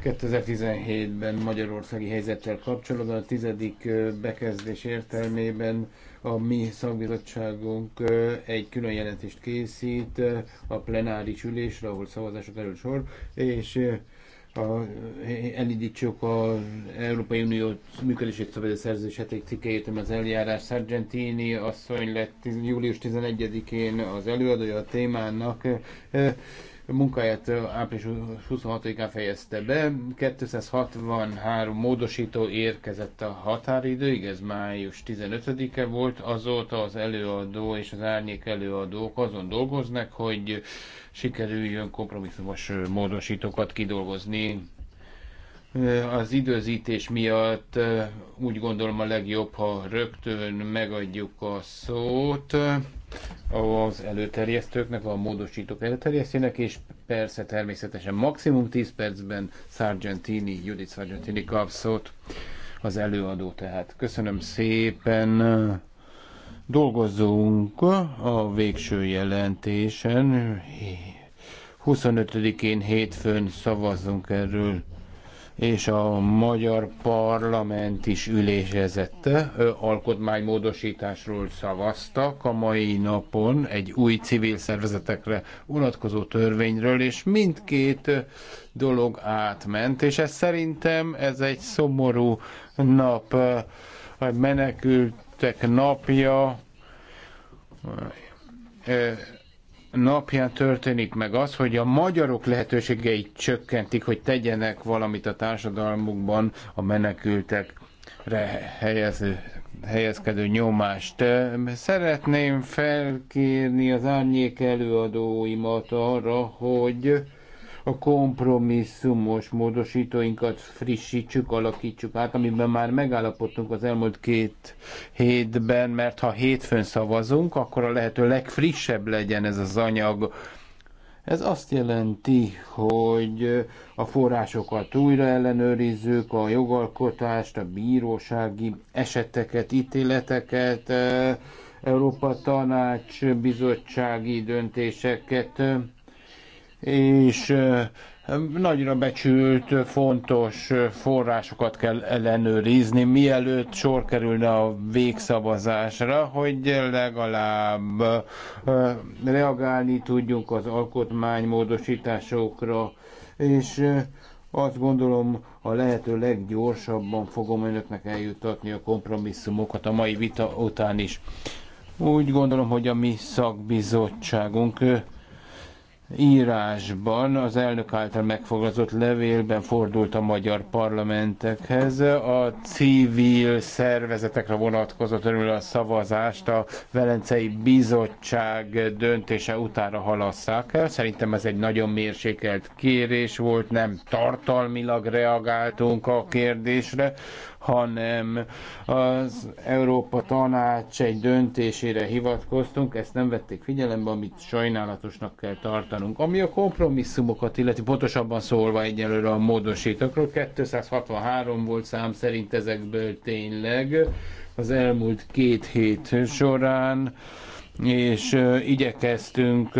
2017-ben Magyarországi helyzettel kapcsolatban, a tizedik bekezdés értelmében a mi szakbizottságunk egy külön jelentést készít a plenáris ülésre, ahol szavazások kerül sor, és a, elindítsuk az Európai Unió működését szabályozó szerződés heték cikke az eljárás. Sargentini asszony lett július 11-én az előadója a témának munkáját április 26-án fejezte be, 263 módosító érkezett a határidőig, ez május 15-e volt, azóta az előadó és az árnyék előadók azon dolgoznak, hogy sikerüljön kompromisszumos módosítókat kidolgozni az időzítés miatt úgy gondolom a legjobb, ha rögtön megadjuk a szót az előterjesztőknek, a módosítók előterjesztőnek, és persze természetesen maximum 10 percben Sargentini, Judith Sargentini kap szót, az előadó tehát. Köszönöm szépen! Dolgozzunk a végső jelentésen. 25-én hétfőn szavazzunk erről és a magyar parlament is ülésezett, alkotmánymódosításról szavaztak a mai napon egy új civil szervezetekre vonatkozó törvényről, és mindkét dolog átment, és ez szerintem ez egy szomorú nap, a menekültek napja, napján történik meg az, hogy a magyarok lehetőségeit csökkentik, hogy tegyenek valamit a társadalmukban a menekültekre helyező, helyezkedő nyomást. Szeretném felkérni az árnyék előadóimat arra, hogy a kompromisszumos módosítóinkat frissítsük, alakítsuk át, amiben már megállapodtunk az elmúlt két hétben, mert ha hétfőn szavazunk, akkor a lehető legfrissebb legyen ez az anyag. Ez azt jelenti, hogy a forrásokat újra ellenőrizzük, a jogalkotást, a bírósági eseteket, ítéleteket, Európa Tanács bizottsági döntéseket, és nagyra becsült, fontos forrásokat kell ellenőrizni, mielőtt sor kerülne a végszavazásra, hogy legalább reagálni tudjunk az alkotmánymódosításokra, és azt gondolom a lehető leggyorsabban fogom önöknek eljutatni a kompromisszumokat a mai vita után is. Úgy gondolom, hogy a mi szakbizottságunk írásban az elnök által megfogazott levélben fordult a magyar parlamentekhez. A civil szervezetekre vonatkozott örül a szavazást a Velencei Bizottság döntése utára halasszák el. Szerintem ez egy nagyon mérsékelt kérés volt, nem tartalmilag reagáltunk a kérdésre hanem az Európa Tanács egy döntésére hivatkoztunk, ezt nem vették figyelembe, amit sajnálatosnak kell tartanunk. Ami a kompromisszumokat illeti, pontosabban szólva egyelőre a módosítókról, 263 volt szám szerint ezekből tényleg az elmúlt két hét során és igyekeztünk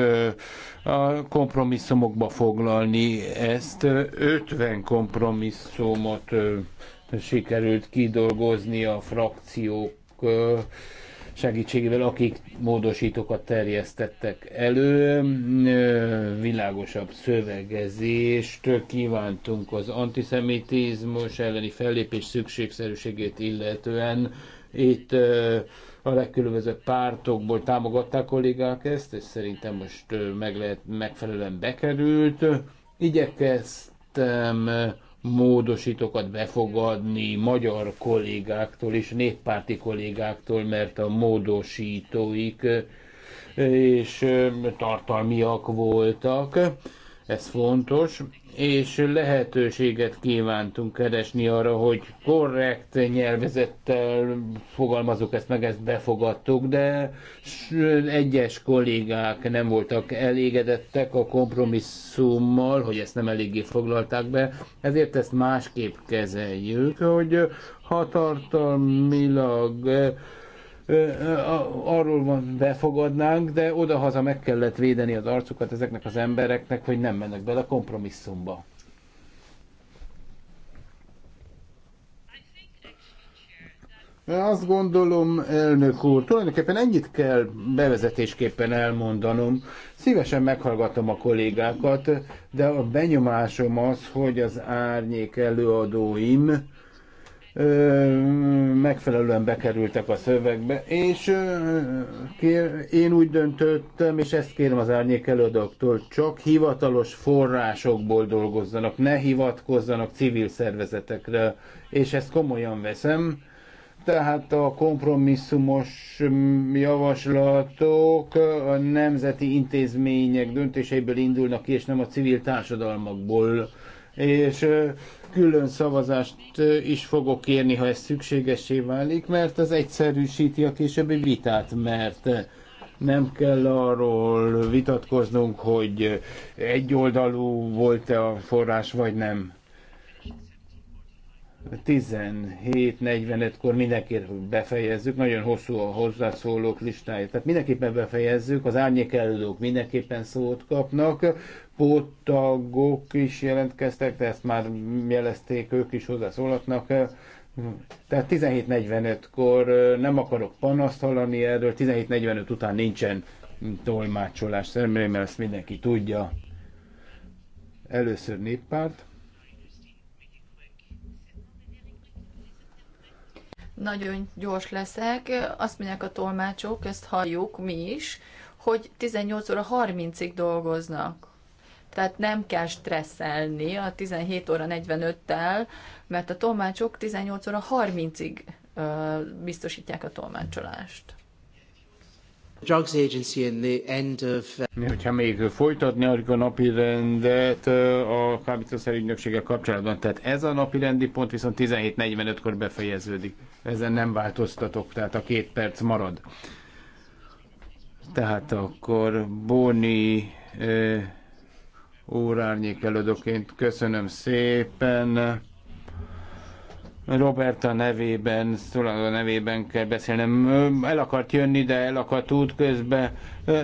a kompromisszumokba foglalni ezt. 50 kompromisszumot sikerült kidolgozni a frakciók segítségével, akik módosítókat terjesztettek elő, világosabb szövegezést kívántunk az antiszemitizmus elleni fellépés szükségszerűségét illetően. Itt a legkülönbözőbb pártokból támogatták kollégák ezt, és szerintem most meg lehet, megfelelően bekerült. Igyekeztem módosítókat befogadni magyar kollégáktól és néppárti kollégáktól, mert a módosítóik és tartalmiak voltak. Ez fontos és lehetőséget kívántunk keresni arra, hogy korrekt nyelvezettel fogalmazok ezt meg, ezt befogadtuk, de egyes kollégák nem voltak elégedettek a kompromisszummal, hogy ezt nem eléggé foglalták be, ezért ezt másképp kezeljük, hogy hatartalmilag arról van, befogadnánk, de odahaza meg kellett védeni az arcukat ezeknek az embereknek, hogy nem mennek bele kompromisszumba. Azt gondolom, elnök úr, tulajdonképpen ennyit kell bevezetésképpen elmondanom. Szívesen meghallgatom a kollégákat, de a benyomásom az, hogy az árnyék előadóim megfelelően bekerültek a szövegbe, és kér, én úgy döntöttem, és ezt kérem az árnyék előadóktól, csak hivatalos forrásokból dolgozzanak, ne hivatkozzanak civil szervezetekre, és ezt komolyan veszem. Tehát a kompromisszumos javaslatok a nemzeti intézmények döntéseiből indulnak ki, és nem a civil társadalmakból. És külön szavazást is fogok kérni, ha ez szükségesé válik, mert az egyszerűsíti a későbbi vitát, mert nem kell arról vitatkoznunk, hogy egyoldalú volt-e a forrás, vagy nem. 17.45-kor mindenképp befejezzük, nagyon hosszú a hozzászólók listája, tehát mindenképpen befejezzük, az árnyékelődők mindenképpen szót kapnak, póttagok is jelentkeztek, de ezt már jelezték, ők is hozzászólhatnak. Tehát 17.45-kor nem akarok panaszt hallani erről, 17.45 után nincsen tolmácsolás, remélem ezt mindenki tudja. Először néppárt. Nagyon gyors leszek. Azt mondják a tolmácsok, ezt halljuk mi is, hogy 18 óra 30-ig dolgoznak tehát nem kell stresszelni a 17 óra 45-tel, mert a tolmácsok 18 óra 30-ig biztosítják a tolmácsolást. Drugs Agency the end of... Hogyha még folytatni a napi rendet a kábítószer ügynökséggel kapcsolatban, tehát ez a napi rendi pont viszont 17.45-kor befejeződik. Ezen nem változtatok, tehát a két perc marad. Tehát akkor Boni... Eh, úr árnyékelődőként. Köszönöm szépen. Roberta nevében, Szolanda nevében kell beszélnem. El akart jönni, de elakadt közben.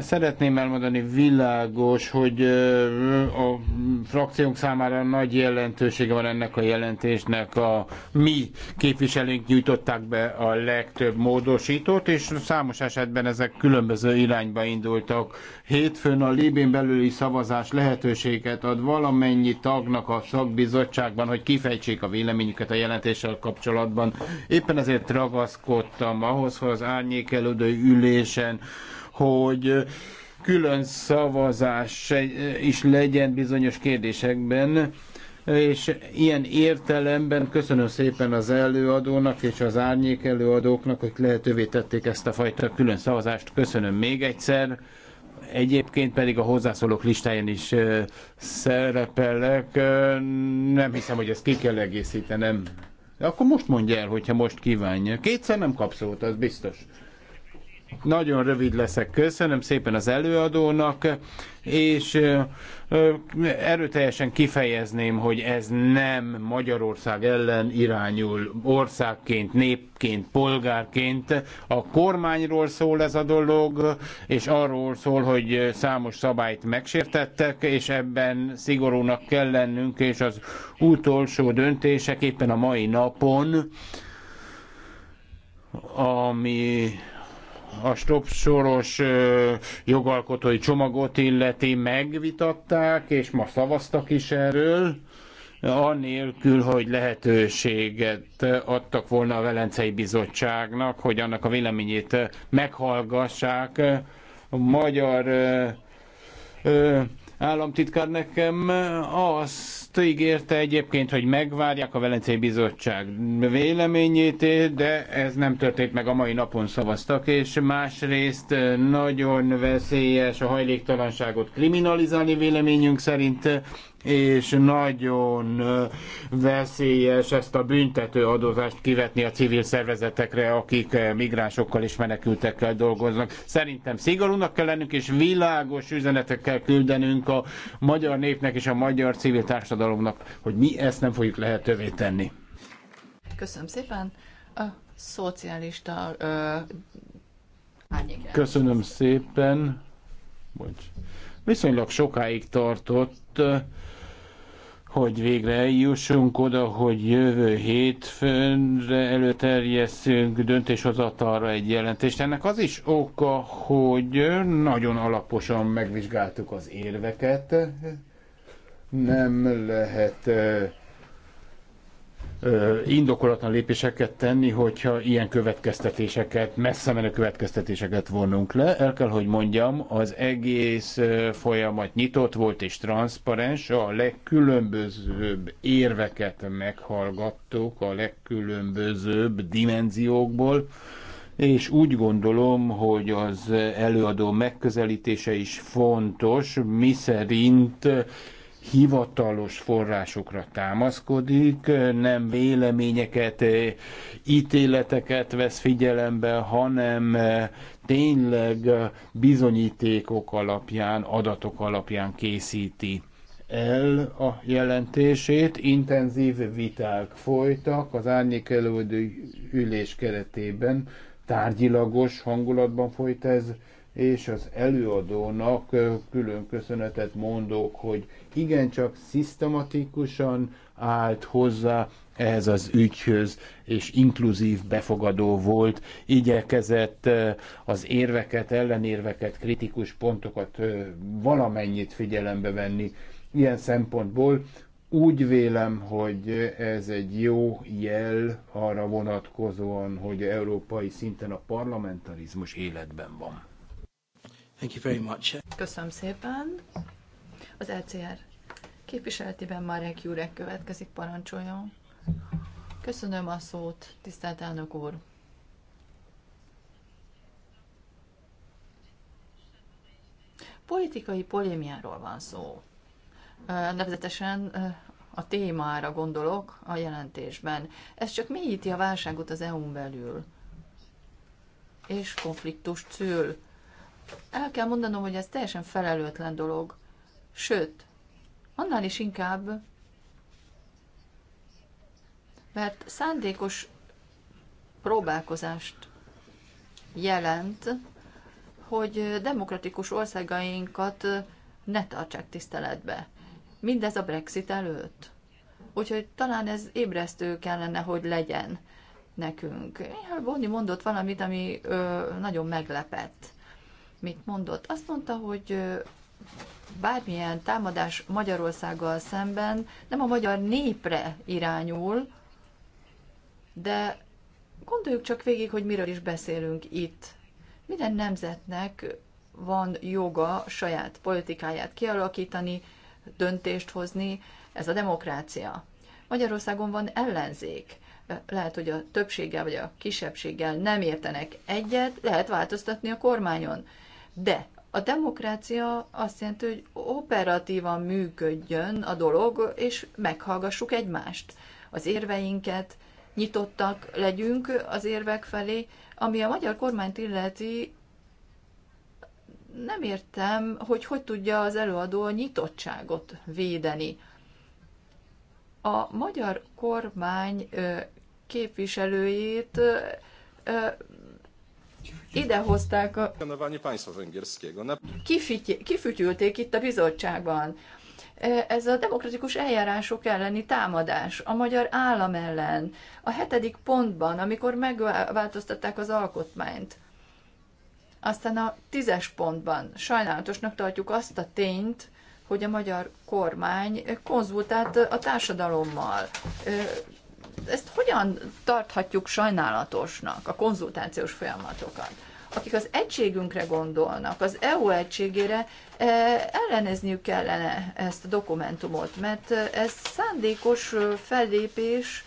Szeretném elmondani világos, hogy a frakciónk számára nagy jelentősége van ennek a jelentésnek. A mi képviselőnk nyújtották be a legtöbb módosítót, és számos esetben ezek különböző irányba indultak. Hétfőn a Libén belüli szavazás lehetőséget ad valamennyi tagnak a szakbizottságban, hogy kifejtsék a véleményüket a jelentéssel kapcsolatban. Éppen ezért ragaszkodtam ahhoz, hogy az árnyékelődő ülésen hogy külön szavazás is legyen bizonyos kérdésekben, és ilyen értelemben köszönöm szépen az előadónak és az árnyék előadóknak, hogy lehetővé tették ezt a fajta külön szavazást. Köszönöm még egyszer. Egyébként pedig a hozzászólók listáján is szerepelek. nem hiszem, hogy ezt ki kell egészítenem. akkor most mondja el, hogyha most kívánja. Kétszer nem kapsz szót, az biztos. Nagyon rövid leszek. Köszönöm szépen az előadónak, és erőteljesen kifejezném, hogy ez nem Magyarország ellen irányul országként, népként, polgárként. A kormányról szól ez a dolog, és arról szól, hogy számos szabályt megsértettek, és ebben szigorúnak kell lennünk, és az utolsó döntések éppen a mai napon, ami a stop soros jogalkotói csomagot illeti megvitatták, és ma szavaztak is erről, anélkül, hogy lehetőséget adtak volna a Velencei Bizottságnak, hogy annak a véleményét meghallgassák. A magyar ö, ö, államtitkár nekem azt ígérte egyébként, hogy megvárják a Velencei Bizottság véleményét, de ez nem történt meg, a mai napon szavaztak, és másrészt nagyon veszélyes a hajléktalanságot kriminalizálni véleményünk szerint, és nagyon veszélyes ezt a büntető adózást kivetni a civil szervezetekre, akik migránsokkal és menekültekkel dolgoznak. Szerintem szigorúnak kell lennünk, és világos üzenetekkel küldenünk a magyar népnek és a magyar civil társadalomnak, hogy mi ezt nem fogjuk lehetővé tenni. Köszönöm szépen. A szocialista ö, Köszönöm szépen. Bocs. Viszonylag sokáig tartott hogy végre eljussunk oda, hogy jövő hétfőnre előterjesszünk döntéshozatalra egy jelentést. Ennek az is oka, hogy nagyon alaposan megvizsgáltuk az érveket. Nem lehet eh, indokolatlan lépéseket tenni, hogyha ilyen következtetéseket, messze menő következtetéseket vonunk le. El kell, hogy mondjam, az egész folyamat nyitott volt és transzparens, a legkülönbözőbb érveket meghallgattuk, a legkülönbözőbb dimenziókból, és úgy gondolom, hogy az előadó megközelítése is fontos, miszerint. szerint hivatalos forrásokra támaszkodik, nem véleményeket, ítéleteket vesz figyelembe, hanem tényleg bizonyítékok alapján, adatok alapján készíti el a jelentését. Intenzív viták folytak az árnyék ülés keretében, tárgyilagos hangulatban folyt ez, és az előadónak külön köszönetet mondok, hogy igencsak szisztematikusan állt hozzá ehhez az ügyhöz, és inkluzív befogadó volt, igyekezett az érveket, ellenérveket, kritikus pontokat valamennyit figyelembe venni. Ilyen szempontból úgy vélem, hogy ez egy jó jel arra vonatkozóan, hogy európai szinten a parlamentarizmus életben van. Thank you very much. Köszönöm szépen. Az LCR e képviseletében Marek Jurek következik, parancsoljon. Köszönöm a szót, tisztelt elnök úr. Politikai polémiáról van szó. Nevezetesen a témára gondolok a jelentésben. Ez csak mélyíti a válságot az EU-n belül, és konfliktust szül el kell mondanom, hogy ez teljesen felelőtlen dolog. Sőt, annál is inkább, mert szándékos próbálkozást jelent, hogy demokratikus országainkat ne tartsák tiszteletbe. Mindez a Brexit előtt. Úgyhogy talán ez ébresztő kellene, hogy legyen nekünk. Én Bonni mondott valamit, ami ö, nagyon meglepett mit mondott. Azt mondta, hogy bármilyen támadás Magyarországgal szemben nem a magyar népre irányul, de gondoljuk csak végig, hogy miről is beszélünk itt. Minden nemzetnek van joga saját politikáját kialakítani, döntést hozni, ez a demokrácia. Magyarországon van ellenzék. Lehet, hogy a többséggel vagy a kisebbséggel nem értenek egyet, lehet változtatni a kormányon. De a demokrácia azt jelenti, hogy operatívan működjön a dolog, és meghallgassuk egymást, az érveinket, nyitottak legyünk az érvek felé. Ami a magyar kormányt illeti, nem értem, hogy hogy tudja az előadó a nyitottságot védeni. A magyar kormány képviselőjét ide hozták a... kifütyülték itt a bizottságban. E, ez a demokratikus eljárások elleni támadás, a magyar állam ellen, a hetedik pontban, amikor megváltoztatták az alkotmányt. Aztán a tízes pontban sajnálatosnak tartjuk azt a tényt, hogy a magyar kormány konzultált a társadalommal. E, ezt hogyan tarthatjuk sajnálatosnak, a konzultációs folyamatokat? akik az egységünkre gondolnak, az EU egységére eh, ellenezniük kellene ezt a dokumentumot, mert eh, ez szándékos eh, fellépés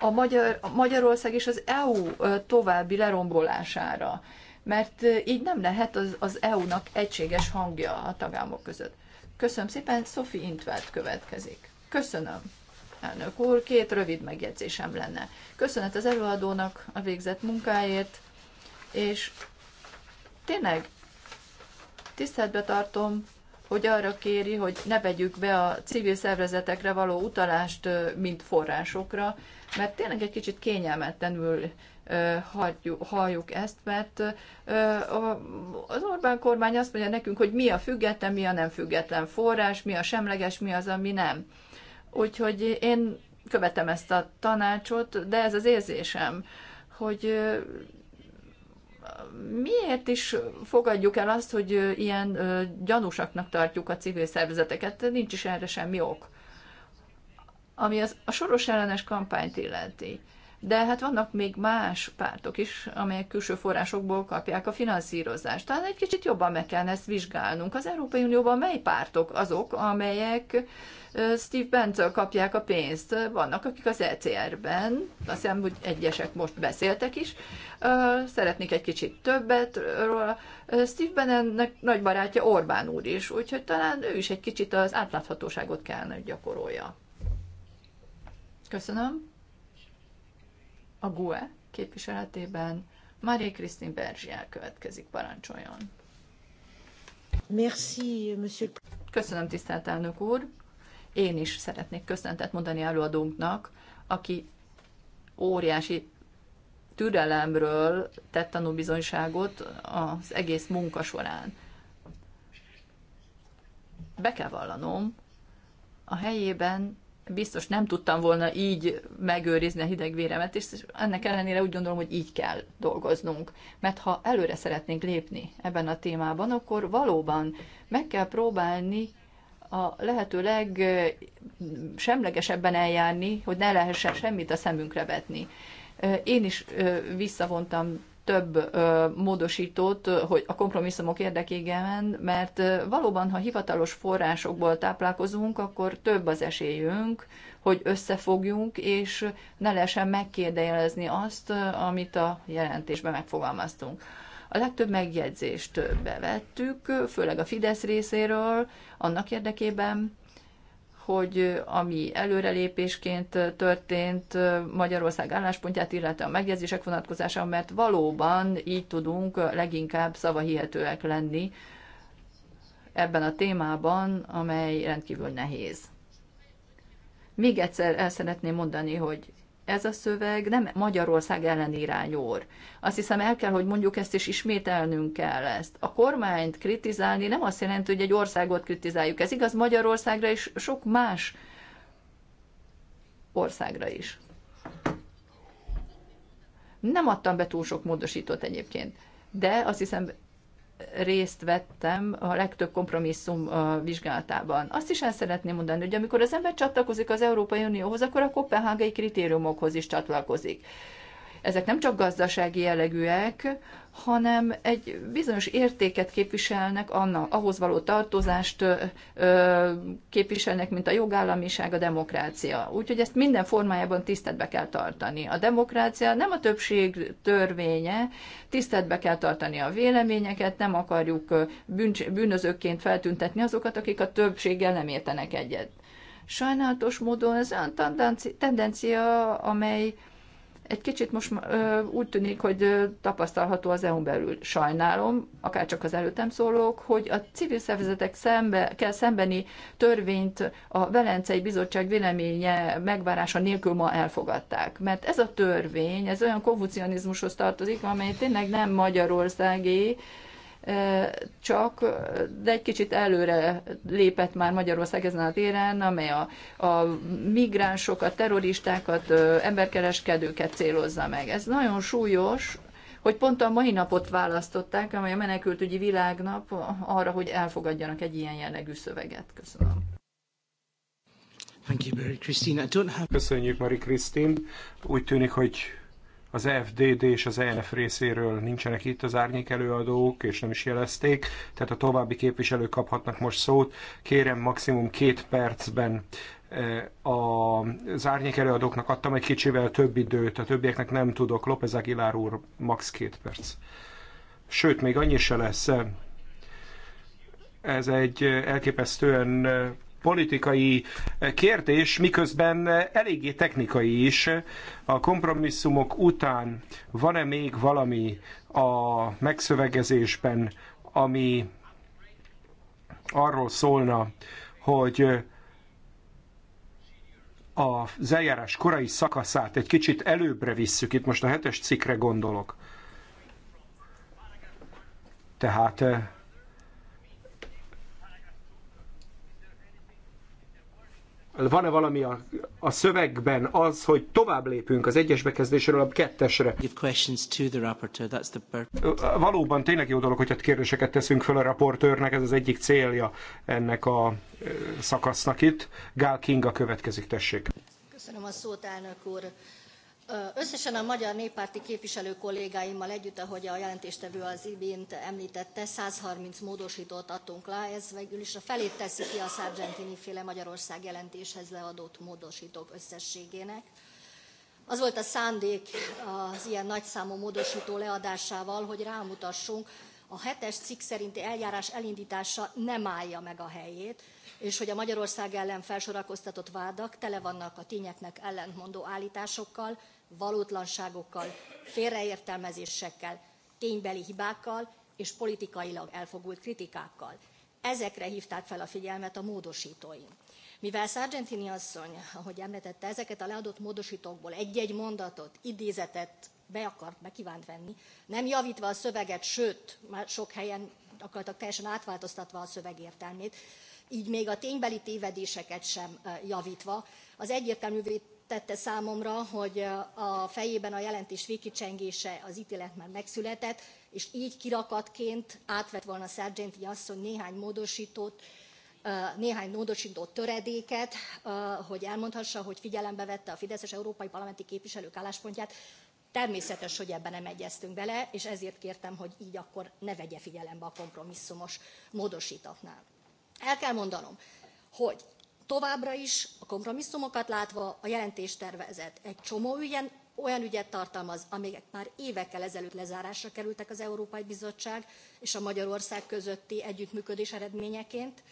a, Magyar, a Magyarország és az EU további lerombolására, mert így nem lehet az, az EU-nak egységes hangja a tagállamok között. Köszönöm szépen, Sophie Intvert következik. Köszönöm elnök úr. Két rövid megjegyzésem lenne. Köszönet az előadónak a végzett munkáért, és tényleg tiszteletbe tartom, hogy arra kéri, hogy ne vegyük be a civil szervezetekre való utalást, mint forrásokra, mert tényleg egy kicsit kényelmetlenül halljuk ezt, mert az Orbán kormány azt mondja nekünk, hogy mi a független, mi a nem független forrás, mi a semleges, mi az, ami nem. Úgyhogy én követem ezt a tanácsot, de ez az érzésem, hogy miért is fogadjuk el azt, hogy ilyen gyanúsaknak tartjuk a civil szervezeteket, nincs is erre semmi ok. Ami az, a soros ellenes kampányt illeti de hát vannak még más pártok is, amelyek külső forrásokból kapják a finanszírozást. Tehát egy kicsit jobban meg kellene ezt vizsgálnunk. Az Európai Unióban mely pártok azok, amelyek Steve Bentől kapják a pénzt? Vannak, akik az ECR-ben, azt hiszem, hogy egyesek most beszéltek is, szeretnék egy kicsit többet róla. Steve Bannonnek nagy barátja Orbán úr is, úgyhogy talán ő is egy kicsit az átláthatóságot kellene, hogy gyakorolja. Köszönöm a GUE képviseletében Marie christine Berzsiel következik, parancsoljon. Merci, monsieur. Köszönöm, tisztelt elnök úr. Én is szeretnék köszöntet mondani előadónknak, aki óriási türelemről tett tanúbizonyságot az egész munka során. Be kell vallanom, a helyében biztos nem tudtam volna így megőrizni a hideg véremet, és ennek ellenére úgy gondolom, hogy így kell dolgoznunk. Mert ha előre szeretnénk lépni ebben a témában, akkor valóban meg kell próbálni a lehető legsemlegesebben eljárni, hogy ne lehessen semmit a szemünkre vetni. Én is visszavontam több módosítót hogy a kompromisszumok érdekében, mert valóban, ha hivatalos forrásokból táplálkozunk, akkor több az esélyünk, hogy összefogjunk, és ne lehessen megkérdejelezni azt, amit a jelentésben megfogalmaztunk. A legtöbb megjegyzést bevettük, főleg a Fidesz részéről, annak érdekében, hogy ami előrelépésként történt Magyarország álláspontját, illetve a megjegyzések vonatkozása, mert valóban így tudunk leginkább szavahihetőek lenni ebben a témában, amely rendkívül nehéz. Még egyszer el szeretném mondani, hogy ez a szöveg nem Magyarország ellen irányúr. Azt hiszem el kell, hogy mondjuk ezt is ismételnünk kell ezt. A kormányt kritizálni nem azt jelenti, hogy egy országot kritizáljuk. Ez igaz Magyarországra és sok más országra is. Nem adtam be túl sok módosítót egyébként, de azt hiszem részt vettem a legtöbb kompromisszum vizsgálatában. Azt is el szeretném mondani, hogy amikor az ember csatlakozik az Európai Unióhoz, akkor a kopenhágai kritériumokhoz is csatlakozik ezek nem csak gazdasági jellegűek, hanem egy bizonyos értéket képviselnek, annak, ahhoz való tartozást ö, képviselnek, mint a jogállamiság, a demokrácia. Úgyhogy ezt minden formájában tiszteletbe kell tartani. A demokrácia nem a többség törvénye, tiszteletbe kell tartani a véleményeket, nem akarjuk bűn, bűnözőként feltüntetni azokat, akik a többséggel nem értenek egyet. Sajnálatos módon ez olyan tendencia, amely egy kicsit most úgy tűnik, hogy tapasztalható az EU-n belül. Sajnálom, akárcsak az előttem szólók, hogy a civil szervezetek szembe, kell szembeni törvényt a Velencei Bizottság véleménye megvárása nélkül ma elfogadták. Mert ez a törvény, ez olyan konfucianizmushoz tartozik, amely tényleg nem Magyarországi csak, de egy kicsit előre lépett már Magyarország ezen a téren, amely a, a migránsokat, terroristákat, emberkereskedőket célozza meg. Ez nagyon súlyos, hogy pont a mai napot választották, amely a menekültügyi világnap arra, hogy elfogadjanak egy ilyen jellegű szöveget. Köszönöm. Thank you, Mary Christine. I don't have... Köszönjük, Mari Krisztin. Úgy tűnik, hogy az FDD és az ELF részéről nincsenek itt az árnyék előadók, és nem is jelezték, tehát a további képviselők kaphatnak most szót. Kérem maximum két percben eh, az árnyék előadóknak adtam egy kicsivel több időt, a többieknek nem tudok. López Aguilar úr, max. két perc. Sőt, még annyi se lesz. Ez egy elképesztően eh, politikai kérdés, miközben eléggé technikai is. A kompromisszumok után van-e még valami a megszövegezésben, ami arról szólna, hogy az eljárás korai szakaszát egy kicsit előbbre visszük, itt most a hetes cikre gondolok. Tehát van-e valami a, a szövegben az, hogy tovább lépünk az egyes bekezdésről a kettesre? Valóban tényleg jó dolog, hogyha kérdéseket teszünk föl a raportőrnek, ez az egyik célja ennek a szakasznak itt. Gál Kinga következik, tessék. Köszönöm a szót, elnök úr. Összesen a magyar néppárti képviselő kollégáimmal együtt, ahogy a jelentéstevő az imént említette, 130 módosítót adtunk le, ez végül is a felét teszi ki a Sargentini féle Magyarország jelentéshez leadott módosítók összességének. Az volt a szándék az ilyen nagyszámú módosító leadásával, hogy rámutassunk, a hetes cikk szerinti eljárás elindítása nem állja meg a helyét, és hogy a Magyarország ellen felsorakoztatott vádak tele vannak a tényeknek ellentmondó állításokkal, valótlanságokkal, félreértelmezésekkel, ténybeli hibákkal és politikailag elfogult kritikákkal. Ezekre hívták fel a figyelmet a módosítóim. Mivel Sargentini asszony, ahogy említette, ezeket a leadott módosítókból egy-egy mondatot, idézetet be akart, be kívánt venni, nem javítva a szöveget, sőt, már sok helyen akartak teljesen átváltoztatva a szöveg értelmét, így még a ténybeli tévedéseket sem eh, javítva, az egyértelművé tette számomra, hogy a fejében a jelentés végkicsengése az ítélet már megszületett, és így kirakatként átvett volna Sargenti asszony néhány módosítót, néhány módosított töredéket, hogy elmondhassa, hogy figyelembe vette a Fideszes Európai Parlamenti Képviselők álláspontját. Természetes, hogy ebben nem egyeztünk bele, és ezért kértem, hogy így akkor ne vegye figyelembe a kompromisszumos módosítatnál. El kell mondanom, hogy továbbra is a kompromisszumokat látva a jelentéstervezet egy csomó ügyen, olyan ügyet tartalmaz, amelyek már évekkel ezelőtt lezárásra kerültek az Európai Bizottság és a Magyarország közötti együttműködés eredményeként.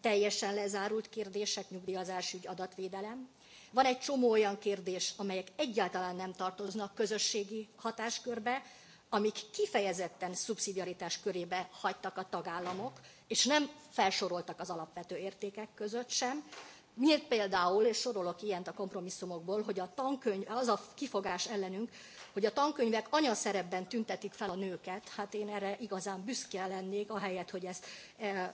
Teljesen lezárult kérdések, ügy, adatvédelem. Van egy csomó olyan kérdés, amelyek egyáltalán nem tartoznak közösségi hatáskörbe, amik kifejezetten szubszidiaritás körébe hagytak a tagállamok, és nem felsoroltak az alapvető értékek között sem, Miért például, és sorolok ilyent a kompromisszumokból, hogy a tankönyv, az a kifogás ellenünk, hogy a tankönyvek anyaszerepben tüntetik fel a nőket, hát én erre igazán büszke lennék, ahelyett, hogy ezt eh,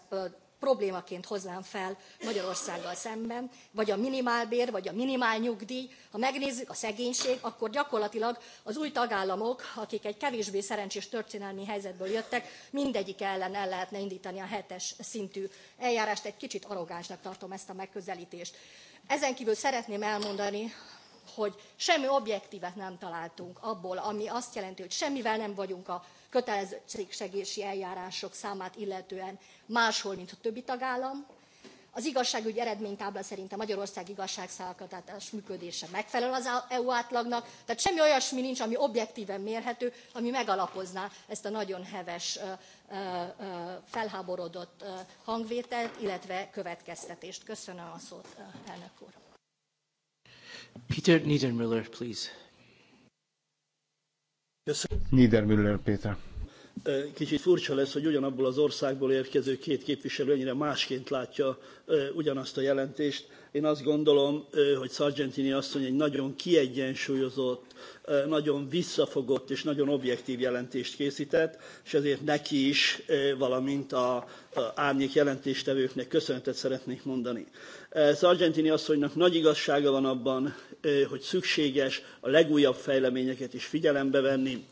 problémaként hoznám fel Magyarországgal szemben, vagy a minimálbér, vagy a minimálnyugdíj. Ha megnézzük a szegénység, akkor gyakorlatilag az új tagállamok, akik egy kevésbé szerencsés történelmi helyzetből jöttek, mindegyik ellen el lehetne indítani a hetes szintű eljárást. Egy kicsit arrogánsnak tartom ezt a megközelítést. Ezen kívül szeretném elmondani, hogy semmi objektvet nem találtunk abból, ami azt jelenti, hogy semmivel nem vagyunk a kötelezettségsegési eljárások számát illetően máshol, mint a többi tagállam. Az igazságügyi eredménytábla szerint a Magyarország igazságszolgáltatás működése megfelel az EU átlagnak, tehát semmi olyasmi nincs, ami objektíven mérhető, ami megalapozná ezt a nagyon heves, felháborodott hangvételt, illetve következtetést. Köszönöm a szót, elnök úr. Peter Niedermüller, please. Niedermüller Péter. Kicsit furcsa lesz, hogy ugyanabból az országból érkező két képviselő ennyire másként látja ugyanazt a jelentést. Én azt gondolom, hogy Sargentini asszony egy nagyon kiegyensúlyozott, nagyon visszafogott és nagyon objektív jelentést készített, és ezért neki is, valamint a árnyék jelentéstevőknek köszönetet szeretnék mondani. Sargentini asszonynak nagy igazsága van abban, hogy szükséges a legújabb fejleményeket is figyelembe venni,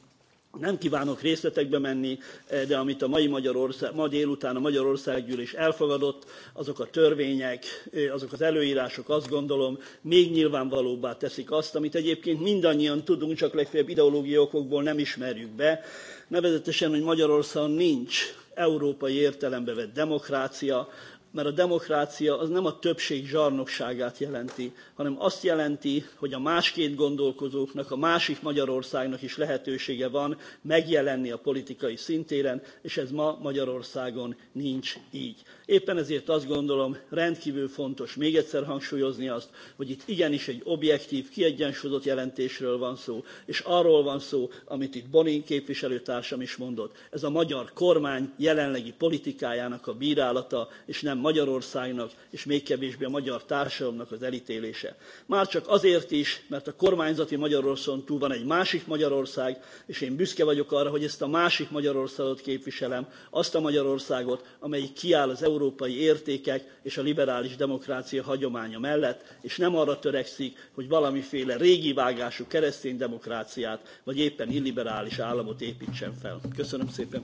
nem kívánok részletekbe menni, eh, de amit a mai Magyarország, ma délután a Magyarországgyűlés elfogadott, azok a törvények, eh, azok az előírások azt gondolom még nyilvánvalóbbá teszik azt, amit egyébként mindannyian tudunk, csak legfeljebb ideológiai okokból nem ismerjük be, nevezetesen, hogy Magyarországon nincs európai értelembe vett demokrácia, mert a demokrácia az nem a többség zsarnokságát jelenti, hanem azt jelenti, hogy a másként gondolkozóknak, a másik Magyarországnak is lehetősége van megjelenni a politikai szintéren, és ez ma Magyarországon nincs így. Éppen ezért azt gondolom rendkívül fontos még egyszer hangsúlyozni azt, hogy itt igenis egy objektív, kiegyensúlyozott jelentésről van szó, és arról van szó, amit itt Bonin képviselőtársam is mondott. Ez a magyar kormány jelenlegi politikájának a bírálata, és nem Magyarországnak, és még kevésbé a magyar társadalomnak az elítélése. Már csak azért is, mert a kormányzati Magyarországon túl van egy másik Magyarország, és én büszke vagyok arra, hogy ezt a másik Magyarországot képviselem, azt a Magyarországot, amelyik kiáll az európai értékek és a liberális demokrácia hagyománya mellett, és nem arra törekszik, hogy valamiféle régi vágású keresztény demokráciát, vagy éppen illiberális államot építsen fel. Köszönöm szépen!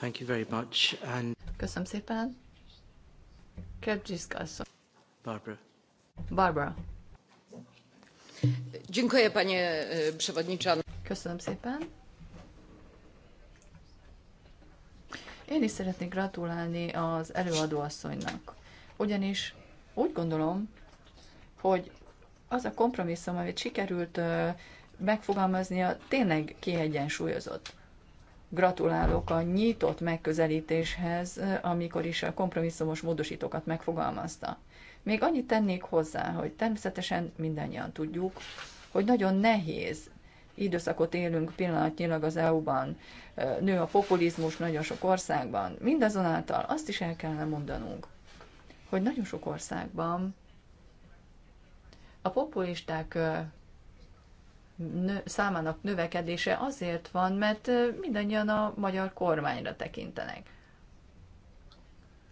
Thank you very much. And... Köszönöm szépen. Kebcsiszka Barbara. Barbara. Dziękuję, panie e, przewodniczący. Köszönöm szépen. Én is szeretnék gratulálni az előadóasszonynak. Ugyanis úgy gondolom, hogy az a kompromisszum, amit sikerült megfogalmaznia, tényleg kiegyensúlyozott gratulálok a nyitott megközelítéshez, amikor is a kompromisszumos módosítókat megfogalmazta. Még annyit tennék hozzá, hogy természetesen mindannyian tudjuk, hogy nagyon nehéz időszakot élünk pillanatnyilag az EU-ban, nő a populizmus nagyon sok országban. Mindazonáltal azt is el kellene mondanunk, hogy nagyon sok országban a populisták számának növekedése azért van, mert mindannyian a magyar kormányra tekintenek.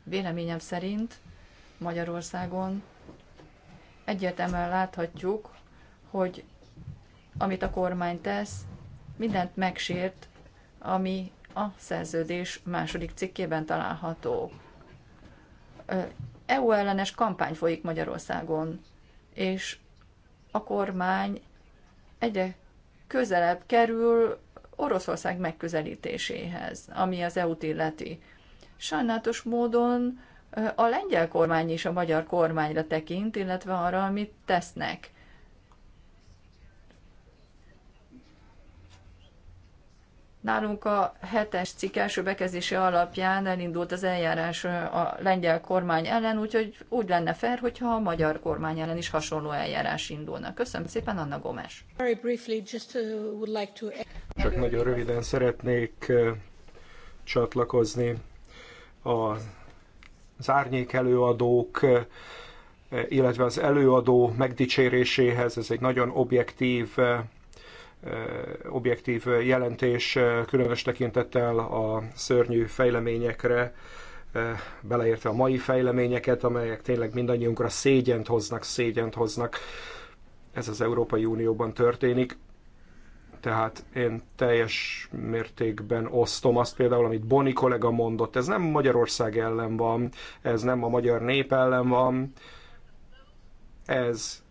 Véleményem szerint Magyarországon egyértelműen láthatjuk, hogy amit a kormány tesz, mindent megsért, ami a szerződés második cikkében található. EU ellenes kampány folyik Magyarországon, és a kormány egyre közelebb kerül Oroszország megközelítéséhez, ami az EU-t illeti. Sajnálatos módon a lengyel kormány is a magyar kormányra tekint, illetve arra, amit tesznek. Nálunk a hetes cikk első bekezdése alapján elindult az eljárás a lengyel kormány ellen, úgyhogy úgy lenne fel, hogyha a magyar kormány ellen is hasonló eljárás indulna. Köszönöm szépen, Anna Gomes. Uh, Csak nagyon röviden szeretnék csatlakozni a az árnyék előadók, illetve az előadó megdicséréséhez. Ez egy nagyon objektív objektív jelentés, különös tekintettel a szörnyű fejleményekre, beleértve a mai fejleményeket, amelyek tényleg mindannyiunkra szégyent hoznak, szégyent hoznak. Ez az Európai Unióban történik. Tehát én teljes mértékben osztom azt például, amit Boni kollega mondott. Ez nem Magyarország ellen van, ez nem a magyar nép ellen van, ez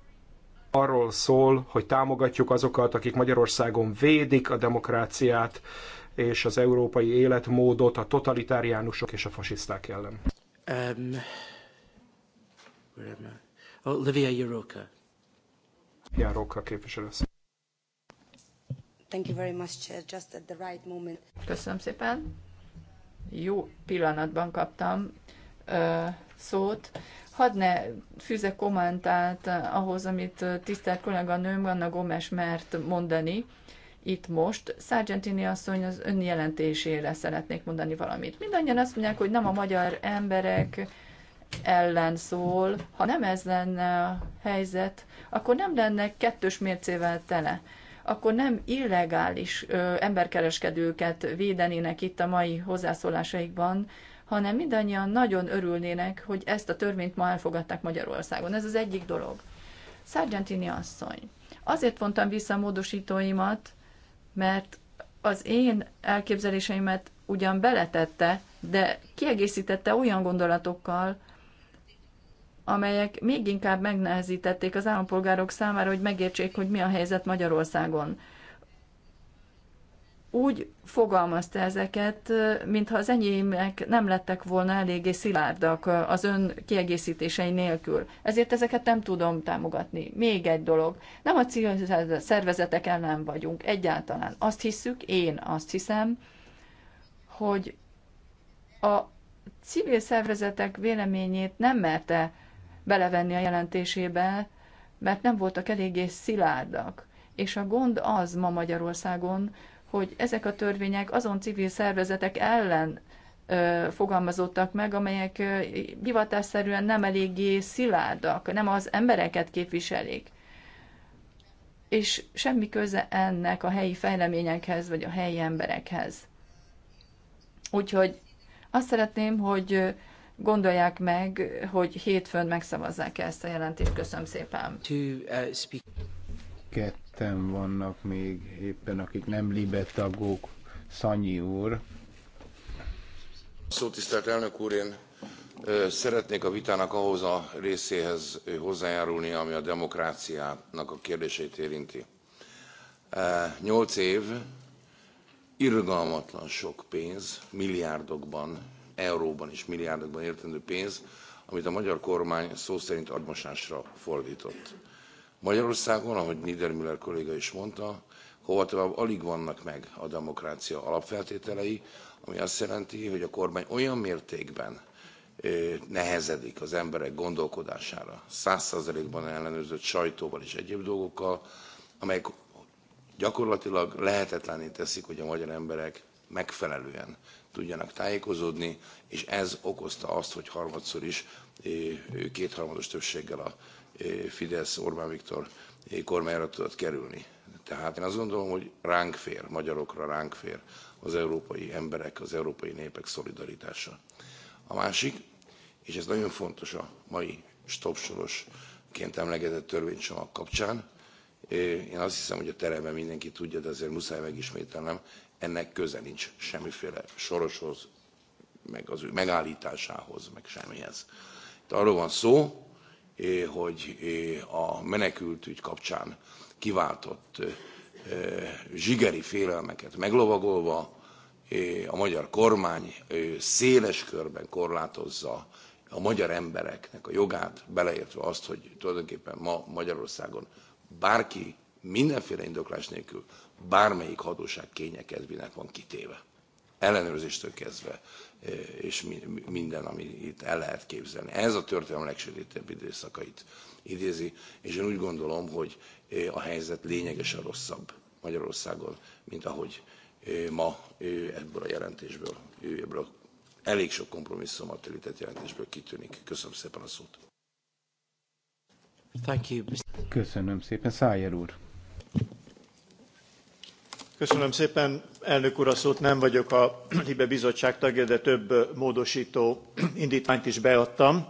arról szól, hogy támogatjuk azokat, akik Magyarországon védik a demokráciát és az európai életmódot a totalitáriánusok és a fasiszták ellen. Um, where am I? Oh, Olivia Jaroka. Jaroka képviselő. Thank you very much, Chair. Just at the right moment. Köszönöm szépen. Jó pillanatban kaptam ö, szót. Hadd ne fűzek kommentált ahhoz, amit tisztelt nőm Anna Gomes mert mondani itt most. Sargentini asszony az ön jelentésére szeretnék mondani valamit. Mindannyian azt mondják, hogy nem a magyar emberek ellen szól. Ha nem ez lenne a helyzet, akkor nem lenne kettős mércével tele. Akkor nem illegális ö, emberkereskedőket védenének itt a mai hozzászólásaikban, hanem mindannyian nagyon örülnének, hogy ezt a törvényt ma elfogadták Magyarországon. Ez az egyik dolog. Sargentini asszony, azért vontam vissza a módosítóimat, mert az én elképzeléseimet ugyan beletette, de kiegészítette olyan gondolatokkal, amelyek még inkább megnehezítették az állampolgárok számára, hogy megértsék, hogy mi a helyzet Magyarországon úgy fogalmazta ezeket, mintha az enyémek nem lettek volna eléggé szilárdak az ön kiegészítései nélkül. Ezért ezeket nem tudom támogatni. Még egy dolog, nem a civil szervezetek ellen vagyunk egyáltalán. Azt hiszük, én azt hiszem, hogy a civil szervezetek véleményét nem merte belevenni a jelentésébe, mert nem voltak eléggé szilárdak. És a gond az ma Magyarországon, hogy ezek a törvények azon civil szervezetek ellen fogalmazottak meg, amelyek hivatásszerűen nem eléggé szilárdak, nem az embereket képviselik. És semmi köze ennek a helyi fejleményekhez, vagy a helyi emberekhez. Úgyhogy azt szeretném, hogy gondolják meg, hogy hétfőn megszavazzák ezt a jelentést. Köszönöm szépen. Uh, Kettő ketten vannak még éppen, akik nem libetagok. Szanyi úr. Szó tisztelt elnök úr, én szeretnék a vitának ahhoz a részéhez hozzájárulni, ami a demokráciának a kérdését érinti. Nyolc év, irgalmatlan sok pénz, milliárdokban, euróban is milliárdokban értendő pénz, amit a magyar kormány szó szerint admosásra fordított. Magyarországon, ahogy Niedermüller kolléga is mondta, hova tovább alig vannak meg a demokrácia alapfeltételei, ami azt jelenti, hogy a kormány olyan mértékben nehezedik az emberek gondolkodására, 100%-ban ellenőrzött sajtóval és egyéb dolgokkal, amelyek gyakorlatilag lehetetlené teszik, hogy a magyar emberek megfelelően tudjanak tájékozódni, és ez okozta azt, hogy harmadszor is kétharmados többséggel a Fidesz Orbán Viktor eh, kormányra tudott kerülni. Tehát én azt gondolom, hogy ránk fér, magyarokra ránk fér az európai emberek, az európai népek szolidaritása. A másik, és ez nagyon fontos a mai stopsorosként emlegetett törvénycsomag kapcsán, eh, én azt hiszem, hogy a teremben mindenki tudja, de azért muszáj megismételnem, ennek köze nincs semmiféle soroshoz, meg az ő megállításához, meg semmihez. Itt arról van szó, hogy a menekültügy kapcsán kiváltott zsigeri félelmeket meglovagolva a magyar kormány széles körben korlátozza a magyar embereknek a jogát, beleértve azt, hogy tulajdonképpen ma Magyarországon bárki mindenféle indoklás nélkül bármelyik hatóság kénye van kitéve ellenőrzéstől kezdve, és minden, ami itt el lehet képzelni. Ez a történelem legsötétebb időszakait idézi, és én úgy gondolom, hogy a helyzet lényegesen rosszabb Magyarországon, mint ahogy ma ebből a jelentésből, ebből a elég sok kompromisszumat telített jelentésből kitűnik. Köszönöm szépen a szót. Thank you. Köszönöm szépen, Szájer úr. Köszönöm szépen, elnök úr, a szót nem vagyok a Libe Bizottság tagja, de több módosító indítványt is beadtam.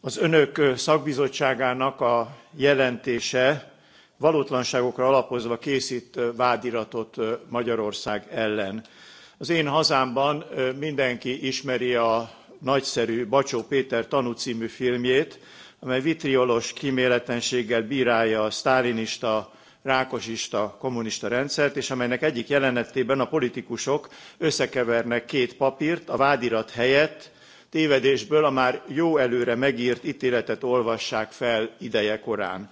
Az önök szakbizottságának a jelentése valótlanságokra alapozva készít vádiratot Magyarország ellen. Az én hazámban mindenki ismeri a nagyszerű Bacsó Péter tanú című filmjét, amely vitriolos kíméletenséggel bírálja a sztálinista rákosista kommunista rendszert, és amelynek egyik jelenetében a politikusok összekevernek két papírt, a vádirat helyett tévedésből a már jó előre megírt ítéletet olvassák fel idejekorán.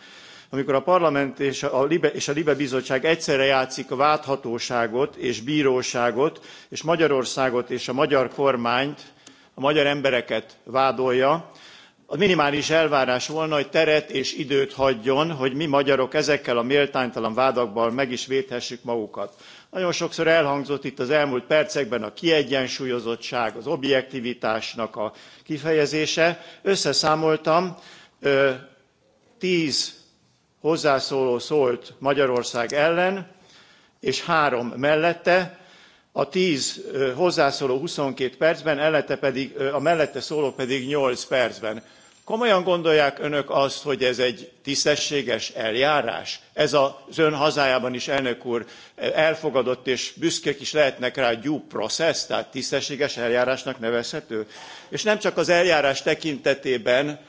Amikor a parlament és a, Libe, és a Libe bizottság egyszerre játszik a vádhatóságot és bíróságot, és Magyarországot és a magyar kormányt, a magyar embereket vádolja, a minimális elvárás volna hogy teret és időt hagyjon hogy mi magyarok ezekkel a méltánytalan vádakkal meg is védhessük magunkat. nagyon sokszor elhangzott itt az elmúlt percekben a kiegyensúlyozottság az objektivitásnak a kifejezése összeszámoltam tz hozzászóló szólt magyarország ellen és három mellette a tz hozzászóló twenty two percben ellete pedig, a mellette szólók pedig eight percben. komolyan gondolják önök azt hogy ez egy tisztességes eljárás? ez az ön hazájában is elnök úr elfogadott és büszkék is lehetnek rá due process tehát tisztességes eljárásnak nevezhető? és nem csak az eljárás tekintetében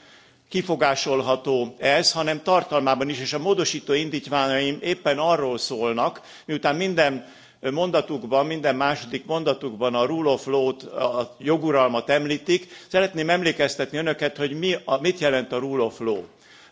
kifogásolható ez hanem tartalmában is és a módostó indtványaim éppen arról szólnak miután minden mondatukban, minden második mondatukban a rule of law-t, a joguralmat említik. Szeretném emlékeztetni önöket, hogy mi, a, mit jelent a rule of law.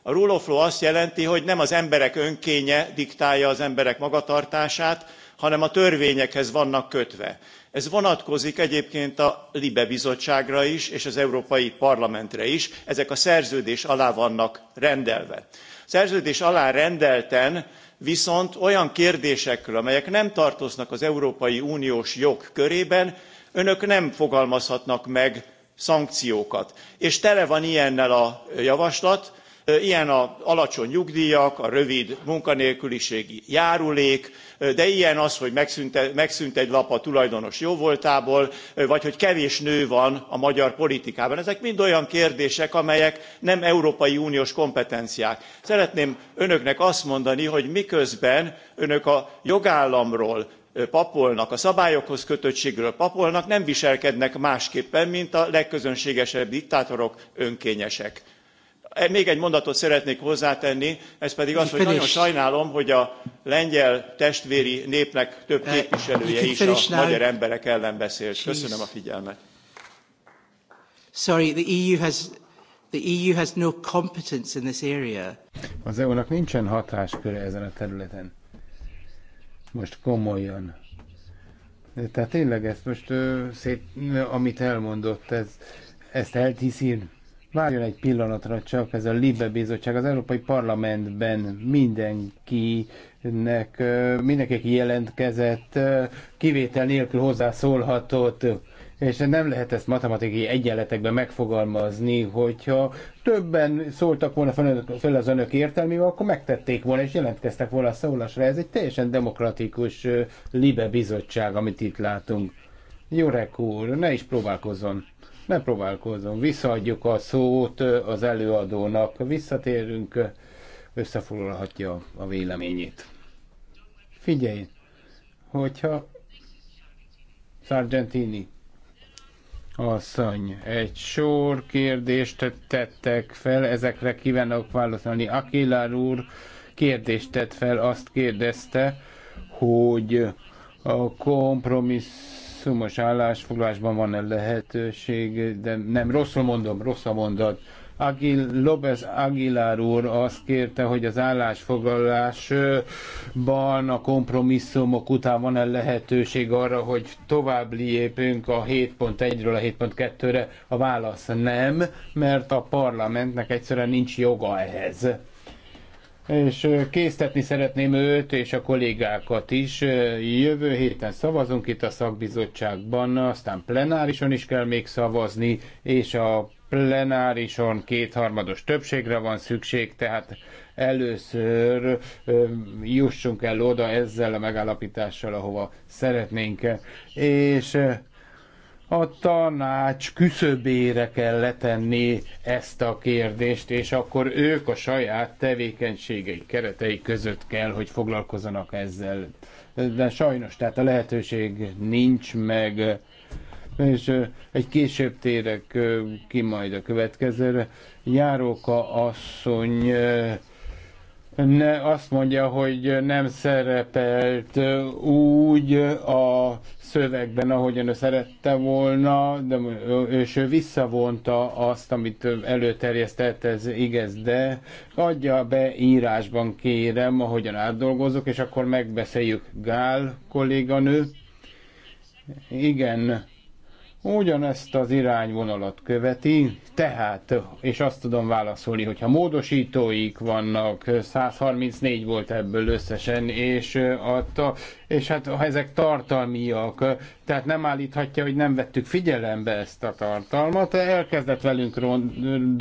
A rule of law azt jelenti, hogy nem az emberek önkénye diktálja az emberek magatartását, hanem a törvényekhez vannak kötve. Ez vonatkozik egyébként a Libe bizottságra is, és az Európai Parlamentre is. Ezek a szerződés alá vannak rendelve. Szerződés alá rendelten viszont olyan kérdésekről amelyek nem tartoznak az európai uniós jog körébe önök nem fogalmazhatnak meg szankciókat és tele van ilyennel a javaslat ilyen az alacsony nyugdjak a rövid munkanélküliségi járulék de ilyen az hogy megszűnt egy lap a tulajdonos jóvoltából vagy hogy kevés nő van a magyar politikában. ezek mind olyan kérdések amelyek nem európai uniós kompetenciák. szeretném önöknek azt mondani hogy miközben önök a jogállamról papolnak a szabályokhoz kötöttségről papolnak nem viselkednek másképpen mint a legközönségesebb diktátorok önkényesek. Eh, még egy mondatot szeretnék hozzátenni, ez pedig az, hogy nagyon sajnálom, hogy a lengyel testvéri népnek több eh, képviselője is a magyar emberek ellen beszélt. Köszönöm a figyelmet. Sorry, the EU has The EU has no competence in this area. Az EU-nak nincsen hatásköre ezen a területen. Most komolyan. Tehát tényleg ezt most, amit elmondott, ez, ezt eltiszi Várjon egy pillanatra csak, ez a Libe Bizottság az Európai Parlamentben mindenkinek, mindenki, jelentkezett, kivétel nélkül hozzászólhatott, és nem lehet ezt matematikai egyenletekben megfogalmazni, hogyha többen szóltak volna fel az önök értelmével, akkor megtették volna, és jelentkeztek volna a szólásra. Ez egy teljesen demokratikus Libe Bizottság, amit itt látunk. Jurek úr, ne is próbálkozzon! Ne próbálkozom, visszaadjuk a szót az előadónak, visszatérünk, összefoglalhatja a véleményét. Figyelj, hogyha Sargentini asszony, egy sor kérdést tettek fel, ezekre kívánok válaszolni. Akilár úr kérdést tett fel, azt kérdezte, hogy a kompromissz maximumos állásfoglalásban van-e lehetőség, de nem, rosszul mondom, rossz a mondat. Agil, López Aguilar úr azt kérte, hogy az állásfoglalásban a kompromisszumok után van-e lehetőség arra, hogy tovább lépünk a 7.1-ről a 7.2-re? A válasz nem, mert a parlamentnek egyszerűen nincs joga ehhez és késztetni szeretném őt és a kollégákat is. Jövő héten szavazunk itt a szakbizottságban, aztán plenárison is kell még szavazni, és a plenárison kétharmados többségre van szükség, tehát először jussunk el oda ezzel a megállapítással, ahova szeretnénk. És a tanács küszöbére kell letenni ezt a kérdést, és akkor ők a saját tevékenységei keretei között kell, hogy foglalkozzanak ezzel. De sajnos, tehát a lehetőség nincs meg, és egy később térek ki majd a következőre. Járóka asszony ne, azt mondja, hogy nem szerepelt úgy a szövegben, ahogyan ő szerette volna, de és ő visszavonta azt, amit előterjesztett, ez igaz, de adja be írásban, kérem, ahogyan átdolgozok, és akkor megbeszéljük Gál kolléganő. Igen, ugyanezt az irányvonalat követi, tehát, és azt tudom válaszolni, hogyha módosítóik vannak, 134 volt ebből összesen, és, a, és hát ha ezek tartalmiak, tehát nem állíthatja, hogy nem vettük figyelembe ezt a tartalmat, elkezdett velünk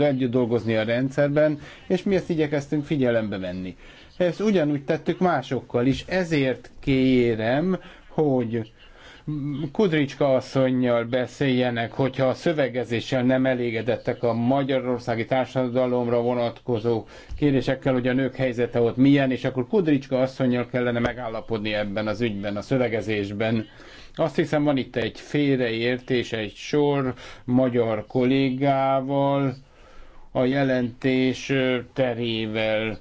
együtt dolgozni a rendszerben, és mi ezt igyekeztünk figyelembe venni. Ezt ugyanúgy tettük másokkal is, ezért kérem, hogy Kudricska asszonynal beszéljenek, hogyha a szövegezéssel nem elégedettek a magyarországi társadalomra vonatkozó kérdésekkel, hogy a nők helyzete ott milyen, és akkor Kudricska asszonynal kellene megállapodni ebben az ügyben, a szövegezésben. Azt hiszem van itt egy félreértés, egy sor magyar kollégával, a jelentés terével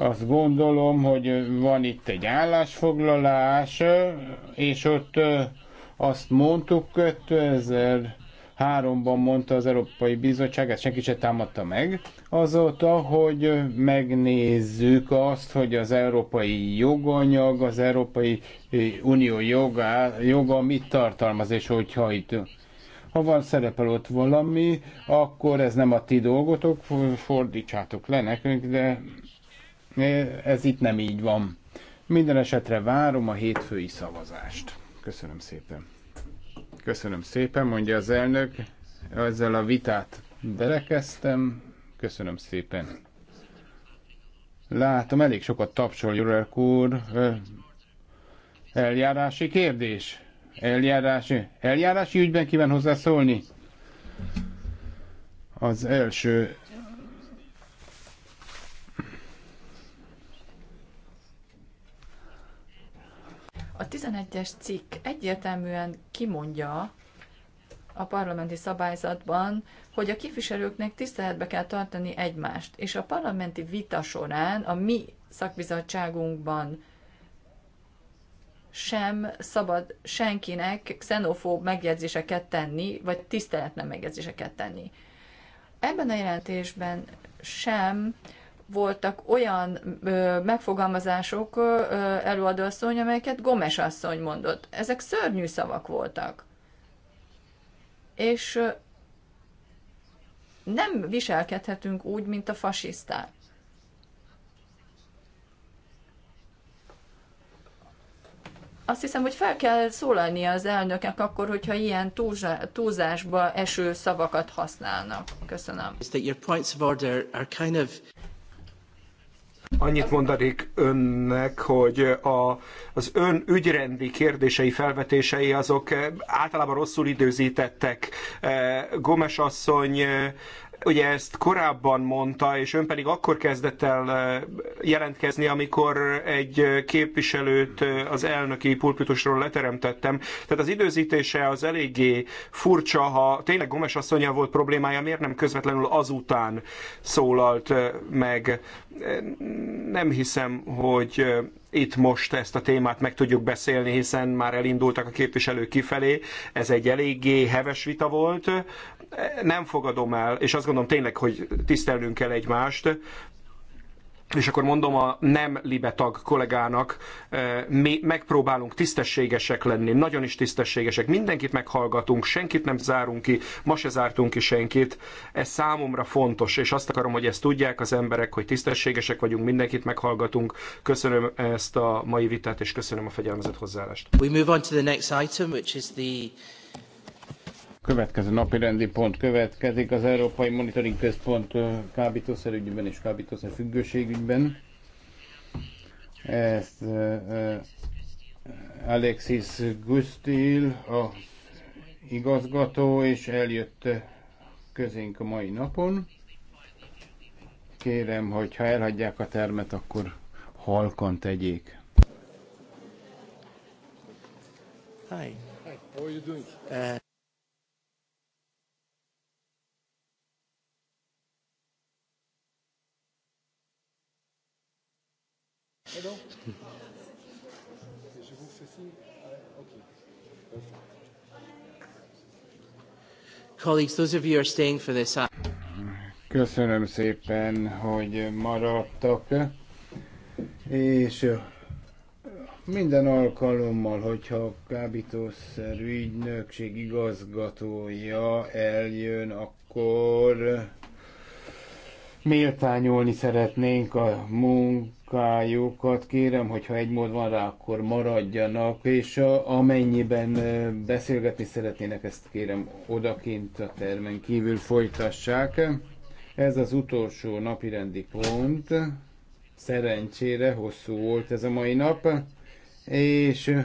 azt gondolom, hogy van itt egy állásfoglalás, és ott azt mondtuk 2003-ban mondta az Európai Bizottság, ezt senki sem támadta meg, azóta, hogy megnézzük azt, hogy az európai joganyag, az Európai Unió joga, joga mit tartalmaz, és hogyha itt ha van szerepel ott valami, akkor ez nem a ti dolgotok, fordítsátok le nekünk, de ez itt nem így van. Minden esetre várom a hétfői szavazást. Köszönöm szépen. Köszönöm szépen, mondja az elnök. Ezzel a vitát berekeztem. Köszönöm szépen. Látom, elég sokat tapsol Jurek úr. Eljárási kérdés? Eljárási, eljárási ügyben kíván hozzászólni? Az első A 11-es cikk egyértelműen kimondja a parlamenti szabályzatban, hogy a képviselőknek tiszteletbe kell tartani egymást, és a parlamenti vita során a mi szakbizottságunkban sem szabad senkinek xenofób megjegyzéseket tenni, vagy tiszteletlen megjegyzéseket tenni. Ebben a jelentésben sem voltak olyan ö, megfogalmazások, ö, előadóasszony, amelyeket Gomes asszony mondott. Ezek szörnyű szavak voltak. És ö, nem viselkedhetünk úgy, mint a fasiszták. Azt hiszem, hogy fel kell szólalnia az elnöknek akkor, hogyha ilyen túlzásba eső szavakat használnak. Köszönöm. Annyit mondanék önnek, hogy a, az ön ügyrendi kérdései, felvetései azok eh, általában rosszul időzítettek. Eh, Gomes asszony eh, ugye ezt korábban mondta, és ön pedig akkor kezdett el jelentkezni, amikor egy képviselőt az elnöki pulpitusról leteremtettem. Tehát az időzítése az eléggé furcsa, ha tényleg Gomes asszonya volt problémája, miért nem közvetlenül azután szólalt meg? Nem hiszem, hogy itt most ezt a témát meg tudjuk beszélni, hiszen már elindultak a képviselők kifelé. Ez egy eléggé heves vita volt, nem fogadom el, és azt gondolom tényleg, hogy tisztelnünk kell egymást, és akkor mondom a nem libetag kollégának, eh, mi megpróbálunk tisztességesek lenni, nagyon is tisztességesek, mindenkit meghallgatunk, senkit nem zárunk ki, ma se zártunk ki senkit. Ez számomra fontos, és azt akarom, hogy ezt tudják az emberek, hogy tisztességesek vagyunk, mindenkit meghallgatunk. Köszönöm ezt a mai vitát, és köszönöm a fegyelmezett hozzáállást. We move on to the next item, which is the Következő napi rendi pont következik az Európai Monitoring Központ kábítószerügyben és kábítószer függőségügyben. Ezt Alexis Gustil, a igazgató, és eljött közénk a mai napon. Kérem, hogy ha elhagyják a termet, akkor halkan tegyék. Hi. Hi. How are you doing? Uh... Hello Je vous fais Colleagues, those of you who are staying for this. Uh, Köszönöm szépen, hogy maradtak. És minden alkalommal, hogyha a kábítószer ügynökség igazgatója eljön, akkor méltányolni szeretnénk a munkát munkájukat kérem, hogyha egy mód van rá, akkor maradjanak, és amennyiben beszélgetni szeretnének, ezt kérem odakint a termen kívül folytassák. Ez az utolsó napirendi pont. Szerencsére hosszú volt ez a mai nap, és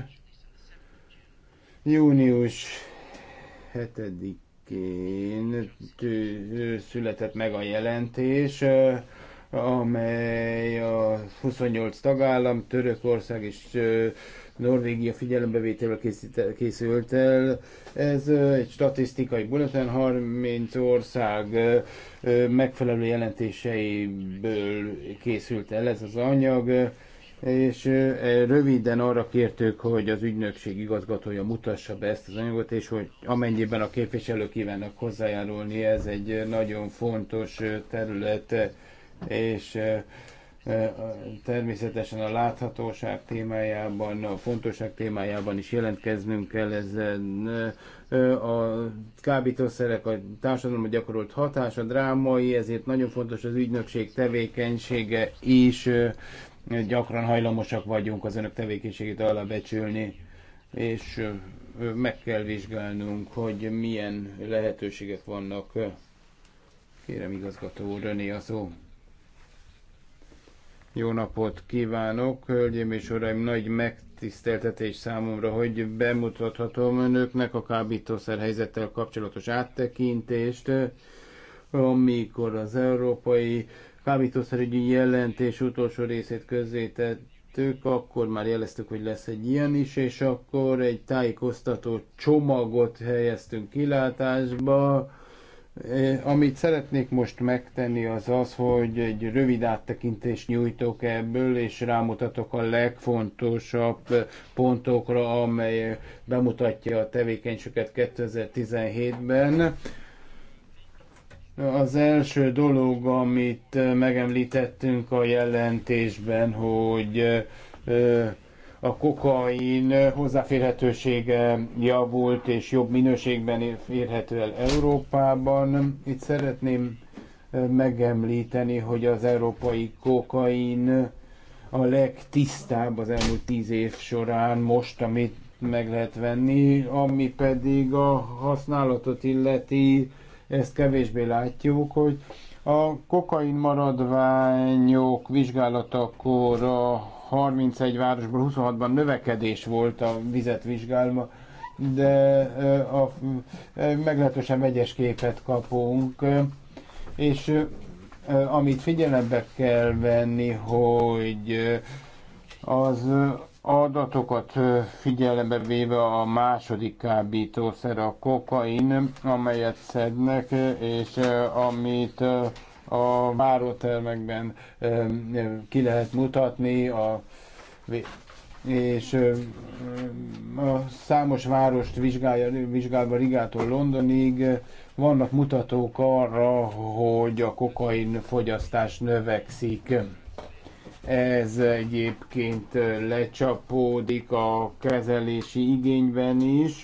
június 7-én született meg a jelentés amely a 28 tagállam, Törökország és Norvégia figyelembevételre készült el. Ez egy statisztikai bulletin, 30 ország megfelelő jelentéseiből készült el ez az anyag, és röviden arra kértük, hogy az ügynökség igazgatója mutassa be ezt az anyagot, és hogy amennyiben a képviselők kívánnak hozzájárulni, ez egy nagyon fontos terület és természetesen a láthatóság témájában, a fontosság témájában is jelentkeznünk kell ezen. A kábítószerek a társadalom gyakorolt hatása drámai, ezért nagyon fontos az ügynökség tevékenysége is. Gyakran hajlamosak vagyunk az önök tevékenységét alábecsülni, és meg kell vizsgálnunk, hogy milyen lehetőségek vannak. Kérem igazgató úr, a szó. Jó napot kívánok, hölgyeim és uraim! Nagy megtiszteltetés számomra, hogy bemutathatom önöknek a kábítószer helyzettel kapcsolatos áttekintést, amikor az európai kábítószerügyi jelentés utolsó részét közzétettük, akkor már jeleztük, hogy lesz egy ilyen is, és akkor egy tájékoztató csomagot helyeztünk kilátásba, amit szeretnék most megtenni az az, hogy egy rövid áttekintést nyújtok ebből, és rámutatok a legfontosabb pontokra, amely bemutatja a tevékenységet 2017-ben. Az első dolog, amit megemlítettünk a jelentésben, hogy a kokain hozzáférhetősége javult és jobb minőségben érhető el Európában. Itt szeretném megemlíteni, hogy az európai kokain a legtisztább az elmúlt tíz év során most, amit meg lehet venni, ami pedig a használatot illeti, ezt kevésbé látjuk, hogy a kokain maradványok vizsgálatakor a 31 városból 26-ban növekedés volt a vizet vizsgálva, de a, meglehetősen vegyes képet kapunk, és amit figyelembe kell venni, hogy az adatokat figyelembe véve a második kábítószer a kokain, amelyet szednek, és amit a várótermekben ki lehet mutatni, a, és a számos várost vizsgálja, vizsgálva Rigától Londonig vannak mutatók arra, hogy a kokain fogyasztás növekszik. Ez egyébként lecsapódik a kezelési igényben is.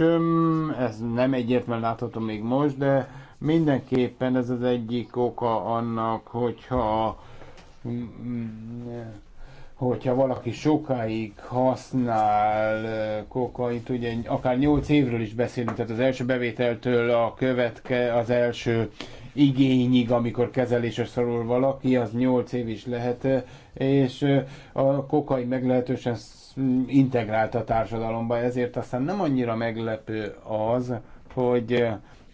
Ez nem egyértelműen látható még most, de Mindenképpen ez az egyik oka annak, hogyha hogyha valaki sokáig használ kokait, ugye akár 8 évről is beszélünk, tehát az első bevételtől a követke, az első igényig, amikor kezelésre szorul valaki, az 8 év is lehet, és a kokain meglehetősen integrált a társadalomba, ezért aztán nem annyira meglepő az, hogy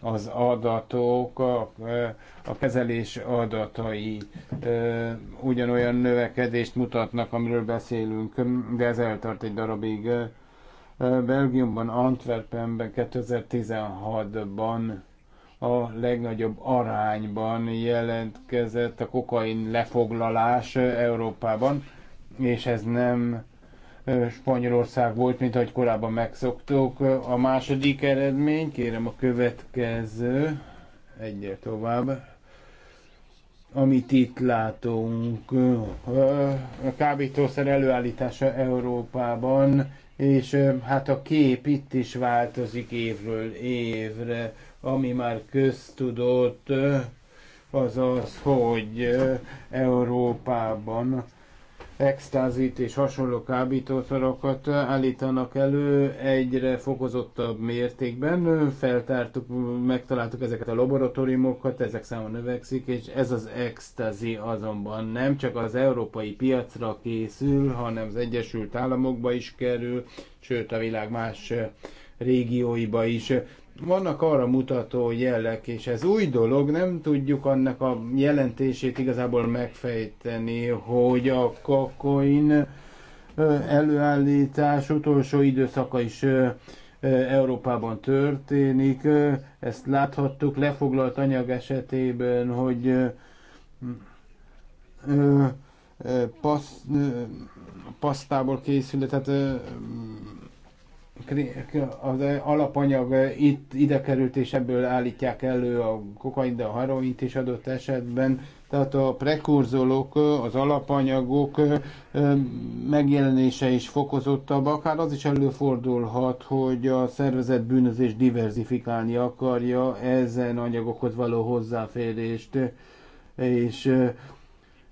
az adatok, a, a kezelés adatai ugyanolyan növekedést mutatnak, amiről beszélünk, de ez eltart egy darabig. Belgiumban, Antwerpenben 2016-ban a legnagyobb arányban jelentkezett a kokain lefoglalás Európában, és ez nem Spanyolország volt, mint ahogy korábban megszoktuk. A második eredmény, kérem a következő, egyet tovább, amit itt látunk, a kábítószer előállítása Európában, és hát a kép itt is változik évről évre, ami már köztudott, az az, hogy Európában extázit és hasonló kábítószerokat állítanak elő egyre fokozottabb mértékben. Feltártuk, megtaláltuk ezeket a laboratóriumokat, ezek száma növekszik, és ez az extázi azonban nem csak az európai piacra készül, hanem az Egyesült Államokba is kerül, sőt a világ más régióiba is vannak arra mutató jelek, és ez új dolog, nem tudjuk annak a jelentését igazából megfejteni, hogy a kokain előállítás utolsó időszaka is Európában történik. Ezt láthattuk lefoglalt anyag esetében, hogy passz, pasztából készül, tehát az alapanyag itt ide került, és ebből állítják elő a kokain, de a heroint is adott esetben. Tehát a prekurzolók, az alapanyagok megjelenése is fokozottabb, akár hát az is előfordulhat, hogy a szervezet bűnözés diverzifikálni akarja ezen anyagokhoz való hozzáférést, és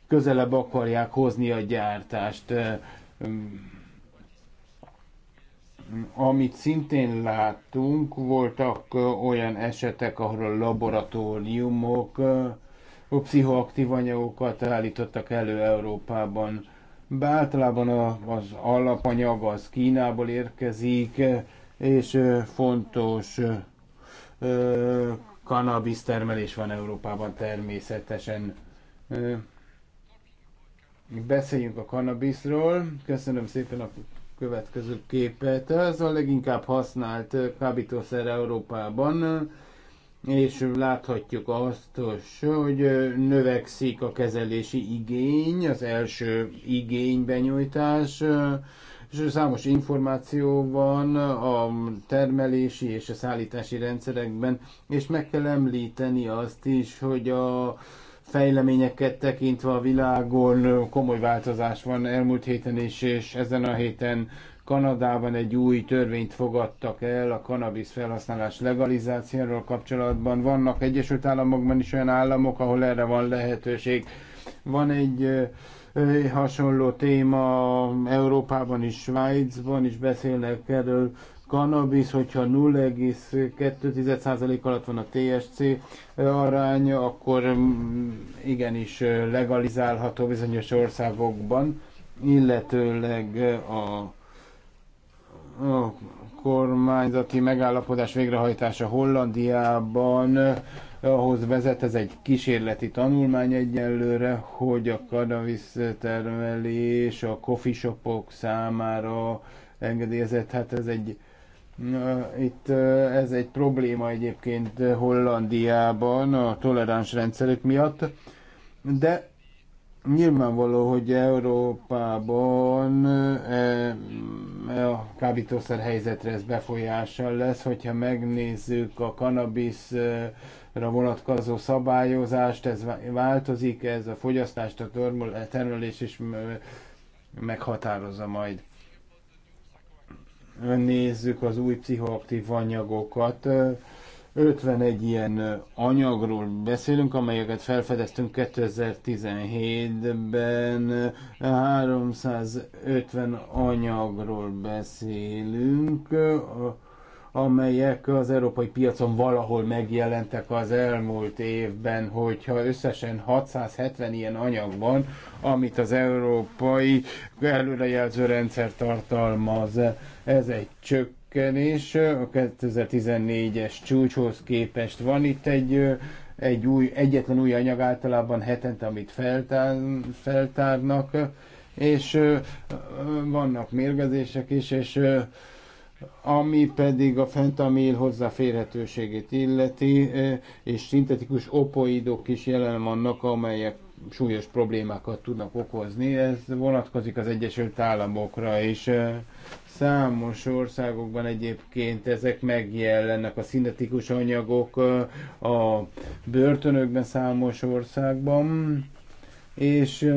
közelebb akarják hozni a gyártást amit szintén láttunk, voltak olyan esetek, ahol a laboratóriumok a pszichoaktív anyagokat állítottak elő Európában. Be általában az alapanyag az Kínából érkezik, és fontos cannabis termelés van Európában természetesen. Beszéljünk a cannabisról. Köszönöm szépen a következő képet. Ez a leginkább használt kábítószer Európában, és láthatjuk azt, hogy növekszik a kezelési igény, az első igénybenyújtás, és számos információ van a termelési és a szállítási rendszerekben, és meg kell említeni azt is, hogy a fejleményeket tekintve a világon komoly változás van elmúlt héten is, és ezen a héten Kanadában egy új törvényt fogadtak el a kanabisz felhasználás legalizációról kapcsolatban. Vannak Egyesült Államokban is olyan államok, ahol erre van lehetőség. Van egy ö, ö, hasonló téma Európában is, Svájcban is beszélnek erről kanabisz, hogyha 0,2% alatt van a TSC aránya, akkor mm, igenis legalizálható bizonyos országokban, illetőleg a, a kormányzati megállapodás végrehajtása Hollandiában ahhoz vezet, ez egy kísérleti tanulmány egyelőre, hogy a cannabis termelés a coffee shopok számára engedélyezett, hát ez egy itt eh, ez egy probléma egyébként eh, Hollandiában a toleráns rendszerük miatt, de nyilvánvaló, hogy Európában eh, a kábítószer helyzetre ez befolyással lesz, hogyha megnézzük a kanabiszra vonatkozó szabályozást, ez változik, ez a fogyasztást, a termelés is meghatározza majd nézzük az új pszichoaktív anyagokat, 51 ilyen anyagról beszélünk, amelyeket felfedeztünk 2017-ben, 350 anyagról beszélünk, amelyek az európai piacon valahol megjelentek az elmúlt évben, hogyha összesen 670 ilyen anyag van, amit az európai előrejelző rendszer tartalmaz. Ez egy csökkenés a 2014-es csúcshoz képest. Van itt egy egy új, egyetlen új anyag általában hetente, amit feltár, feltárnak, és vannak mérgezések is, és ami pedig a fentamil hozzáférhetőségét illeti, eh, és szintetikus opoidok is jelen vannak, amelyek súlyos problémákat tudnak okozni. Ez vonatkozik az Egyesült Államokra és eh. Számos országokban egyébként ezek megjelennek, a szintetikus anyagok eh, a börtönökben számos országban, és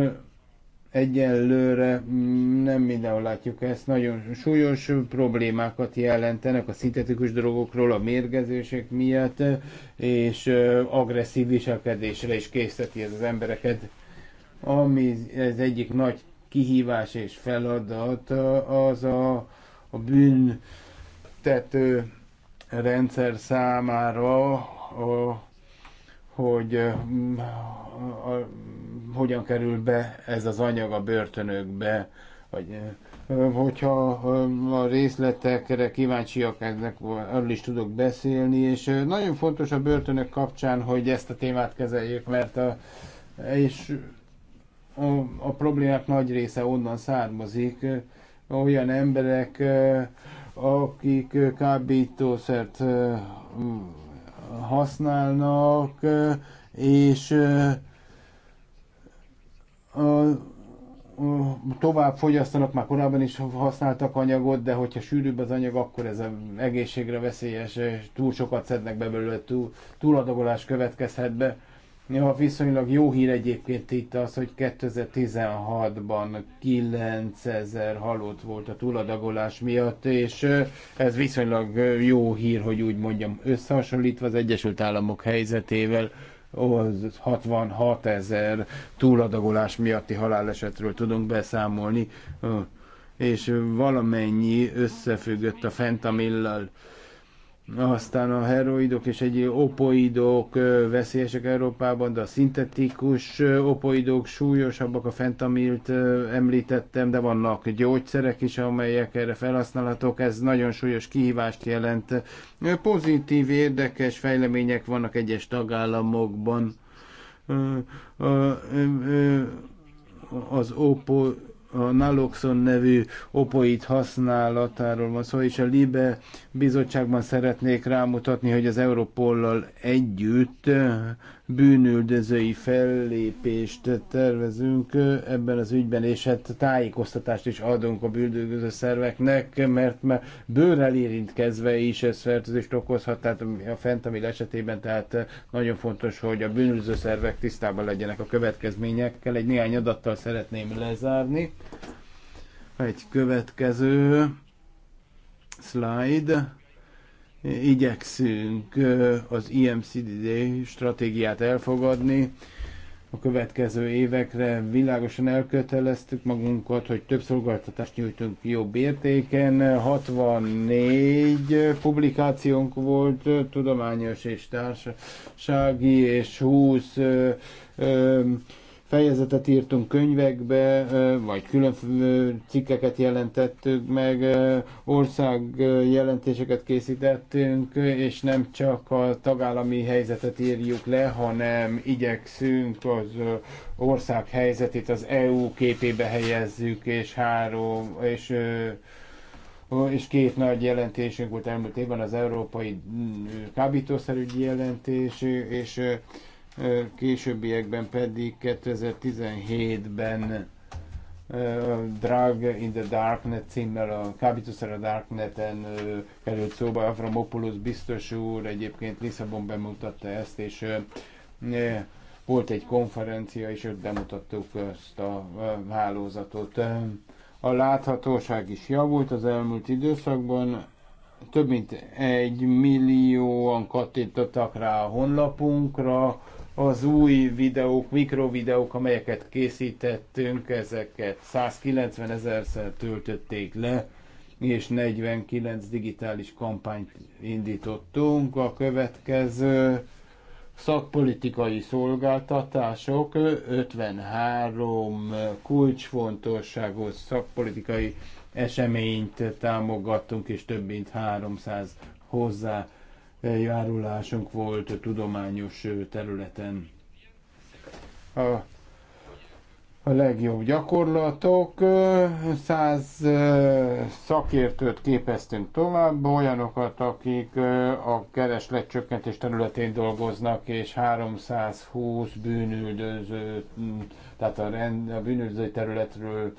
Egyelőre mm, nem mindenhol látjuk ezt. Nagyon súlyos problémákat jelentenek a szintetikus drogokról, a mérgezések miatt, és agresszív viselkedésre is készíti ez az embereket. Ami ez egyik nagy kihívás és feladat, az a, a bűntető rendszer számára, a, hogy a, a, hogyan kerül be ez az anyag a börtönökbe, vagy hogyha a részletekre kíváncsiak, ennek arról is tudok beszélni, és nagyon fontos a börtönök kapcsán, hogy ezt a témát kezeljék, mert a, és a, a problémák nagy része onnan származik, olyan emberek, akik kábítószert használnak, és tovább fogyasztanak, már korábban is használtak anyagot, de hogyha sűrűbb az anyag, akkor ez egészségre veszélyes, túl sokat szednek be belőle, túl, túladagolás következhet be. Ja, viszonylag jó hír egyébként itt az, hogy 2016-ban 9000 halott volt a túladagolás miatt, és ez viszonylag jó hír, hogy úgy mondjam, összehasonlítva az Egyesült Államok helyzetével az 66 ezer túladagolás miatti halálesetről tudunk beszámolni, és valamennyi összefüggött a fentamillal. Aztán a heroidok és egy opoidok veszélyesek Európában, de a szintetikus opoidok súlyosabbak, a fentamilt említettem, de vannak gyógyszerek is, amelyek erre felhasználhatók. Ez nagyon súlyos kihívást jelent. Pozitív, érdekes fejlemények vannak egyes tagállamokban. Az opo a naloxon nevű opoid használatáról van szó, és a LIBE bizottságban szeretnék rámutatni, hogy az Európollal együtt bűnüldözői fellépést tervezünk ebben az ügyben, és hát tájékoztatást is adunk a bűnüldöző szerveknek, mert már bőrrel érintkezve is ez fertőzést okozhat, tehát a fentamil esetében, tehát nagyon fontos, hogy a bűnüldöző szervek tisztában legyenek a következményekkel. Egy néhány adattal szeretném lezárni. Egy következő slide igyekszünk az IMCD stratégiát elfogadni. A következő évekre világosan elköteleztük magunkat, hogy több szolgáltatást nyújtunk jobb értéken. 64 publikációnk volt, tudományos és társasági, és 20 ö, ö, fejezetet írtunk könyvekbe, vagy külön cikkeket jelentettük meg, ország jelentéseket készítettünk, és nem csak a tagállami helyzetet írjuk le, hanem igyekszünk az ország helyzetét az EU képébe helyezzük, és három, és és két nagy jelentésünk volt elmúlt évben, az európai mm, kábítószerügyi jelentés, és későbbiekben pedig 2017-ben Drug in the Darknet címmel, a Kábítószer a Darkneten került szóba. Aframopoulos biztos úr egyébként Lisszabon bemutatta ezt, és volt egy konferencia, és ott bemutattuk ezt a hálózatot. A láthatóság is javult az elmúlt időszakban, több mint egy millióan kattintottak rá a honlapunkra, az új videók, mikrovideók, amelyeket készítettünk, ezeket 190 ezerszer töltötték le, és 49 digitális kampányt indítottunk. A következő szakpolitikai szolgáltatások, 53 kulcsfontosságú szakpolitikai eseményt támogattunk, és több mint 300 hozzá járulásunk volt a tudományos területen. A, a legjobb gyakorlatok, 100 szakértőt képeztünk tovább, olyanokat, akik a keresletcsökkentés területén dolgoznak, és 320 bűnüldöző, tehát a, rend, a bűnüldöző területről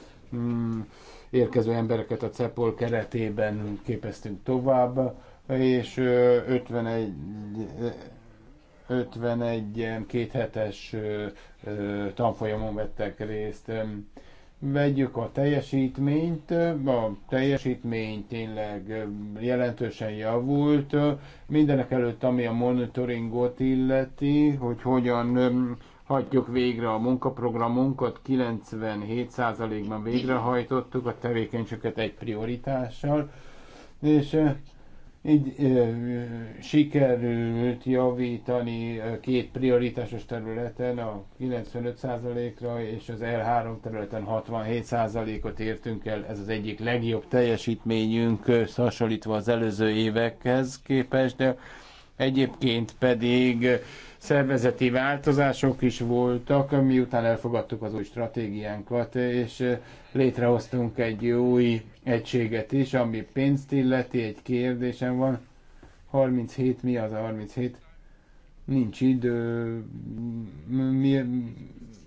érkező embereket a CEPOL keretében képeztünk tovább és 51 51 két hetes tanfolyamon vettek részt. Vegyük a teljesítményt, a teljesítmény tényleg jelentősen javult. Mindenek előtt, ami a monitoringot illeti, hogy hogyan hagyjuk végre a munkaprogramunkat, 97%-ban végrehajtottuk a tevékenységet egy prioritással, és így ö, sikerült javítani két prioritásos területen a 95%-ra, és az L3 területen 67%-ot értünk el. Ez az egyik legjobb teljesítményünk hasonlítva az előző évekhez képest, de egyébként pedig szervezeti változások is voltak, miután elfogadtuk az új stratégiánkat, és eh, létrehoztunk egy új egységet is, ami pénzt illeti, egy kérdésem van. 37, mi az a 37? Nincs idő, mi,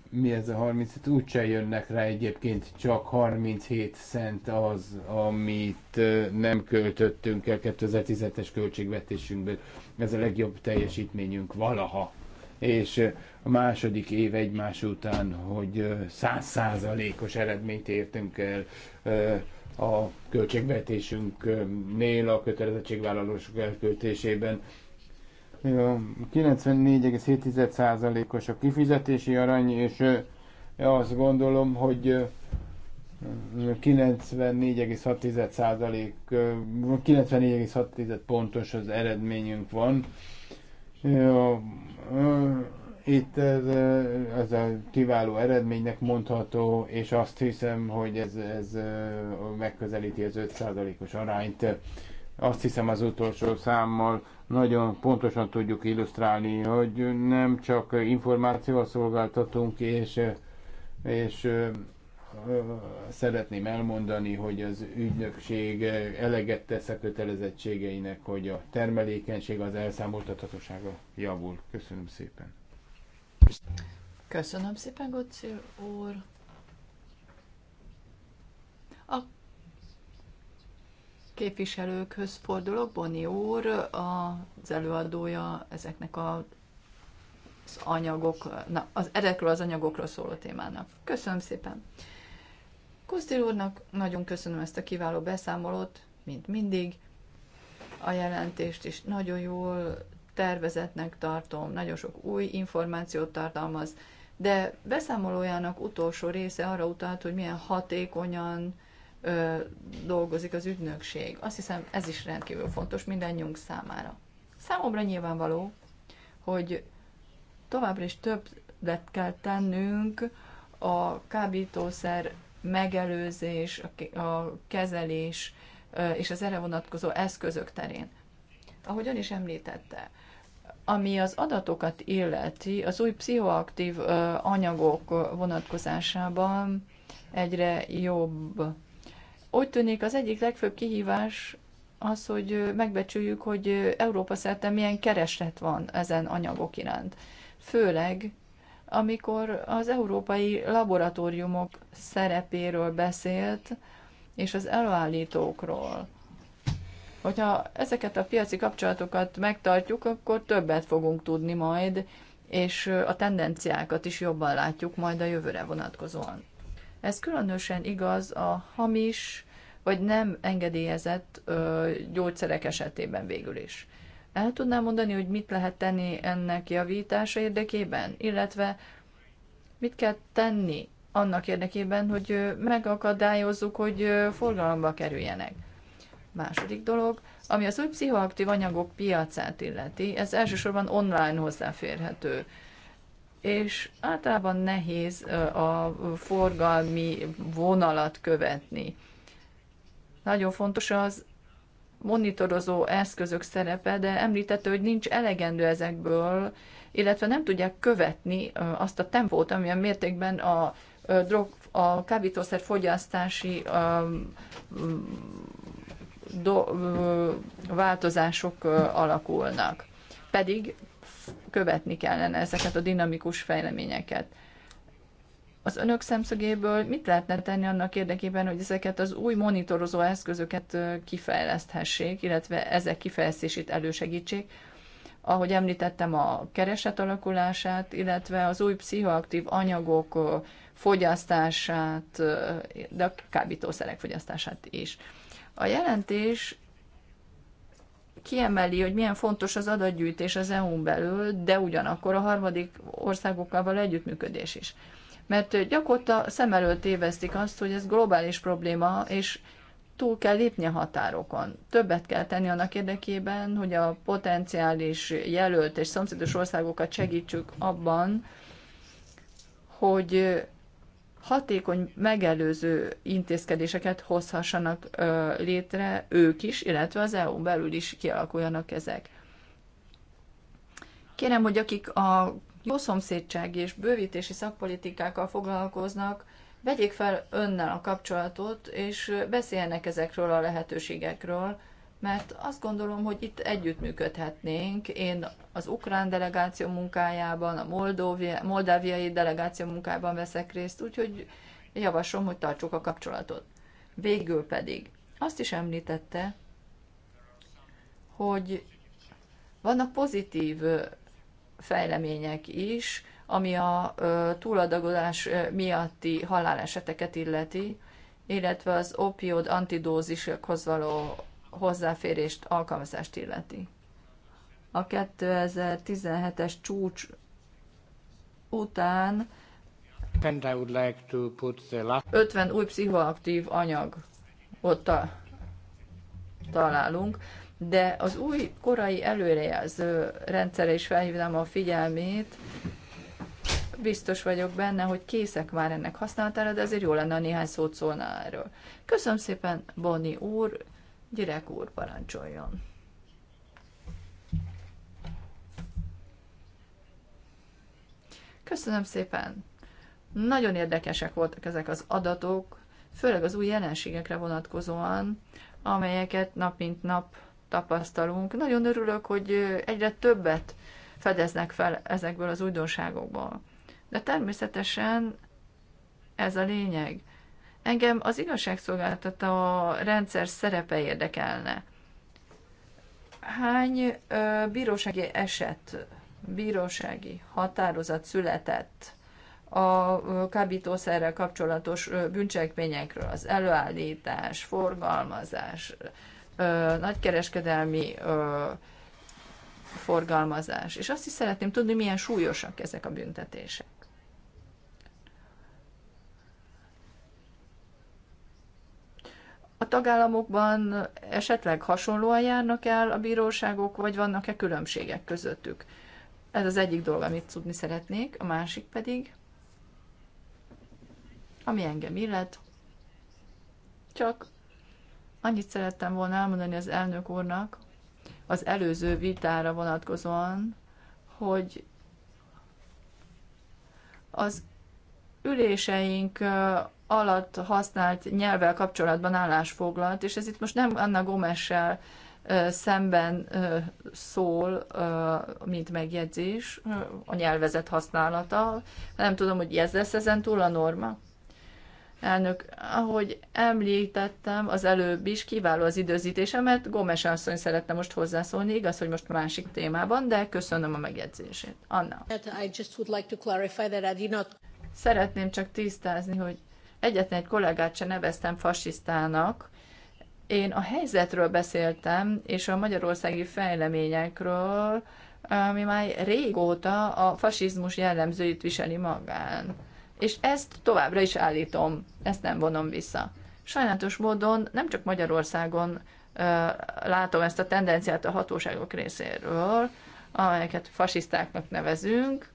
mi ez a 37? Úgy sem jönnek rá egyébként, csak 37 cent az, amit eh, nem költöttünk el 2017-es költségvetésünkből. Ez a legjobb teljesítményünk valaha. És a második év egymás után, hogy százszázalékos eredményt értünk el a költségvetésünknél, a kötelezettségvállalósok elköltésében. 94,7%-os a kifizetési arany, és azt gondolom, hogy 94,6 94,6 pontos az eredményünk van. itt ez, ez a kiváló eredménynek mondható, és azt hiszem, hogy ez, ez megközelíti az 5%-os arányt. Azt hiszem az utolsó számmal nagyon pontosan tudjuk illusztrálni, hogy nem csak információval szolgáltatunk, és, és szeretném elmondani, hogy az ügynökség eleget tesz a kötelezettségeinek, hogy a termelékenység, az elszámoltathatósága javul. Köszönöm szépen. Köszönöm szépen, Gocsi úr. A képviselőkhöz fordulok. Boni úr, az előadója ezeknek a az anyagok, na, az ezekről az anyagokról szóló témának. Köszönöm szépen! Kusztil úrnak nagyon köszönöm ezt a kiváló beszámolót, mint mindig. A jelentést is nagyon jól tervezetnek tartom, nagyon sok új információt tartalmaz, de beszámolójának utolsó része arra utalt, hogy milyen hatékonyan ö, dolgozik az ügynökség. Azt hiszem, ez is rendkívül fontos mindannyiunk számára. Számomra nyilvánvaló, hogy továbbra is többet kell tennünk a kábítószer megelőzés, a kezelés és az erre vonatkozó eszközök terén. Ahogy ön is említette, ami az adatokat illeti, az új pszichoaktív anyagok vonatkozásában egyre jobb. Úgy tűnik az egyik legfőbb kihívás az, hogy megbecsüljük, hogy Európa szerte milyen kereslet van ezen anyagok iránt. Főleg amikor az európai laboratóriumok szerepéről beszélt, és az előállítókról. Hogyha ezeket a piaci kapcsolatokat megtartjuk, akkor többet fogunk tudni majd, és a tendenciákat is jobban látjuk majd a jövőre vonatkozóan. Ez különösen igaz a hamis vagy nem engedélyezett ö, gyógyszerek esetében végül is. El tudná mondani, hogy mit lehet tenni ennek javítása érdekében, illetve mit kell tenni annak érdekében, hogy megakadályozzuk, hogy forgalomba kerüljenek. Második dolog, ami az új pszichoaktív anyagok piacát illeti, ez elsősorban online hozzáférhető, és általában nehéz a forgalmi vonalat követni. Nagyon fontos az monitorozó eszközök szerepe, de említette, hogy nincs elegendő ezekből, illetve nem tudják követni azt a tempót, amilyen mértékben a drog, a kábítószer fogyasztási mm, do, változások alakulnak. Pedig követni kellene ezeket a dinamikus fejleményeket. Az önök szemszögéből mit lehetne tenni annak érdekében, hogy ezeket az új monitorozó eszközöket kifejleszthessék, illetve ezek kifejlesztését elősegítsék? Ahogy említettem, a kereset alakulását, illetve az új pszichoaktív anyagok fogyasztását, de a kábítószerek fogyasztását is. A jelentés kiemeli, hogy milyen fontos az adatgyűjtés az EU-n belül, de ugyanakkor a harmadik országokkal való együttműködés is mert gyakorta szem előtt évesztik azt, hogy ez globális probléma, és túl kell lépni a határokon. Többet kell tenni annak érdekében, hogy a potenciális jelölt és szomszédos országokat segítsük abban, hogy hatékony megelőző intézkedéseket hozhassanak létre ők is, illetve az eu belül is kialakuljanak ezek. Kérem, hogy akik a jó szomszédsági és bővítési szakpolitikákkal foglalkoznak, vegyék fel önnel a kapcsolatot, és beszéljenek ezekről a lehetőségekről, mert azt gondolom, hogy itt együttműködhetnénk. Én az ukrán delegáció munkájában, a Moldóvia, moldáviai delegáció munkájában veszek részt, úgyhogy javaslom, hogy tartsuk a kapcsolatot. Végül pedig azt is említette, hogy vannak pozitív fejlemények is, ami a túladagolás miatti haláleseteket illeti, illetve az opiód antidózisokhoz való hozzáférést, alkalmazást illeti. A 2017-es csúcs után 50 új pszichoaktív anyag ott találunk, de az új korai előrejelző rendszere is felhívnám a figyelmét. Biztos vagyok benne, hogy készek már ennek használatára, de azért jó lenne a néhány szót szólna erről. Köszönöm szépen, Boni úr, Gyerek úr, parancsoljon. Köszönöm szépen. Nagyon érdekesek voltak ezek az adatok, főleg az új jelenségekre vonatkozóan, amelyeket nap mint nap tapasztalunk. Nagyon örülök, hogy egyre többet fedeznek fel ezekből az újdonságokból. De természetesen ez a lényeg. Engem az a rendszer szerepe érdekelne. Hány ö, bírósági eset, bírósági határozat született a kábítószerrel kapcsolatos bűncselekményekről, az előállítás, forgalmazás, nagykereskedelmi forgalmazás. És azt is szeretném tudni, milyen súlyosak ezek a büntetések. A tagállamokban esetleg hasonlóan járnak el a bíróságok, vagy vannak-e különbségek közöttük? Ez az egyik dolog, amit tudni szeretnék, a másik pedig, ami engem illet, csak Annyit szerettem volna elmondani az elnök úrnak az előző vitára vonatkozóan, hogy az üléseink alatt használt nyelvvel kapcsolatban állásfoglalt, és ez itt most nem Anna Gomessel szemben szól, mint megjegyzés, a nyelvezet használata. Nem tudom, hogy ez lesz ezen túl a norma. Elnök, ahogy említettem az előbb is, kiváló az időzítésemet. Gómez asszony szeretne most hozzászólni, igaz, hogy most másik témában, de köszönöm a megjegyzését. Anna. Szeretném csak tisztázni, hogy egyetlen egy kollégát se neveztem fasisztának. Én a helyzetről beszéltem, és a magyarországi fejleményekről, ami már régóta a fasizmus jellemzőit viseli magán és ezt továbbra is állítom, ezt nem vonom vissza. Sajnálatos módon nem csak Magyarországon látom ezt a tendenciát a hatóságok részéről, amelyeket fasisztáknak nevezünk,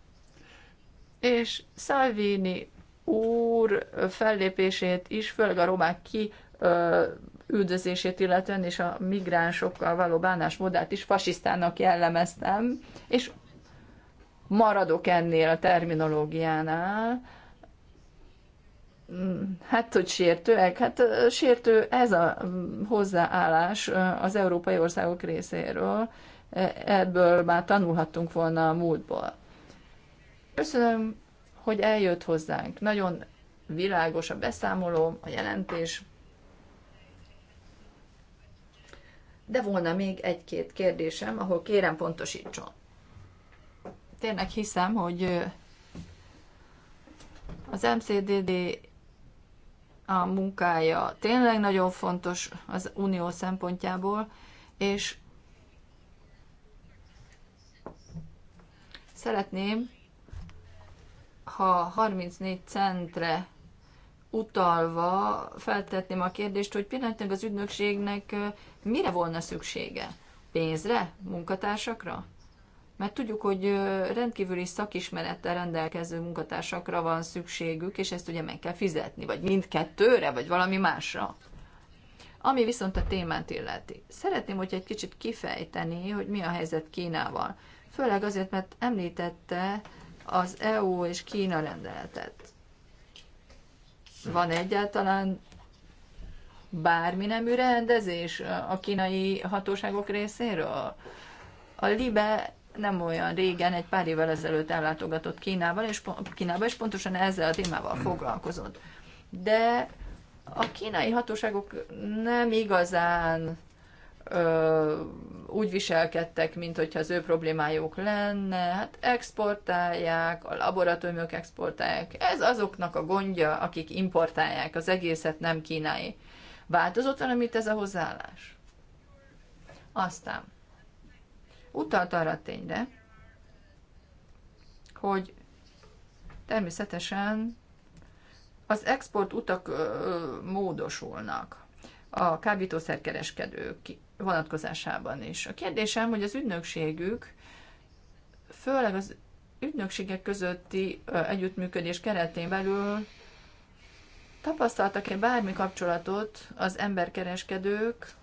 és Salvini úr fellépését is, főleg a romák ki üldözését illetően és a migránsokkal való bánásmódát is fasisztának jellemeztem, és maradok ennél a terminológiánál, Hát, hogy sértőek? Hát sértő ez a hozzáállás az európai országok részéről. Ebből már tanulhattunk volna a múltból. Köszönöm, hogy eljött hozzánk. Nagyon világos a beszámoló, a jelentés. De volna még egy-két kérdésem, ahol kérem pontosítson. Tényleg hiszem, hogy az MCDD a munkája tényleg nagyon fontos az unió szempontjából, és szeretném, ha 34 centre utalva feltetném a kérdést, hogy pillanatnyilag az ügynökségnek mire volna szüksége? Pénzre? Munkatársakra? mert tudjuk, hogy rendkívüli szakismerettel rendelkező munkatársakra van szükségük, és ezt ugye meg kell fizetni, vagy mindkettőre, vagy valami másra. Ami viszont a témát illeti. Szeretném, hogy egy kicsit kifejteni, hogy mi a helyzet Kínával. Főleg azért, mert említette az EU és Kína rendeletet. Van egyáltalán bármi nemű rendezés a kínai hatóságok részéről? A LIBE nem olyan régen, egy pár évvel ezelőtt ellátogatott kínával és, Kínába, és pontosan ezzel a témával foglalkozott. De a kínai hatóságok nem igazán ö, úgy viselkedtek, mint hogyha az ő problémájuk lenne, hát exportálják, a laboratóriumok exportálják, ez azoknak a gondja, akik importálják az egészet, nem kínai. Változott valamit ez a hozzáállás? Aztán utalt arra a tényre, hogy természetesen az export utak módosulnak a kábítószerkereskedők vonatkozásában is. A kérdésem, hogy az ügynökségük, főleg az ügynökségek közötti együttműködés keretén belül tapasztaltak-e bármi kapcsolatot az emberkereskedők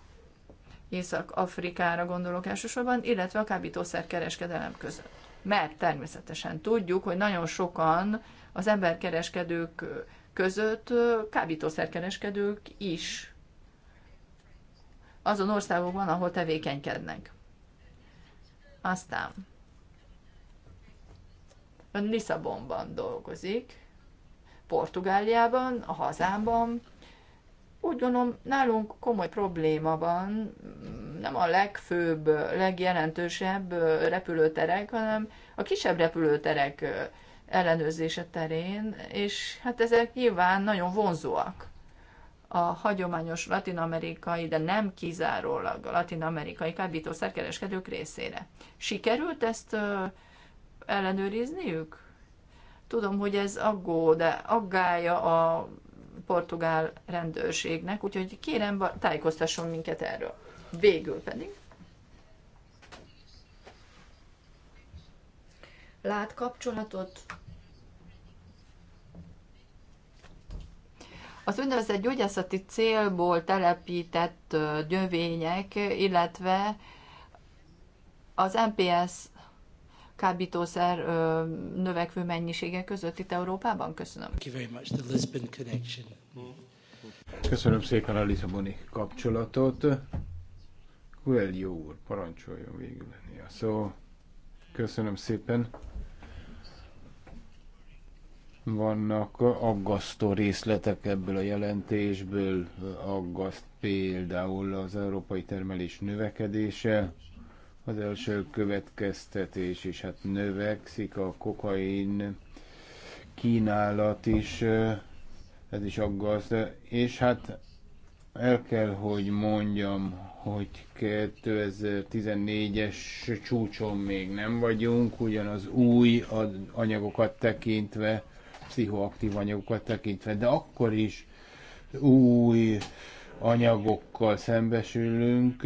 Észak-Afrikára gondolok elsősorban, illetve a kábítószerkereskedelem között. Mert természetesen tudjuk, hogy nagyon sokan az emberkereskedők között kábítószerkereskedők is azon országokban, ahol tevékenykednek. Aztán ön Lisszabonban dolgozik, Portugáliában, a hazámban, úgy gondolom, nálunk komoly probléma van, nem a legfőbb, legjelentősebb repülőterek, hanem a kisebb repülőterek ellenőrzése terén, és hát ezek nyilván nagyon vonzóak a hagyományos latinamerikai, de nem kizárólag a latinamerikai kábítószerkereskedők részére. Sikerült ezt ellenőrizniük? Tudom, hogy ez aggó, de aggája a portugál rendőrségnek, úgyhogy kérem, tájékoztasson minket erről. Végül pedig. Lát kapcsolatot Az úgynevezett gyógyászati célból telepített gyövények, illetve az MPS kábítószer ö, növekvő mennyisége között itt Európában? Köszönöm. Köszönöm szépen a Lisszaboni kapcsolatot. Coelho úr, parancsoljon végül lenni a szó. Köszönöm szépen. Vannak aggasztó részletek ebből a jelentésből, aggaszt például az európai termelés növekedése, az első következtetés is, hát növekszik a kokain kínálat is, ez is aggaszt, és hát el kell, hogy mondjam, hogy 2014-es csúcson még nem vagyunk, ugyanaz új anyagokat tekintve, pszichoaktív anyagokat tekintve, de akkor is új anyagokkal szembesülünk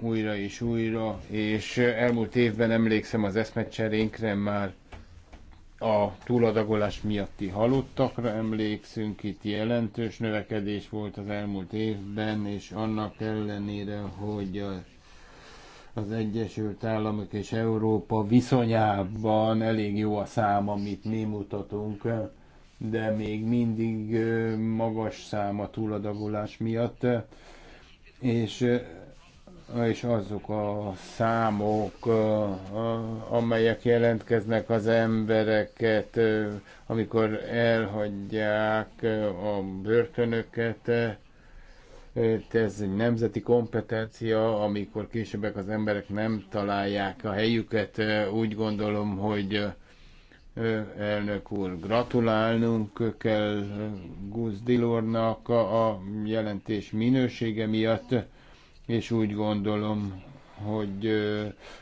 újra és újra, és elmúlt évben emlékszem az eszmecserénkre már a túladagolás miatti halottakra emlékszünk, itt jelentős növekedés volt az elmúlt évben, és annak ellenére, hogy az Egyesült Államok és Európa viszonyában elég jó a szám, amit mi mutatunk de még mindig magas szám a túladagolás miatt, és, és azok a számok, amelyek jelentkeznek az embereket, amikor elhagyják a börtönöket, ez egy nemzeti kompetencia, amikor későbbek az emberek nem találják a helyüket. Úgy gondolom, hogy Elnök úr, gratulálnunk kell Dilornak a jelentés minősége miatt, és úgy gondolom, hogy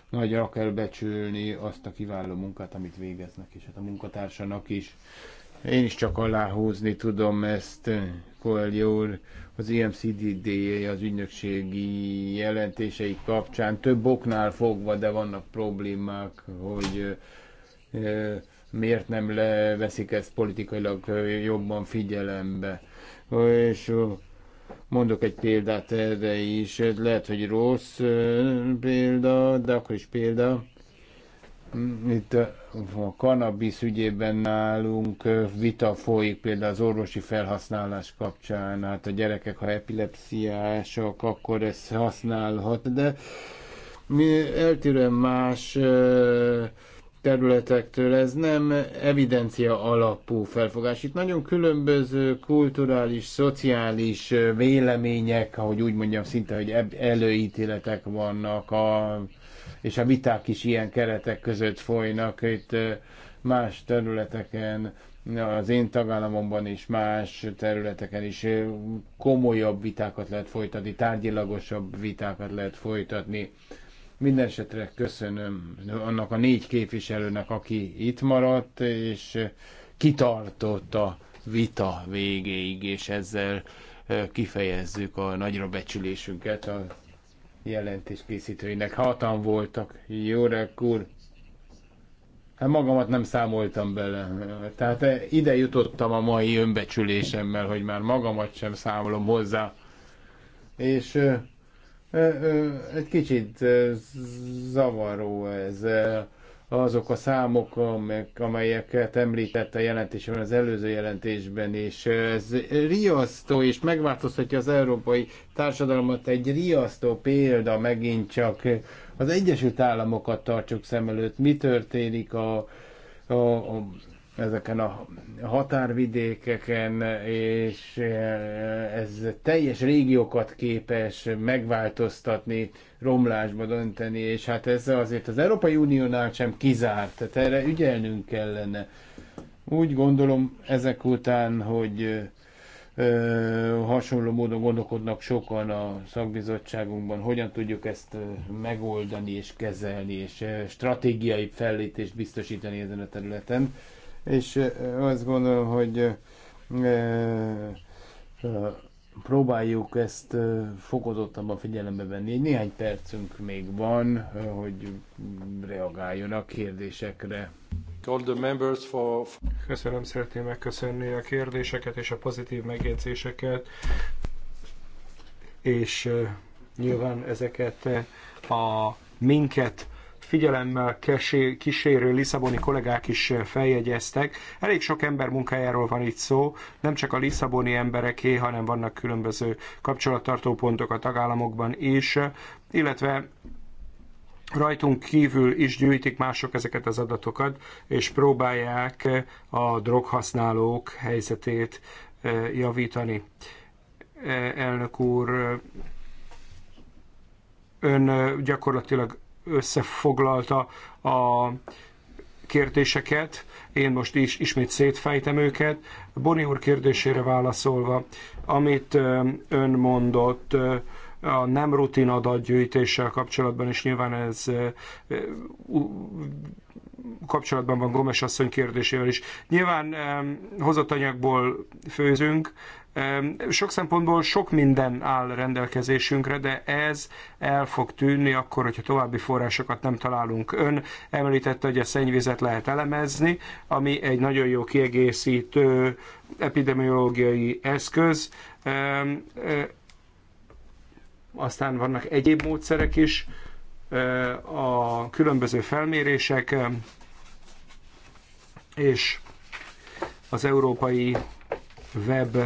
nagyra kell becsülni azt a kiváló munkát, amit végeznek, és hát a munkatársanak is. Én is csak aláhúzni tudom ezt, Koelja úr, az IMCDD az ügynökségi jelentései kapcsán több oknál fogva, de vannak problémák, hogy miért nem leveszik ezt politikailag jobban figyelembe. És mondok egy példát erre is, lehet, hogy rossz példa, de akkor is példa. Mm, itt a kannabisz ügyében nálunk vita folyik például az orvosi felhasználás kapcsán. Hát a gyerekek, ha epilepsziások, akkor ezt használhat, de mi eltérően más területektől. Ez nem evidencia alapú felfogás. Itt nagyon különböző kulturális, szociális vélemények, ahogy úgy mondjam, szinte, hogy előítéletek vannak, a, és a viták is ilyen keretek között folynak. Itt más területeken, az én tagállamomban is, más területeken is komolyabb vitákat lehet folytatni, tárgyilagosabb vitákat lehet folytatni Mindenesetre köszönöm annak a négy képviselőnek, aki itt maradt, és kitartott a vita végéig, és ezzel kifejezzük a nagyra becsülésünket a jelentés készítőinek. Hatan voltak, jó rekkúr. Hát magamat nem számoltam bele. Tehát ide jutottam a mai önbecsülésemmel, hogy már magamat sem számolom hozzá. És egy kicsit zavaró ez azok a számok, amelyeket említett a jelentésben, az előző jelentésben, és ez riasztó, és megváltoztatja az európai társadalmat egy riasztó példa megint csak. Az Egyesült Államokat tartsuk szem előtt, mi történik a, a, a ezeken a határvidékeken, és eh, ez teljes régiókat képes megváltoztatni, romlásba dönteni, és hát ez azért az Európai Uniónál sem kizárt, tehát erre ügyelnünk kellene. Úgy gondolom ezek után, hogy ö, eh, hasonló módon gondolkodnak sokan a szakbizottságunkban, hogyan tudjuk ezt eh, megoldani és kezelni, és stratégiai fellítést biztosítani ezen a területen és azt gondolom, hogy próbáljuk ezt fokozottabban figyelembe venni. Néhány percünk még van, hogy reagáljon a kérdésekre. Köszönöm, szeretném megköszönni a kérdéseket és a pozitív megjegyzéseket, és nyilván ezeket a minket figyelemmel kísérő Lisszaboni kollégák is feljegyeztek. Elég sok ember munkájáról van itt szó, nem csak a Lisszaboni embereké, hanem vannak különböző kapcsolattartó pontok a tagállamokban is, illetve rajtunk kívül is gyűjtik mások ezeket az adatokat, és próbálják a droghasználók helyzetét eh, javítani. Eh, elnök úr, eh, ön gyakorlatilag összefoglalta a kérdéseket. Én most is ismét szétfejtem őket. Boni úr kérdésére válaszolva, amit ön mondott, a nem rutin adatgyűjtéssel kapcsolatban, és nyilván ez kapcsolatban van Gomes asszony kérdésével is. Nyilván hozatanyagból főzünk, sok szempontból sok minden áll rendelkezésünkre, de ez el fog tűnni akkor, hogyha további forrásokat nem találunk. Ön említette, hogy a szennyvizet lehet elemezni, ami egy nagyon jó kiegészítő epidemiológiai eszköz. Aztán vannak egyéb módszerek is, a különböző felmérések, és az európai web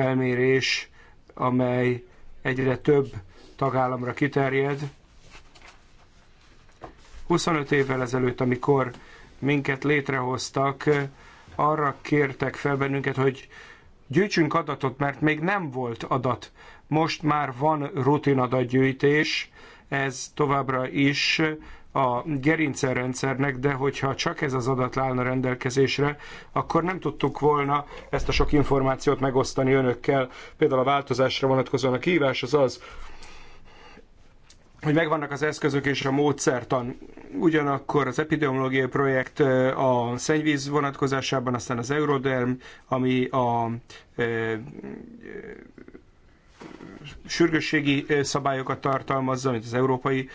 felmérés, amely egyre több tagállamra kiterjed. 25 évvel ezelőtt, amikor minket létrehoztak, arra kértek fel bennünket, hogy gyűjtsünk adatot, mert még nem volt adat. Most már van rutinadatgyűjtés, ez továbbra is a rendszernek, de hogyha csak ez az adat állna rendelkezésre, akkor nem tudtuk volna ezt a sok információt megosztani önökkel. Például a változásra vonatkozóan a kívás az az, hogy megvannak az eszközök és a módszertan. Ugyanakkor az epidemiológiai projekt a szennyvíz vonatkozásában, aztán az Euroderm, ami a sürgősségi szabályokat tartalmazza, amit az Európai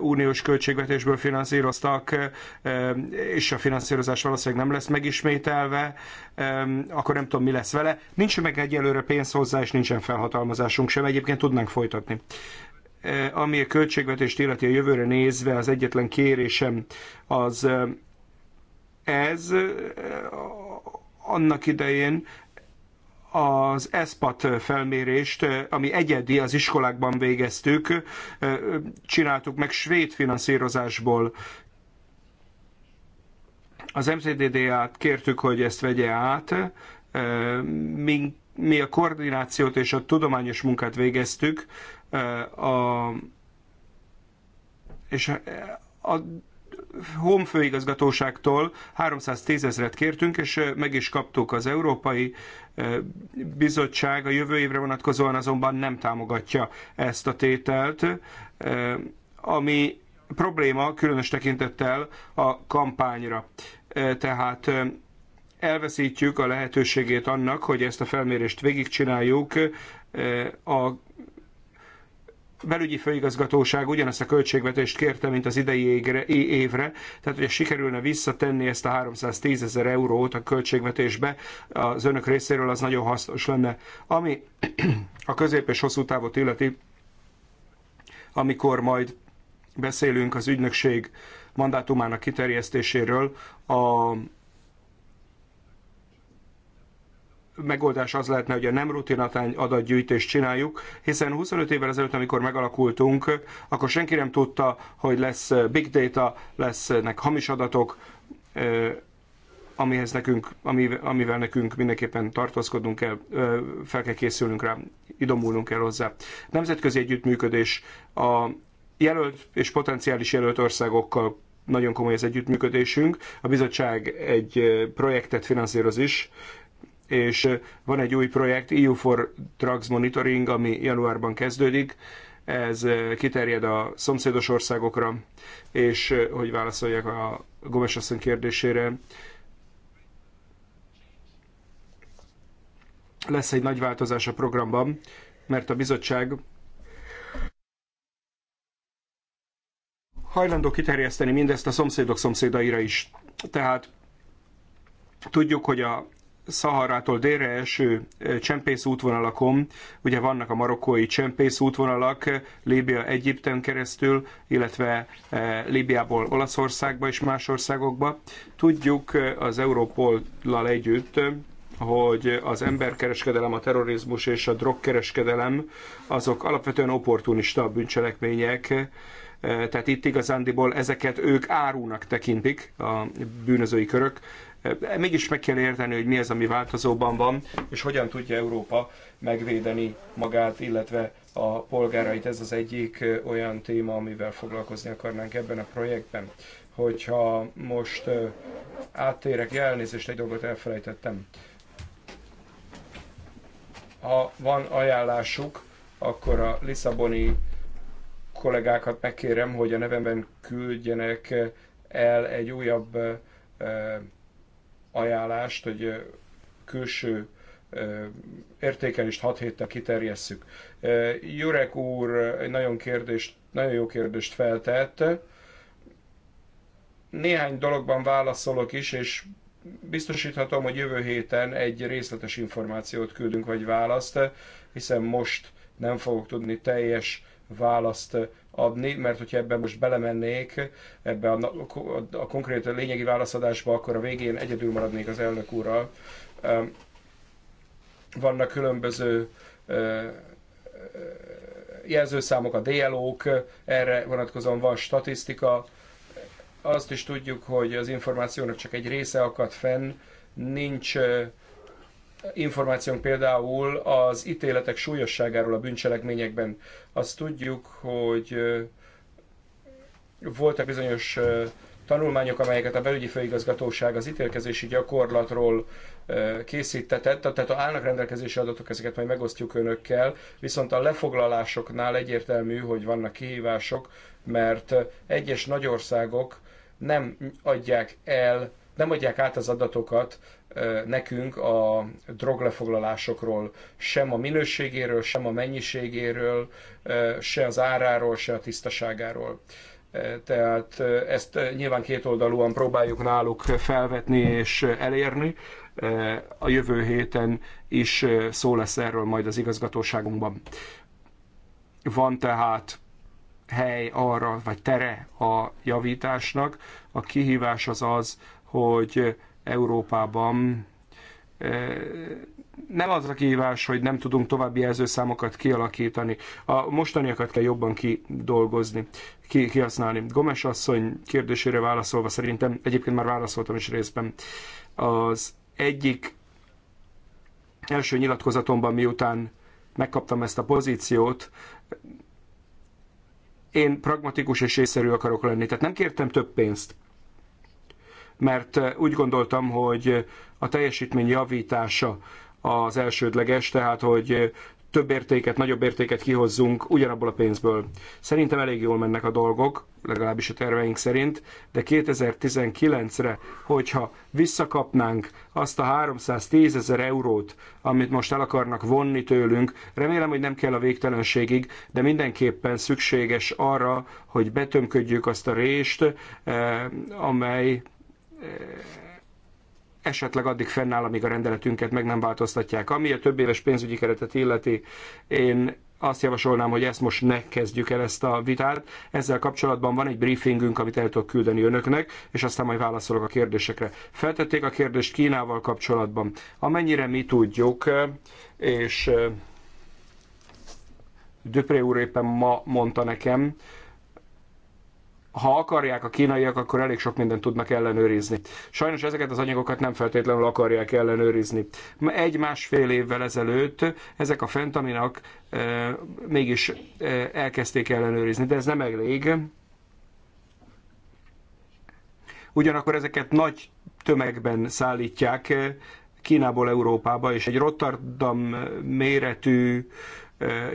Uniós költségvetésből finanszíroztak, és a finanszírozás valószínűleg nem lesz megismételve, akkor nem tudom, mi lesz vele. Nincs meg egyelőre pénz hozzá, és nincsen felhatalmazásunk sem, egyébként tudnánk folytatni ami a költségvetést illeti a jövőre nézve, az egyetlen kérésem az ez annak idején az ESPAT felmérést, ami egyedi, az iskolákban végeztük, csináltuk meg svéd finanszírozásból. Az MCDDA-t kértük, hogy ezt vegye át, mi, mi a koordinációt és a tudományos munkát végeztük, a, és a, a Home főigazgatóságtól 310 ezret kértünk, és meg is kaptuk az Európai Bizottság. A jövő évre vonatkozóan azonban nem támogatja ezt a tételt, ami probléma különös tekintettel a kampányra. Tehát elveszítjük a lehetőségét annak, hogy ezt a felmérést végigcsináljuk a belügyi főigazgatóság ugyanazt a költségvetést kérte, mint az idei égre, évre, tehát hogyha sikerülne visszatenni ezt a 310 ezer eurót a költségvetésbe az önök részéről, az nagyon hasznos lenne. Ami a közép és hosszú távot illeti, amikor majd beszélünk az ügynökség mandátumának kiterjesztéséről, a megoldás az lehetne, hogy a nem rutin adatgyűjtést csináljuk, hiszen 25 évvel ezelőtt, amikor megalakultunk, akkor senki nem tudta, hogy lesz eh, big data, lesznek hamis adatok, eh, amihez nekünk, amivel nekünk mindenképpen tartózkodnunk kell, eh, fel kell készülnünk rá, idomulnunk kell hozzá. Nemzetközi együttműködés a jelölt és potenciális jelölt országokkal nagyon komoly az együttműködésünk. A bizottság egy projektet finanszíroz is, és van egy új projekt, EU for Drugs Monitoring, ami januárban kezdődik, ez kiterjed a szomszédos országokra, és hogy válaszoljak a Gomes asszony kérdésére, lesz egy nagy változás a programban, mert a bizottság hajlandó kiterjeszteni mindezt a szomszédok szomszédaira is. Tehát tudjuk, hogy a Szaharától délre eső eh, csempész útvonalakon, ugye vannak a marokkói csempész útvonalak eh, Líbia Egyipten keresztül, illetve eh, Líbiából Olaszországba és más országokba. Tudjuk az Európollal együtt, hogy az emberkereskedelem, a terrorizmus és a drogkereskedelem azok alapvetően opportunista bűncselekmények, tehát itt igazándiból ezeket ők árúnak tekintik a bűnözői körök, Mégis meg kell érteni, hogy mi az, ami változóban van, és hogyan tudja Európa megvédeni magát, illetve a polgárait. Ez az egyik olyan téma, amivel foglalkozni akarnánk ebben a projektben. Hogyha most áttérek, elnézést, egy dolgot elfelejtettem. Ha van ajánlásuk, akkor a Lisszaboni kollégákat megkérem, hogy a nevemben küldjenek el egy újabb ajánlást, hogy külső értékelést 6 héttel kiterjesszük. Jurek úr egy nagyon, kérdést, nagyon jó kérdést feltett. Néhány dologban válaszolok is, és biztosíthatom, hogy jövő héten egy részletes információt küldünk, vagy választ, hiszen most nem fogok tudni teljes választ adni, mert hogyha ebben most belemennék, ebbe a, a, a konkrét lényegi válaszadásba, akkor a végén egyedül maradnék az elnök úrral. Vannak különböző jelzőszámok, a DLO-k, erre vonatkozóan van statisztika. Azt is tudjuk, hogy az információnak csak egy része akad fenn, nincs információnk például az ítéletek súlyosságáról a bűncselekményekben. Azt tudjuk, hogy voltak bizonyos tanulmányok, amelyeket a belügyi főigazgatóság az ítélkezési gyakorlatról készítetett, tehát a állnak rendelkezésre adatok, ezeket majd megosztjuk önökkel, viszont a lefoglalásoknál egyértelmű, hogy vannak kihívások, mert egyes nagyországok nem adják el nem adják át az adatokat nekünk a droglefoglalásokról, sem a minőségéről, sem a mennyiségéről, se az áráról, se a tisztaságáról. Tehát ezt nyilván kétoldalúan próbáljuk náluk felvetni és elérni. A jövő héten is szó lesz erről majd az igazgatóságunkban. Van tehát hely arra, vagy tere a javításnak. A kihívás az az, hogy Európában eh, nem az a kihívás, hogy nem tudunk további jelzőszámokat kialakítani. A mostaniakat kell jobban kidolgozni, ki, kihasználni. Gomes asszony kérdésére válaszolva szerintem, egyébként már válaszoltam is részben, az egyik első nyilatkozatomban, miután megkaptam ezt a pozíciót, én pragmatikus és észszerű akarok lenni. Tehát nem kértem több pénzt mert eh, úgy gondoltam, hogy a teljesítmény javítása az elsődleges, tehát hogy eh, több értéket, nagyobb értéket kihozzunk ugyanabból a pénzből. Szerintem elég jól mennek a dolgok, legalábbis a terveink szerint, de 2019-re, hogyha visszakapnánk azt a 310 ezer eurót, amit most el akarnak vonni tőlünk, remélem, hogy nem kell a végtelenségig, de mindenképpen szükséges arra, hogy betömködjük azt a rést, eh, amely esetleg addig fennáll, amíg a rendeletünket meg nem változtatják. Ami a több éves pénzügyi keretet illeti, én azt javasolnám, hogy ezt most ne kezdjük el ezt a vitát. Ezzel kapcsolatban van egy briefingünk, amit el tudok küldeni önöknek, és aztán majd válaszolok a kérdésekre. Feltették a kérdést Kínával kapcsolatban. Amennyire mi tudjuk, és Döpré úr éppen ma mondta nekem, ha akarják a kínaiak, akkor elég sok mindent tudnak ellenőrizni. Sajnos ezeket az anyagokat nem feltétlenül akarják ellenőrizni. Egy-másfél évvel ezelőtt ezek a fentaminak e, mégis e, elkezdték ellenőrizni, de ez nem elég. Ugyanakkor ezeket nagy tömegben szállítják Kínából Európába, és egy Rotterdam méretű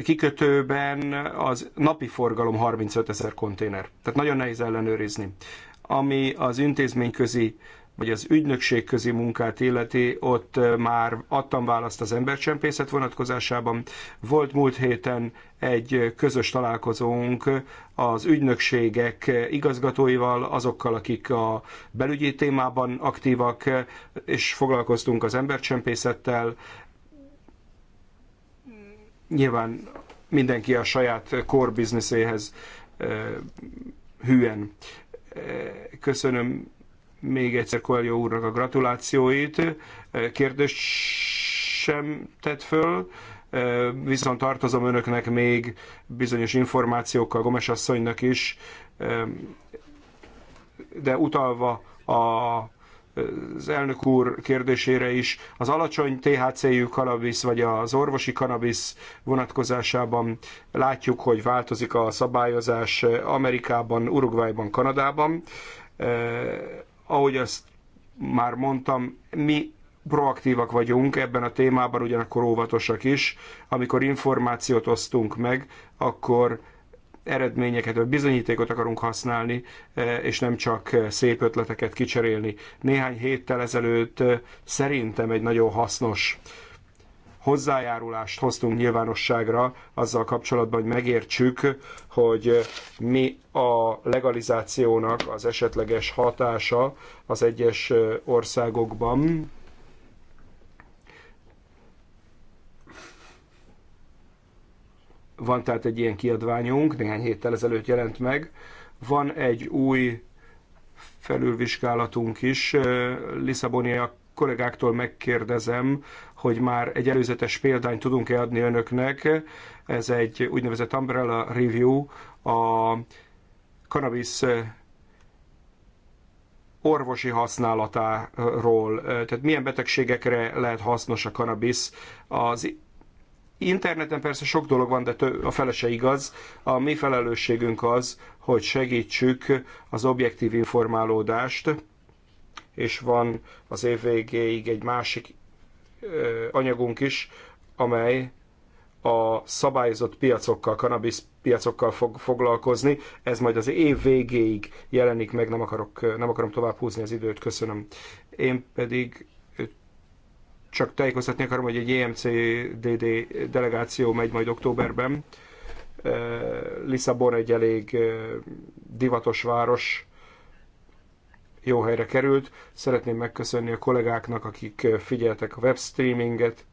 kikötőben az napi forgalom 35 ezer konténer. Tehát nagyon nehéz ellenőrizni. Ami az intézményközi vagy az ügynökségközi munkát illeti, ott már adtam választ az embercsempészet vonatkozásában. Volt múlt héten egy közös találkozónk az ügynökségek igazgatóival, azokkal, akik a belügyi témában aktívak, és foglalkoztunk az embercsempészettel, Nyilván mindenki a saját core bizniszéhez hűen. Köszönöm még egyszer Coelho úrnak a gratulációit. Kérdés sem tett föl, viszont tartozom önöknek még bizonyos információkkal, Gomes asszonynak is, de utalva a az elnök úr kérdésére is. Az alacsony THC-jű kanabisz, vagy az orvosi kanabisz vonatkozásában látjuk, hogy változik a szabályozás Amerikában, Uruguayban, Kanadában. Eh, ahogy azt már mondtam, mi proaktívak vagyunk ebben a témában, ugyanakkor óvatosak is. Amikor információt osztunk meg, akkor eredményeket vagy bizonyítékot akarunk használni, e, és nem csak szép ötleteket kicserélni. Néhány héttel ezelőtt e, szerintem egy nagyon hasznos hozzájárulást hoztunk nyilvánosságra azzal kapcsolatban, hogy megértsük, hogy mi a legalizációnak az esetleges hatása az egyes e, országokban, Van tehát egy ilyen kiadványunk, néhány héttel ezelőtt jelent meg. Van egy új felülvizsgálatunk is. Lisszaboniak kollégáktól megkérdezem, hogy már egy előzetes példányt tudunk-e adni önöknek. Ez egy úgynevezett umbrella review, a cannabis orvosi használatáról, tehát milyen betegségekre lehet hasznos a cannabis. Az Interneten persze sok dolog van, de a fele se igaz. A mi felelősségünk az, hogy segítsük az objektív informálódást, és van az év végéig egy másik anyagunk is, amely a szabályozott piacokkal, cannabis piacokkal fog foglalkozni. Ez majd az év végéig jelenik meg, nem, akarok, nem akarom tovább húzni az időt, köszönöm. Én pedig csak tájékoztatni akarom, hogy egy EMCDD delegáció megy majd októberben. Lisszabon egy elég divatos város, jó helyre került. Szeretném megköszönni a kollégáknak, akik figyeltek a webstreaminget.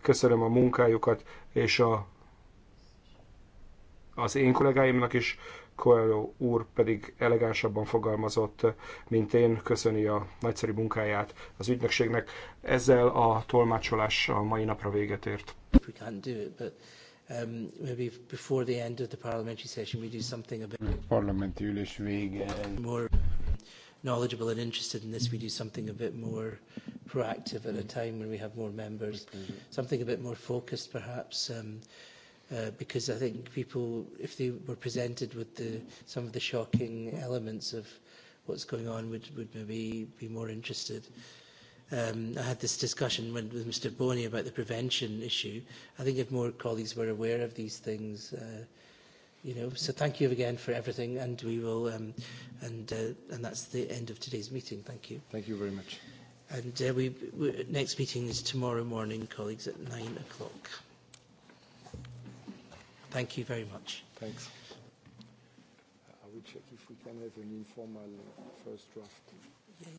Köszönöm a munkájukat, és a, az én kollégáimnak is, Coelho úr pedig elegánsabban fogalmazott, mint én, köszöni a nagyszerű munkáját az ügynökségnek. Ezzel a tolmácsolás a mai napra véget ért. Um, a parlamenti ülés vége more knowledgeable and interested in this we do something a bit more proactive at a time when we have more members mm-hmm. something a bit more focused perhaps um, Uh, because I think people, if they were presented with the, some of the shocking elements of what's going on, would, would maybe be more interested. Um, I had this discussion when, with Mr. Boney about the prevention issue. I think if more colleagues were aware of these things, uh, you know. So thank you again for everything, and we will. Um, and uh, and that's the end of today's meeting. Thank you. Thank you very much. And uh, we, we next meeting is tomorrow morning, colleagues, at nine o'clock. Thank you very much. Thanks. Uh, I will check if we can have an informal first draft.